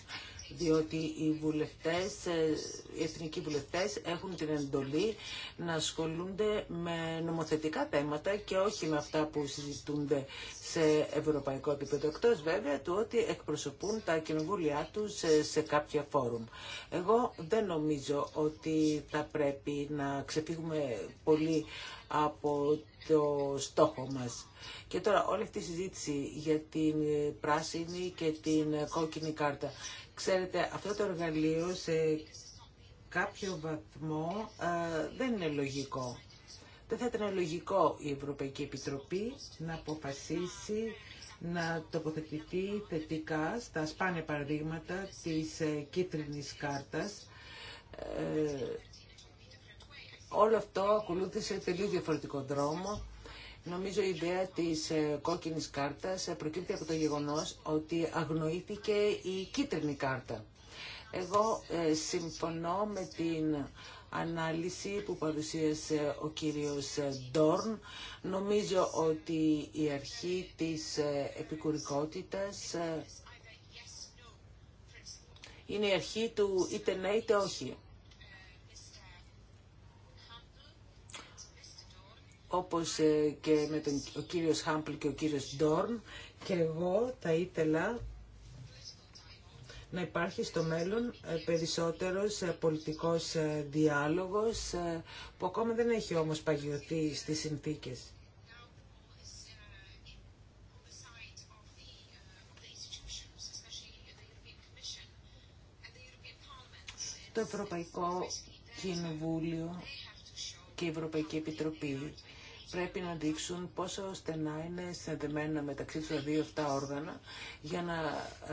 διότι οι βουλευτές, ε, οι εθνικοί βουλευτές έχουν την εντολή να ασχολούνται με νομοθετικά θέματα και όχι με αυτά που συζητούνται σε ευρωπαϊκό επίπεδο, Εκτό, βέβαια του ότι εκπροσωπούν τα κοινοβούλια τους σε κάποια φόρουμ. Εγώ δεν νομίζω ότι θα πρέπει να ξεφύγουμε πολύ από το στόχο μας. Και τώρα όλη αυτή η συζήτηση για την πράσινη και την κόκκινη κάρτα. Ξέρετε, αυτό το εργαλείο σε κάποιο βαθμό δεν είναι λογικό. Δεν θα ήταν λογικό η Ευρωπαϊκή Επιτροπή να αποφασίσει να τοποθετηθεί θετικά στα σπάνια παραδείγματα της ε, κίτρινης κάρτας ε, Όλο αυτό ακολούθησε τελείως διαφορετικό δρόμο. Νομίζω η ιδέα της ε, κόκκινης κάρτας ε, προκύπτει από το γεγονός ότι αγνοήθηκε η κίτρινη κάρτα. Εγώ ε, συμφωνώ με την ανάλυση που παρουσίασε ο κύριος Ντόρν. Νομίζω ότι η αρχή της επικουρικότητας είναι η αρχή του είτε ναι είτε όχι. όπως ε, και με τον ο κύριος Χάμπλ και ο κύριος Ντόρν και εγώ θα ήθελα να υπάρχει στο μέλλον ε, περισσότερος ε, πολιτικός διάλογος που ακόμα δεν έχει όμως παγιωθεί στις συνθήκες. Το Ευρωπαϊκό Κοινοβούλιο και η Ευρωπαϊκή Επιτροπή πρέπει να δείξουν πόσο στενά είναι συνδεμένα μεταξύ του τα δύο αυτά όργανα για να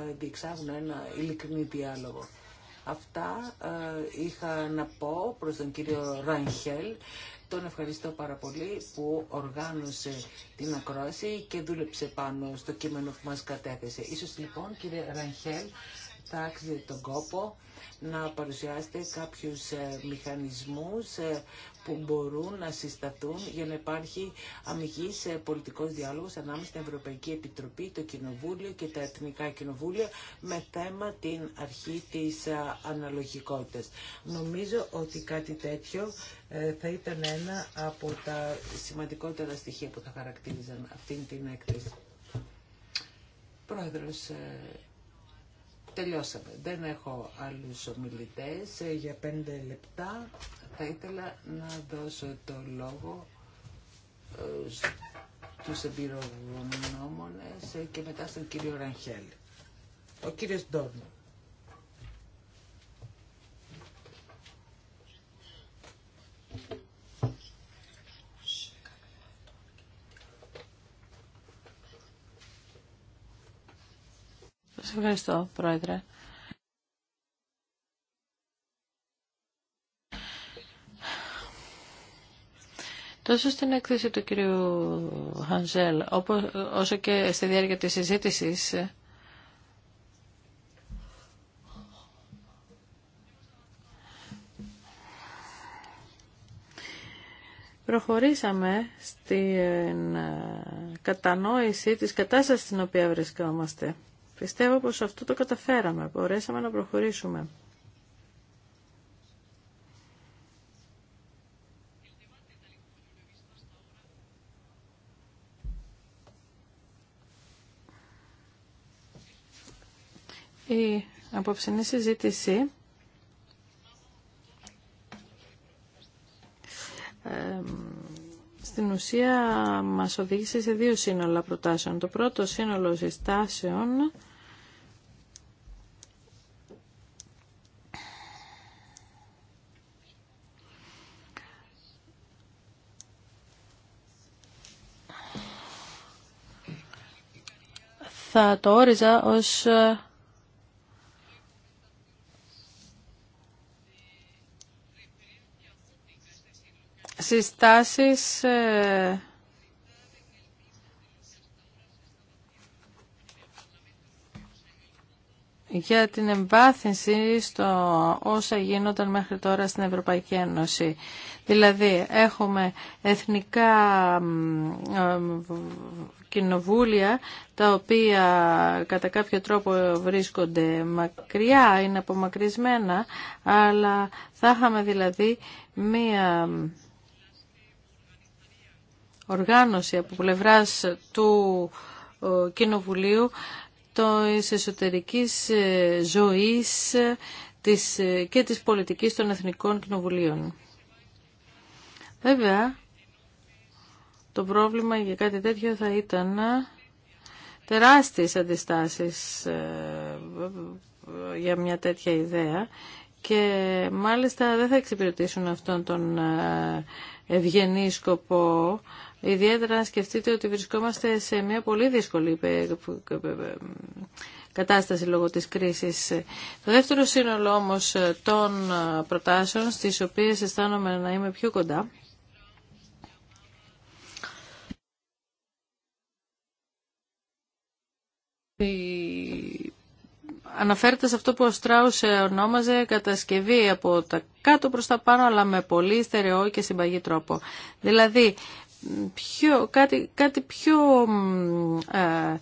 ε, διεξάγουν ένα ειλικρινή διάλογο. Αυτά ε, είχα να πω προς τον κύριο Ρανχέλ. Τον ευχαριστώ πάρα πολύ που οργάνωσε την ακρόαση και δούλεψε πάνω στο κείμενο που μας κατέθεσε. Ίσως λοιπόν κύριε Ρανχέλ θα άξιζε τον κόπο να παρουσιάσετε κάποιους ε, μηχανισμούς που μπορούν να συσταθούν για να υπάρχει αμυγής ε, πολιτικός διάλογος ανάμεσα στην Ευρωπαϊκή Επιτροπή, το Κοινοβούλιο και τα Εθνικά Κοινοβούλια με θέμα την αρχή της ε, αναλογικότητας. Νομίζω ότι κάτι τέτοιο ε, θα ήταν ένα από τα σημαντικότερα στοιχεία που θα χαρακτήριζαν αυτήν την έκθεση. Πρόεδρος, τελειώσαμε. Δεν έχω άλλους ομιλητές για πέντε λεπτά. Θα ήθελα να δώσω το λόγο ε, στους εμπειρογνώμονες και μετά στον κύριο Ραγχέλ. Ο κύριος Ντόρνο. Σας ευχαριστώ, Πρόεδρε. Τόσο στην έκθεση του κυρίου Χανζέλ, όσο και στη διάρκεια της συζήτησης, προχωρήσαμε στην ε, κατανόηση της κατάστασης στην οποία βρισκόμαστε. Πιστεύω πως αυτό το καταφέραμε, μπορέσαμε να προχωρήσουμε. Η απόψινή συζήτηση στην ουσία μας οδήγησε σε δύο σύνολα προτάσεων. Το πρώτο σύνολο συστάσεων θα το όριζα ως συστάσεις ε, για την εμβάθυνση στο όσα γίνονταν μέχρι τώρα στην Ευρωπαϊκή Ένωση. Δηλαδή έχουμε εθνικά ε, κοινοβούλια τα οποία κατά κάποιο τρόπο βρίσκονται μακριά, είναι απομακρυσμένα, αλλά θα είχαμε δηλαδή μία οργάνωση από πλευράς του ε, Κοινοβουλίου της εσωτερικής ε, ζωής της, ε, και της πολιτικής των Εθνικών Κοινοβουλίων. Βέβαια, το πρόβλημα για κάτι τέτοιο θα ήταν τεράστιες αντιστάσεις για μια τέτοια ιδέα και μάλιστα δεν θα εξυπηρετήσουν αυτόν τον ευγενή σκοπό Ιδιαίτερα να σκεφτείτε ότι βρισκόμαστε σε μια πολύ δύσκολη ε, ε, ε, κατάσταση λόγω της κρίσης. Το δεύτερο σύνολο όμως των προτάσεων στις οποίες αισθάνομαι να είμαι πιο κοντά αναφέρεται σε αυτό που ο Στράους ονόμαζε κατασκευή από τα κάτω προς τα πάνω αλλά με πολύ στερεό και συμπαγή τρόπο. Δηλαδή πιο, κάτι, κάτι πιο ε,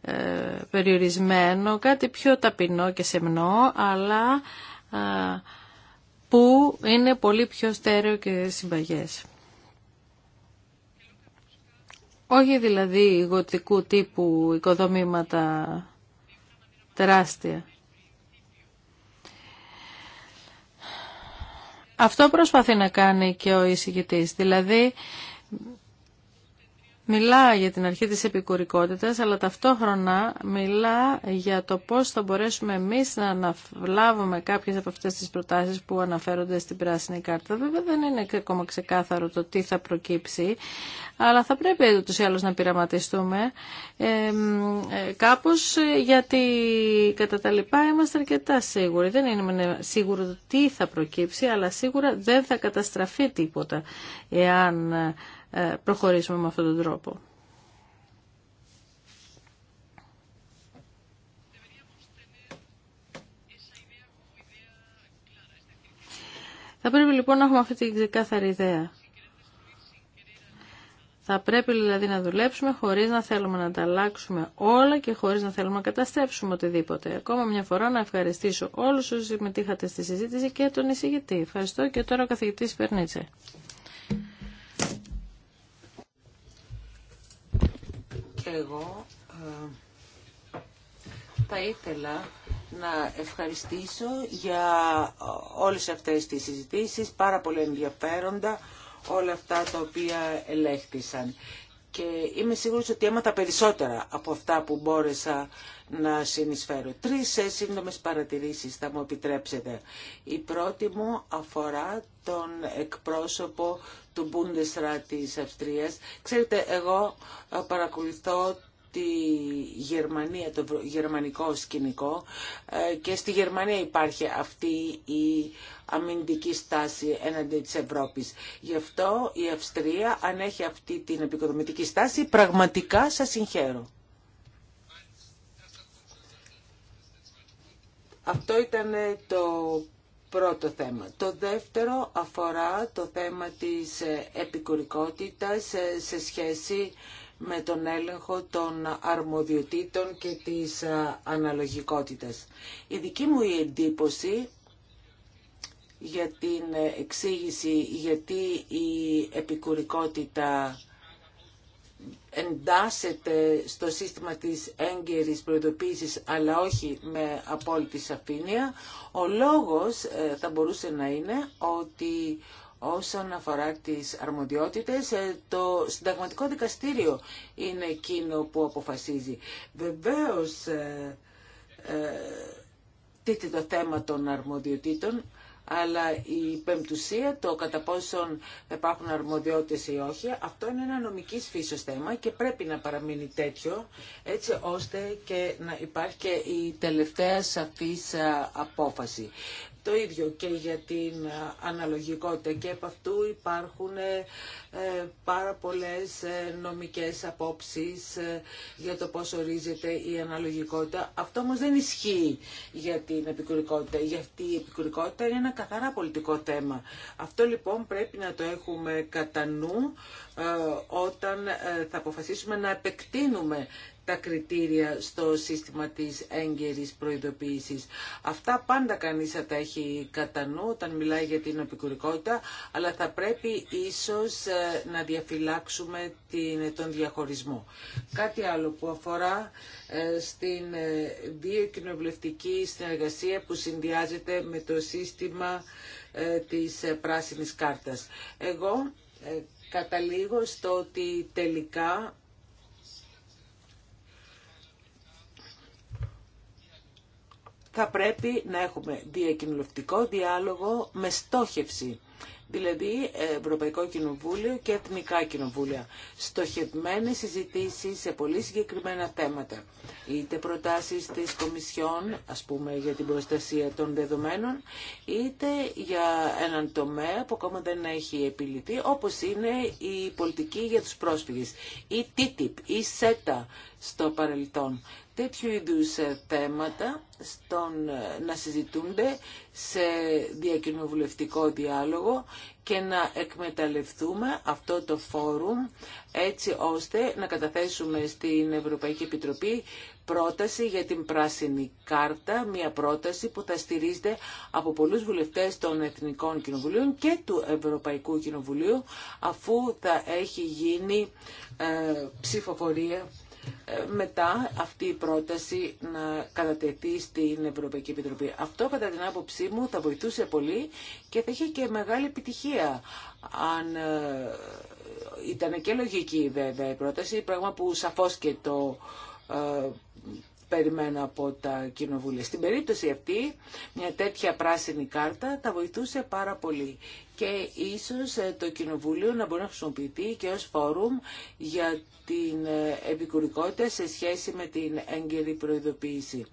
ε, περιορισμένο, κάτι πιο ταπεινό και σεμνό, αλλά ε, που είναι πολύ πιο στέρεο και συμπαγές. Όχι δηλαδή γοτικού τύπου οικοδομήματα τεράστια. Αυτό προσπαθεί να κάνει και ο εισηγητής, δηλαδή μιλά για την αρχή της επικουρικότητας, αλλά ταυτόχρονα μιλά για το πώς θα μπορέσουμε εμείς να αναλάβουμε κάποιες από αυτές τις προτάσεις που αναφέρονται στην πράσινη κάρτα. Βέβαια δεν είναι ακόμα ξεκάθαρο το τι θα προκύψει, αλλά θα πρέπει ούτως ή άλλως να πειραματιστούμε ε, κάπως, ε, γιατί κατά τα λοιπά είμαστε αρκετά σίγουροι. Δεν είναι σίγουρο το τι θα προκύψει, αλλά σίγουρα δεν θα καταστραφεί τίποτα εάν ε, ε, προχωρήσουμε με αυτόν τον τρόπο. Θα πρέπει λοιπόν να έχουμε αυτή την ξεκάθαρη ιδέα. Θα πρέπει δηλαδή να δουλέψουμε χωρίς να θέλουμε να τα αλλάξουμε όλα και χωρίς να θέλουμε να καταστρέψουμε οτιδήποτε. Ακόμα μια φορά να ευχαριστήσω όλους όσους συμμετείχατε στη συζήτηση και τον εισηγητή. Ευχαριστώ και τώρα ο καθηγητής Περνίτσε. εγώ ε, θα ήθελα να ευχαριστήσω για όλες αυτές τις συζητήσεις, πάρα πολύ ενδιαφέροντα όλα αυτά τα οποία ελέγχθησαν. Και είμαι σίγουρη ότι έμαθα περισσότερα από αυτά που μπόρεσα να συνεισφέρω. Τρεις ε, σύντομες παρατηρήσεις θα μου επιτρέψετε. Η πρώτη μου αφορά τον εκπρόσωπο του Bundesrat της Αυστρίας. Ξέρετε, εγώ ε, παρακολουθώ τη Γερμανία, το γερμανικό σκηνικό ε, και στη Γερμανία υπάρχει αυτή η αμυντική στάση έναντι της Ευρώπης. Γι' αυτό η Αυστρία, αν έχει αυτή την επικοδομητική στάση, πραγματικά σας συγχαίρω. Αυτό ήταν το πρώτο θέμα. Το δεύτερο αφορά το θέμα της ε, επικουρικότητας ε, σε σχέση με τον έλεγχο των αρμοδιοτήτων και της ε, αναλογικότητας. Η δική μου εντύπωση για την εξήγηση γιατί η επικουρικότητα εντάσσεται στο σύστημα της έγκαιρης προειδοποίησης αλλά όχι με απόλυτη σαφήνεια. Ο λόγος ε, θα μπορούσε να είναι ότι όσον αφορά τις αρμοδιότητες, ε, το συνταγματικό δικαστήριο είναι εκείνο που αποφασίζει. Βεβαίως, ε, τίθεται το θέμα των αρμοδιοτήτων, αλλά η πεμπτουσία, το κατά πόσον υπάρχουν αρμοδιότητες ή όχι, αυτό είναι ένα νομικής φύσεως θέμα και πρέπει να παραμείνει τέτοιο, έτσι ώστε και να υπάρχει και η τελευταία σαφής απόφαση το ίδιο και για την αναλογικότητα και από αυτού υπάρχουν ε, πάρα πολλές ε, νομικές απόψεις ε, για το πώς ορίζεται η αναλογικότητα. Αυτό όμως δεν ισχύει για την επικουρικότητα, γιατί η επικουρικότητα είναι ένα καθαρά πολιτικό θέμα. Αυτό λοιπόν πρέπει να το έχουμε κατά νου όταν θα αποφασίσουμε να επεκτείνουμε τα κριτήρια στο σύστημα της έγκαιρης προειδοποίησης. Αυτά πάντα κανείς θα τα έχει κατά νου όταν μιλάει για την οπικουρικότητα, αλλά θα πρέπει ίσως ε, να διαφυλάξουμε την, τον διαχωρισμό. Κάτι άλλο που αφορά ε, στην ε, διοκοινοβουλευτική συνεργασία που συνδυάζεται με το σύστημα της πράσινης κάρτας. Εγώ καταλήγω στο ότι τελικά θα πρέπει να έχουμε διακοινωτικό διάλογο με στόχευση. Δηλαδή ε, Ευρωπαϊκό Κοινοβούλιο και Εθνικά Κοινοβούλια. Στοχευμένες συζητήσει σε πολύ συγκεκριμένα θέματα. Είτε προτάσεις της Κομισιόν, ας πούμε, για την προστασία των δεδομένων, είτε για έναν τομέα που ακόμα δεν έχει επιληθεί, όπως είναι η πολιτική για τους πρόσφυγες. Ή TTIP, ή SETA στο παρελθόν τέτοιου είδους ε, θέματα στον, ε, να συζητούνται σε διακοινοβουλευτικό διάλογο και να εκμεταλλευτούμε αυτό το φόρουμ έτσι ώστε να καταθέσουμε στην Ευρωπαϊκή Επιτροπή πρόταση για την πράσινη κάρτα, μια πρόταση που θα στηρίζεται από πολλούς βουλευτές των Εθνικών Κοινοβουλίων και του Ευρωπαϊκού Κοινοβουλίου αφού θα έχει γίνει ε, ψηφοφορία ε, μετά αυτή η πρόταση να κατατεθεί στην Ευρωπαϊκή Επιτροπή. Αυτό κατά την άποψή μου θα βοηθούσε πολύ και θα είχε και μεγάλη επιτυχία αν ε, ήταν και λογική βέβαια η πρόταση, πράγμα που σαφώς και το ε, περιμένω από τα κοινοβούλια. Στην περίπτωση αυτή, μια τέτοια πράσινη κάρτα θα βοηθούσε πάρα πολύ και ίσως ε, το Κοινοβούλιο να μπορεί να χρησιμοποιηθεί και ως φόρουμ για την ε, επικουρικότητα σε σχέση με την έγκαιρη προειδοποίηση.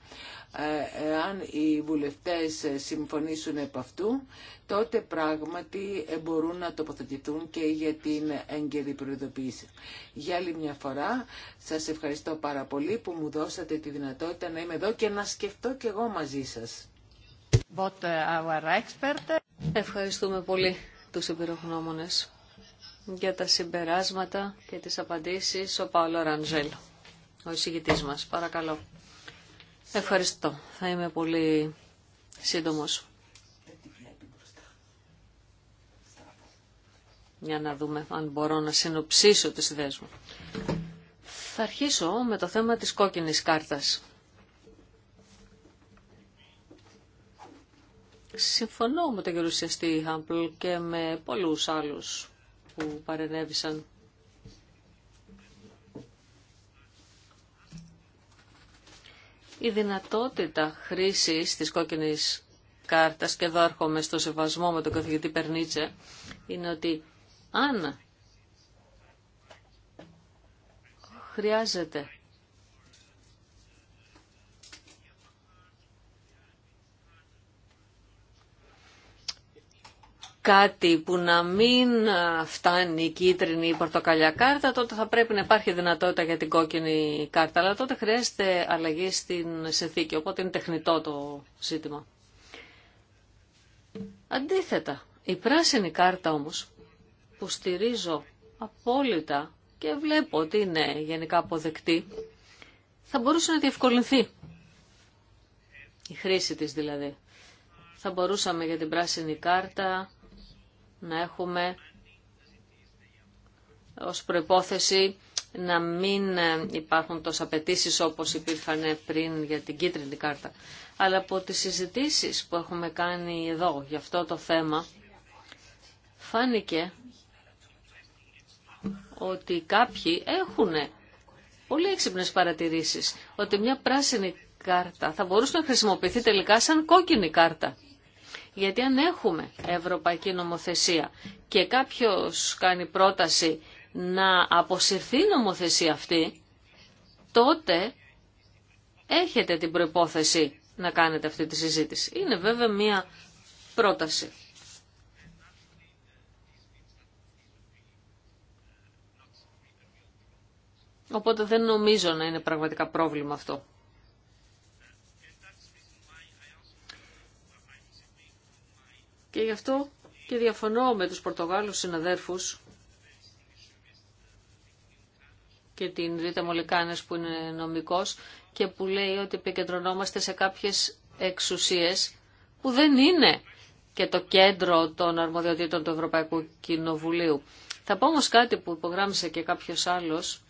Αν ε, οι βουλευτές συμφωνήσουν επ' αυτού, τότε πράγματι μπορούν να τοποθετηθούν και για την έγκαιρη προειδοποίηση. Για άλλη μια φορά, σας ευχαριστώ πάρα πολύ που μου δώσατε τη δυνατότητα να είμαι εδώ και να σκεφτώ κι εγώ μαζί σας. Uh, Ευχαριστούμε πολύ τους εμπειρογνώμονες για τα συμπεράσματα και τις απαντήσεις ο Παόλο Ραντζέλ, ο εισηγητής μας. Παρακαλώ. Ευχαριστώ. Θα είμαι πολύ σύντομος. Για να δούμε αν μπορώ να συνοψίσω τις ιδέες μου. Θα αρχίσω με το θέμα της κόκκινης κάρτας. Συμφωνώ με τον γερουσιαστή Χάμπλ και με πολλούς άλλους που παρενέβησαν. Η δυνατότητα χρήσης της κόκκινης κάρτας, και εδώ έρχομαι στο σεβασμό με τον καθηγητή Περνίτσε, είναι ότι αν χρειάζεται κάτι που να μην φτάνει η κίτρινη ή η πορτοκαλιά κάρτα, τότε θα πρέπει να υπάρχει δυνατότητα για την κόκκινη κάρτα. Αλλά τότε χρειάζεται αλλαγή στην συνθήκη, οπότε είναι τεχνητό το ζήτημα. Αντίθετα, η πράσινη κάρτα όμως, που στηρίζω απόλυτα και βλέπω ότι είναι γενικά αποδεκτή, θα μπορούσε να διευκολυνθεί. Η χρήση της δηλαδή. Θα μπορούσαμε για την πράσινη κάρτα να έχουμε ως προϋπόθεση να μην ε, υπάρχουν τόσα απαιτήσει όπως υπήρχαν πριν για την κίτρινη κάρτα. Αλλά από τις συζητήσεις που έχουμε κάνει εδώ για αυτό το θέμα, φάνηκε ότι κάποιοι έχουν πολύ έξυπνες παρατηρήσεις, ότι μια πράσινη κάρτα θα μπορούσε να χρησιμοποιηθεί τελικά σαν κόκκινη κάρτα. Γιατί αν έχουμε ευρωπαϊκή νομοθεσία και κάποιος κάνει πρόταση να αποσυρθεί η νομοθεσία αυτή, τότε έχετε την προϋπόθεση να κάνετε αυτή τη συζήτηση. Είναι βέβαια μία πρόταση. Οπότε δεν νομίζω να είναι πραγματικά πρόβλημα αυτό. Και γι' αυτό και διαφωνώ με τους Πορτογάλους συναδέρφους και την Ρίτα Μολικάνες που είναι νομικός και που λέει ότι επικεντρωνόμαστε σε κάποιες εξουσίες που δεν είναι και το κέντρο των αρμοδιοτήτων του Ευρωπαϊκού Κοινοβουλίου. Θα πω όμως κάτι που υπογράμμισε και κάποιος άλλος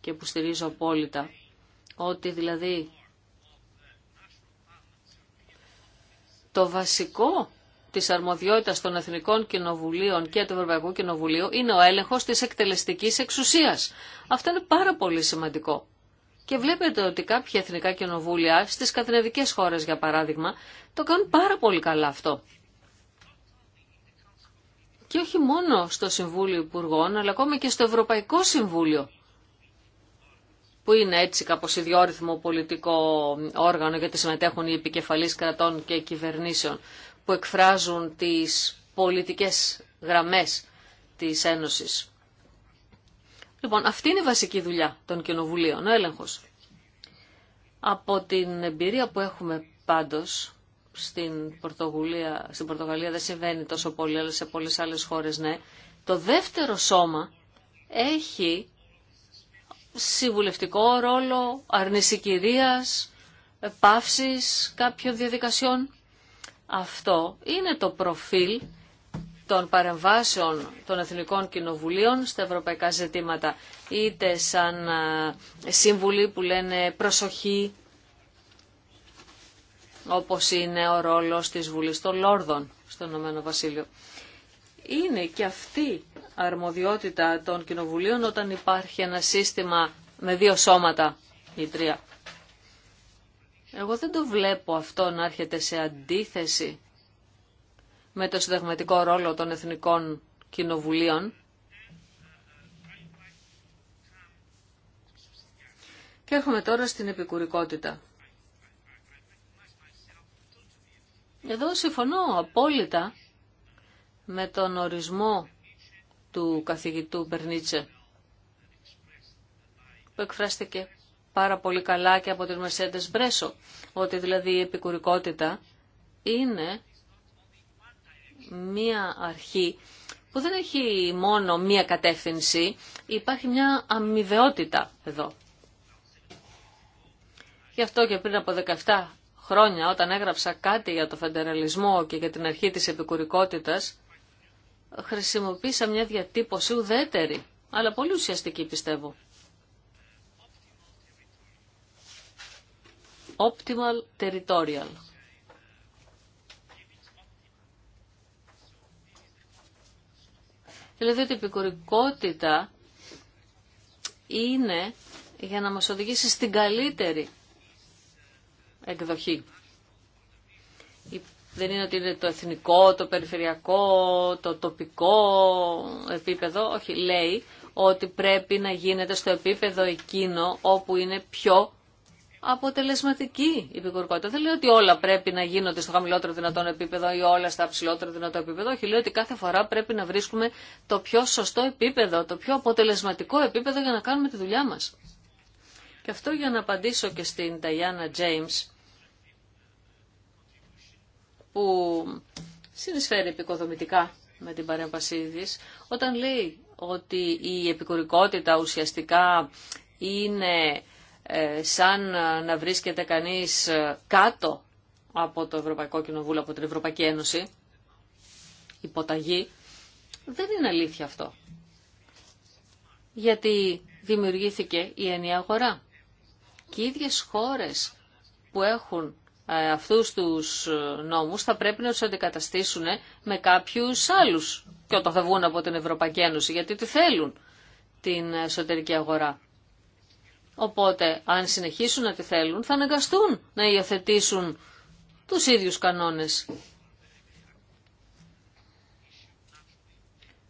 και που στηρίζω απόλυτα, ότι δηλαδή το βασικό της αρμοδιότητας των Εθνικών Κοινοβουλίων και του Ευρωπαϊκού Κοινοβουλίου είναι ο έλεγχος της εκτελεστικής εξουσίας. Αυτό είναι πάρα πολύ σημαντικό. Και βλέπετε ότι κάποια εθνικά κοινοβούλια στις κατηναδικές χώρες, για παράδειγμα, το κάνουν πάρα πολύ καλά αυτό. Και όχι μόνο στο Συμβούλιο Υπουργών, αλλά ακόμα και στο Ευρωπαϊκό Συμβούλιο που είναι έτσι κάπως ιδιόρυθμο πολιτικό όργανο γιατί συμμετέχουν οι επικεφαλείς κρατών και κυβερνήσεων που εκφράζουν τις πολιτικές γραμμές της Ένωσης. Λοιπόν, αυτή είναι η βασική δουλειά των κοινοβουλίων, ο έλεγχος. Από την εμπειρία που έχουμε πάντως στην, Πορτογαλία, στην Πορτογαλία δεν συμβαίνει τόσο πολύ, αλλά σε πολλές άλλες χώρες ναι, το δεύτερο σώμα έχει συμβουλευτικό ρόλο, άρνηση κυρίας, πάυσης κάποιων διαδικασιών. Αυτό είναι το προφίλ των παρεμβάσεων των Εθνικών Κοινοβουλίων στα ευρωπαϊκά ζητήματα. Είτε σαν σύμβουλοι που λένε προσοχή, όπως είναι ο ρόλος της Βουλής των Λόρδων στον Ηνωμένο Βασίλειο. Είναι και αυτή αρμοδιότητα των κοινοβουλίων όταν υπάρχει ένα σύστημα με δύο σώματα ή τρία. Εγώ δεν το βλέπω αυτό να έρχεται σε αντίθεση με το συνταγματικό ρόλο των εθνικών κοινοβουλίων. Και έρχομαι τώρα στην επικουρικότητα. Εδώ συμφωνώ απόλυτα με τον ορισμό του καθηγητού Μπερνίτσε που εκφράστηκε πάρα πολύ καλά και από την Μεσέντες Μπρέσο ότι δηλαδή η επικουρικότητα είναι μία αρχή που δεν έχει μόνο μία κατεύθυνση, υπάρχει μια αμοιβαιότητα εδώ. Γι' αυτό και πριν από 17 χρόνια όταν έγραψα κάτι για το φεντεραλισμό και για την αρχή της επικουρικότητας, χρησιμοποίησα μια διατύπωση ουδέτερη, αλλά πολύ ουσιαστική πιστεύω. Optimal territorial. Δηλαδή ότι η επικουρικότητα είναι για να μας οδηγήσει στην καλύτερη εκδοχή. Δεν είναι ότι είναι το εθνικό, το περιφερειακό, το τοπικό επίπεδο. Όχι, λέει ότι πρέπει να γίνεται στο επίπεδο εκείνο όπου είναι πιο αποτελεσματική η επικουρικότητα. Δεν λέει ότι όλα πρέπει να γίνονται στο χαμηλότερο δυνατόν επίπεδο ή όλα στα ψηλότερο δυνατό επίπεδο. Όχι, Λέει ότι κάθε φορά πρέπει να βρίσκουμε το πιο σωστό επίπεδο, το πιο αποτελεσματικό επίπεδο για να κάνουμε τη δουλειά μας. Και αυτό για να απαντήσω και στην Ταϊάννα James που συνεισφέρει επικοδομητικά με την παρέμβασή τη, όταν λέει ότι η επικουρικότητα ουσιαστικά είναι ε, σαν να βρίσκεται κανείς ε, κάτω από το Ευρωπαϊκό Κοινοβούλιο, από την Ευρωπαϊκή Ένωση, υποταγή, δεν είναι αλήθεια αυτό. Γιατί δημιουργήθηκε η ενιαία αγορά. Και οι ίδιες χώρες που έχουν ε, αυτούς τους νόμους θα πρέπει να τους αντικαταστήσουν με κάποιους άλλους και όταν θα βγουν από την Ευρωπαϊκή Ένωση γιατί τη θέλουν την εσωτερική αγορά. Οπότε αν συνεχίσουν να τη θέλουν θα αναγκαστούν να υιοθετήσουν τους ίδιους κανόνες.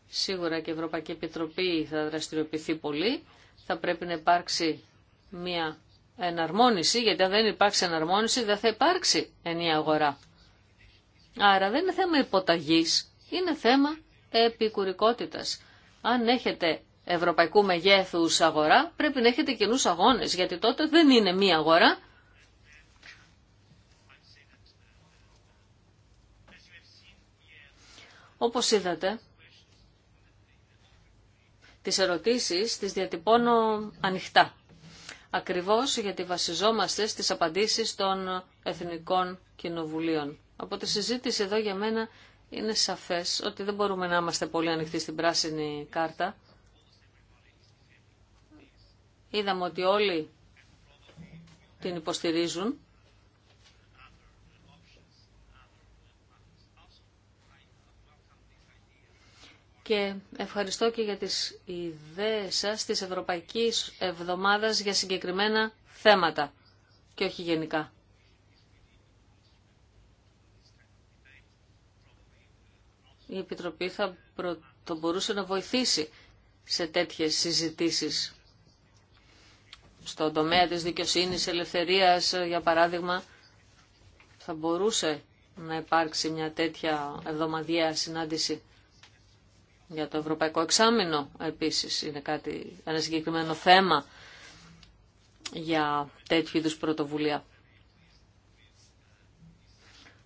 Σίγουρα και η Ευρωπαϊκή Επιτροπή θα δραστηριοποιηθεί πολύ. Θα πρέπει να υπάρξει μια εναρμόνιση, γιατί αν δεν υπάρξει εναρμόνιση δεν θα υπάρξει ενία αγορά. Άρα δεν είναι θέμα υποταγής, είναι θέμα επικουρικότητας. Αν έχετε ευρωπαϊκού μεγέθους αγορά, πρέπει να έχετε κοινού αγώνες, γιατί τότε δεν είναι μία αγορά. Όπως είδατε, τις ερωτήσεις τις διατυπώνω ανοιχτά ακριβώς γιατί βασιζόμαστε στις απαντήσεις των Εθνικών Κοινοβουλίων. Από τη συζήτηση εδώ για μένα είναι σαφές ότι δεν μπορούμε να είμαστε πολύ ανοιχτοί στην πράσινη κάρτα. Είδαμε ότι όλοι την υποστηρίζουν και ευχαριστώ και για τις ιδέες σας της Ευρωπαϊκής Εβδομάδας για συγκεκριμένα θέματα και όχι γενικά. Η Επιτροπή θα το μπορούσε να βοηθήσει σε τέτοιες συζητήσεις στον τομέα της δικαιοσύνης, ελευθερίας, για παράδειγμα, θα μπορούσε να υπάρξει μια τέτοια εβδομαδιαία συνάντηση για το Ευρωπαϊκό Εξάμεινο επίσης είναι κάτι, ένα συγκεκριμένο θέμα για τέτοιου είδους πρωτοβουλία.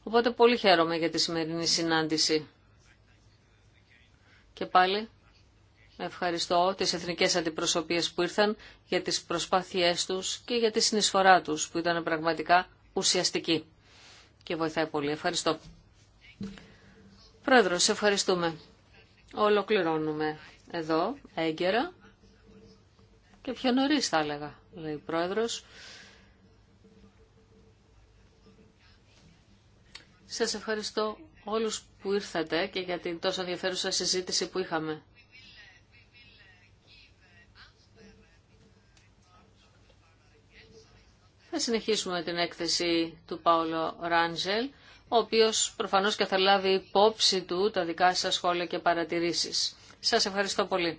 Οπότε πολύ χαίρομαι για τη σημερινή συνάντηση. Και πάλι ευχαριστώ τις εθνικές αντιπροσωπείες που ήρθαν για τις προσπάθειές τους και για τη συνεισφορά τους που ήταν πραγματικά ουσιαστική και βοηθάει πολύ. Ευχαριστώ. Πρόεδρος, ευχαριστούμε. Ολοκληρώνουμε εδώ έγκαιρα και πιο νωρί θα έλεγα, λέει ο Πρόεδρος. Σας ευχαριστώ όλους που ήρθατε και για την τόσο ενδιαφέρουσα συζήτηση που είχαμε. Θα συνεχίσουμε την έκθεση του Παόλο Ράντζελ ο οποίος προφανώς και θα λάβει υπόψη του τα δικά σας σχόλια και παρατηρήσεις. Σας ευχαριστώ πολύ.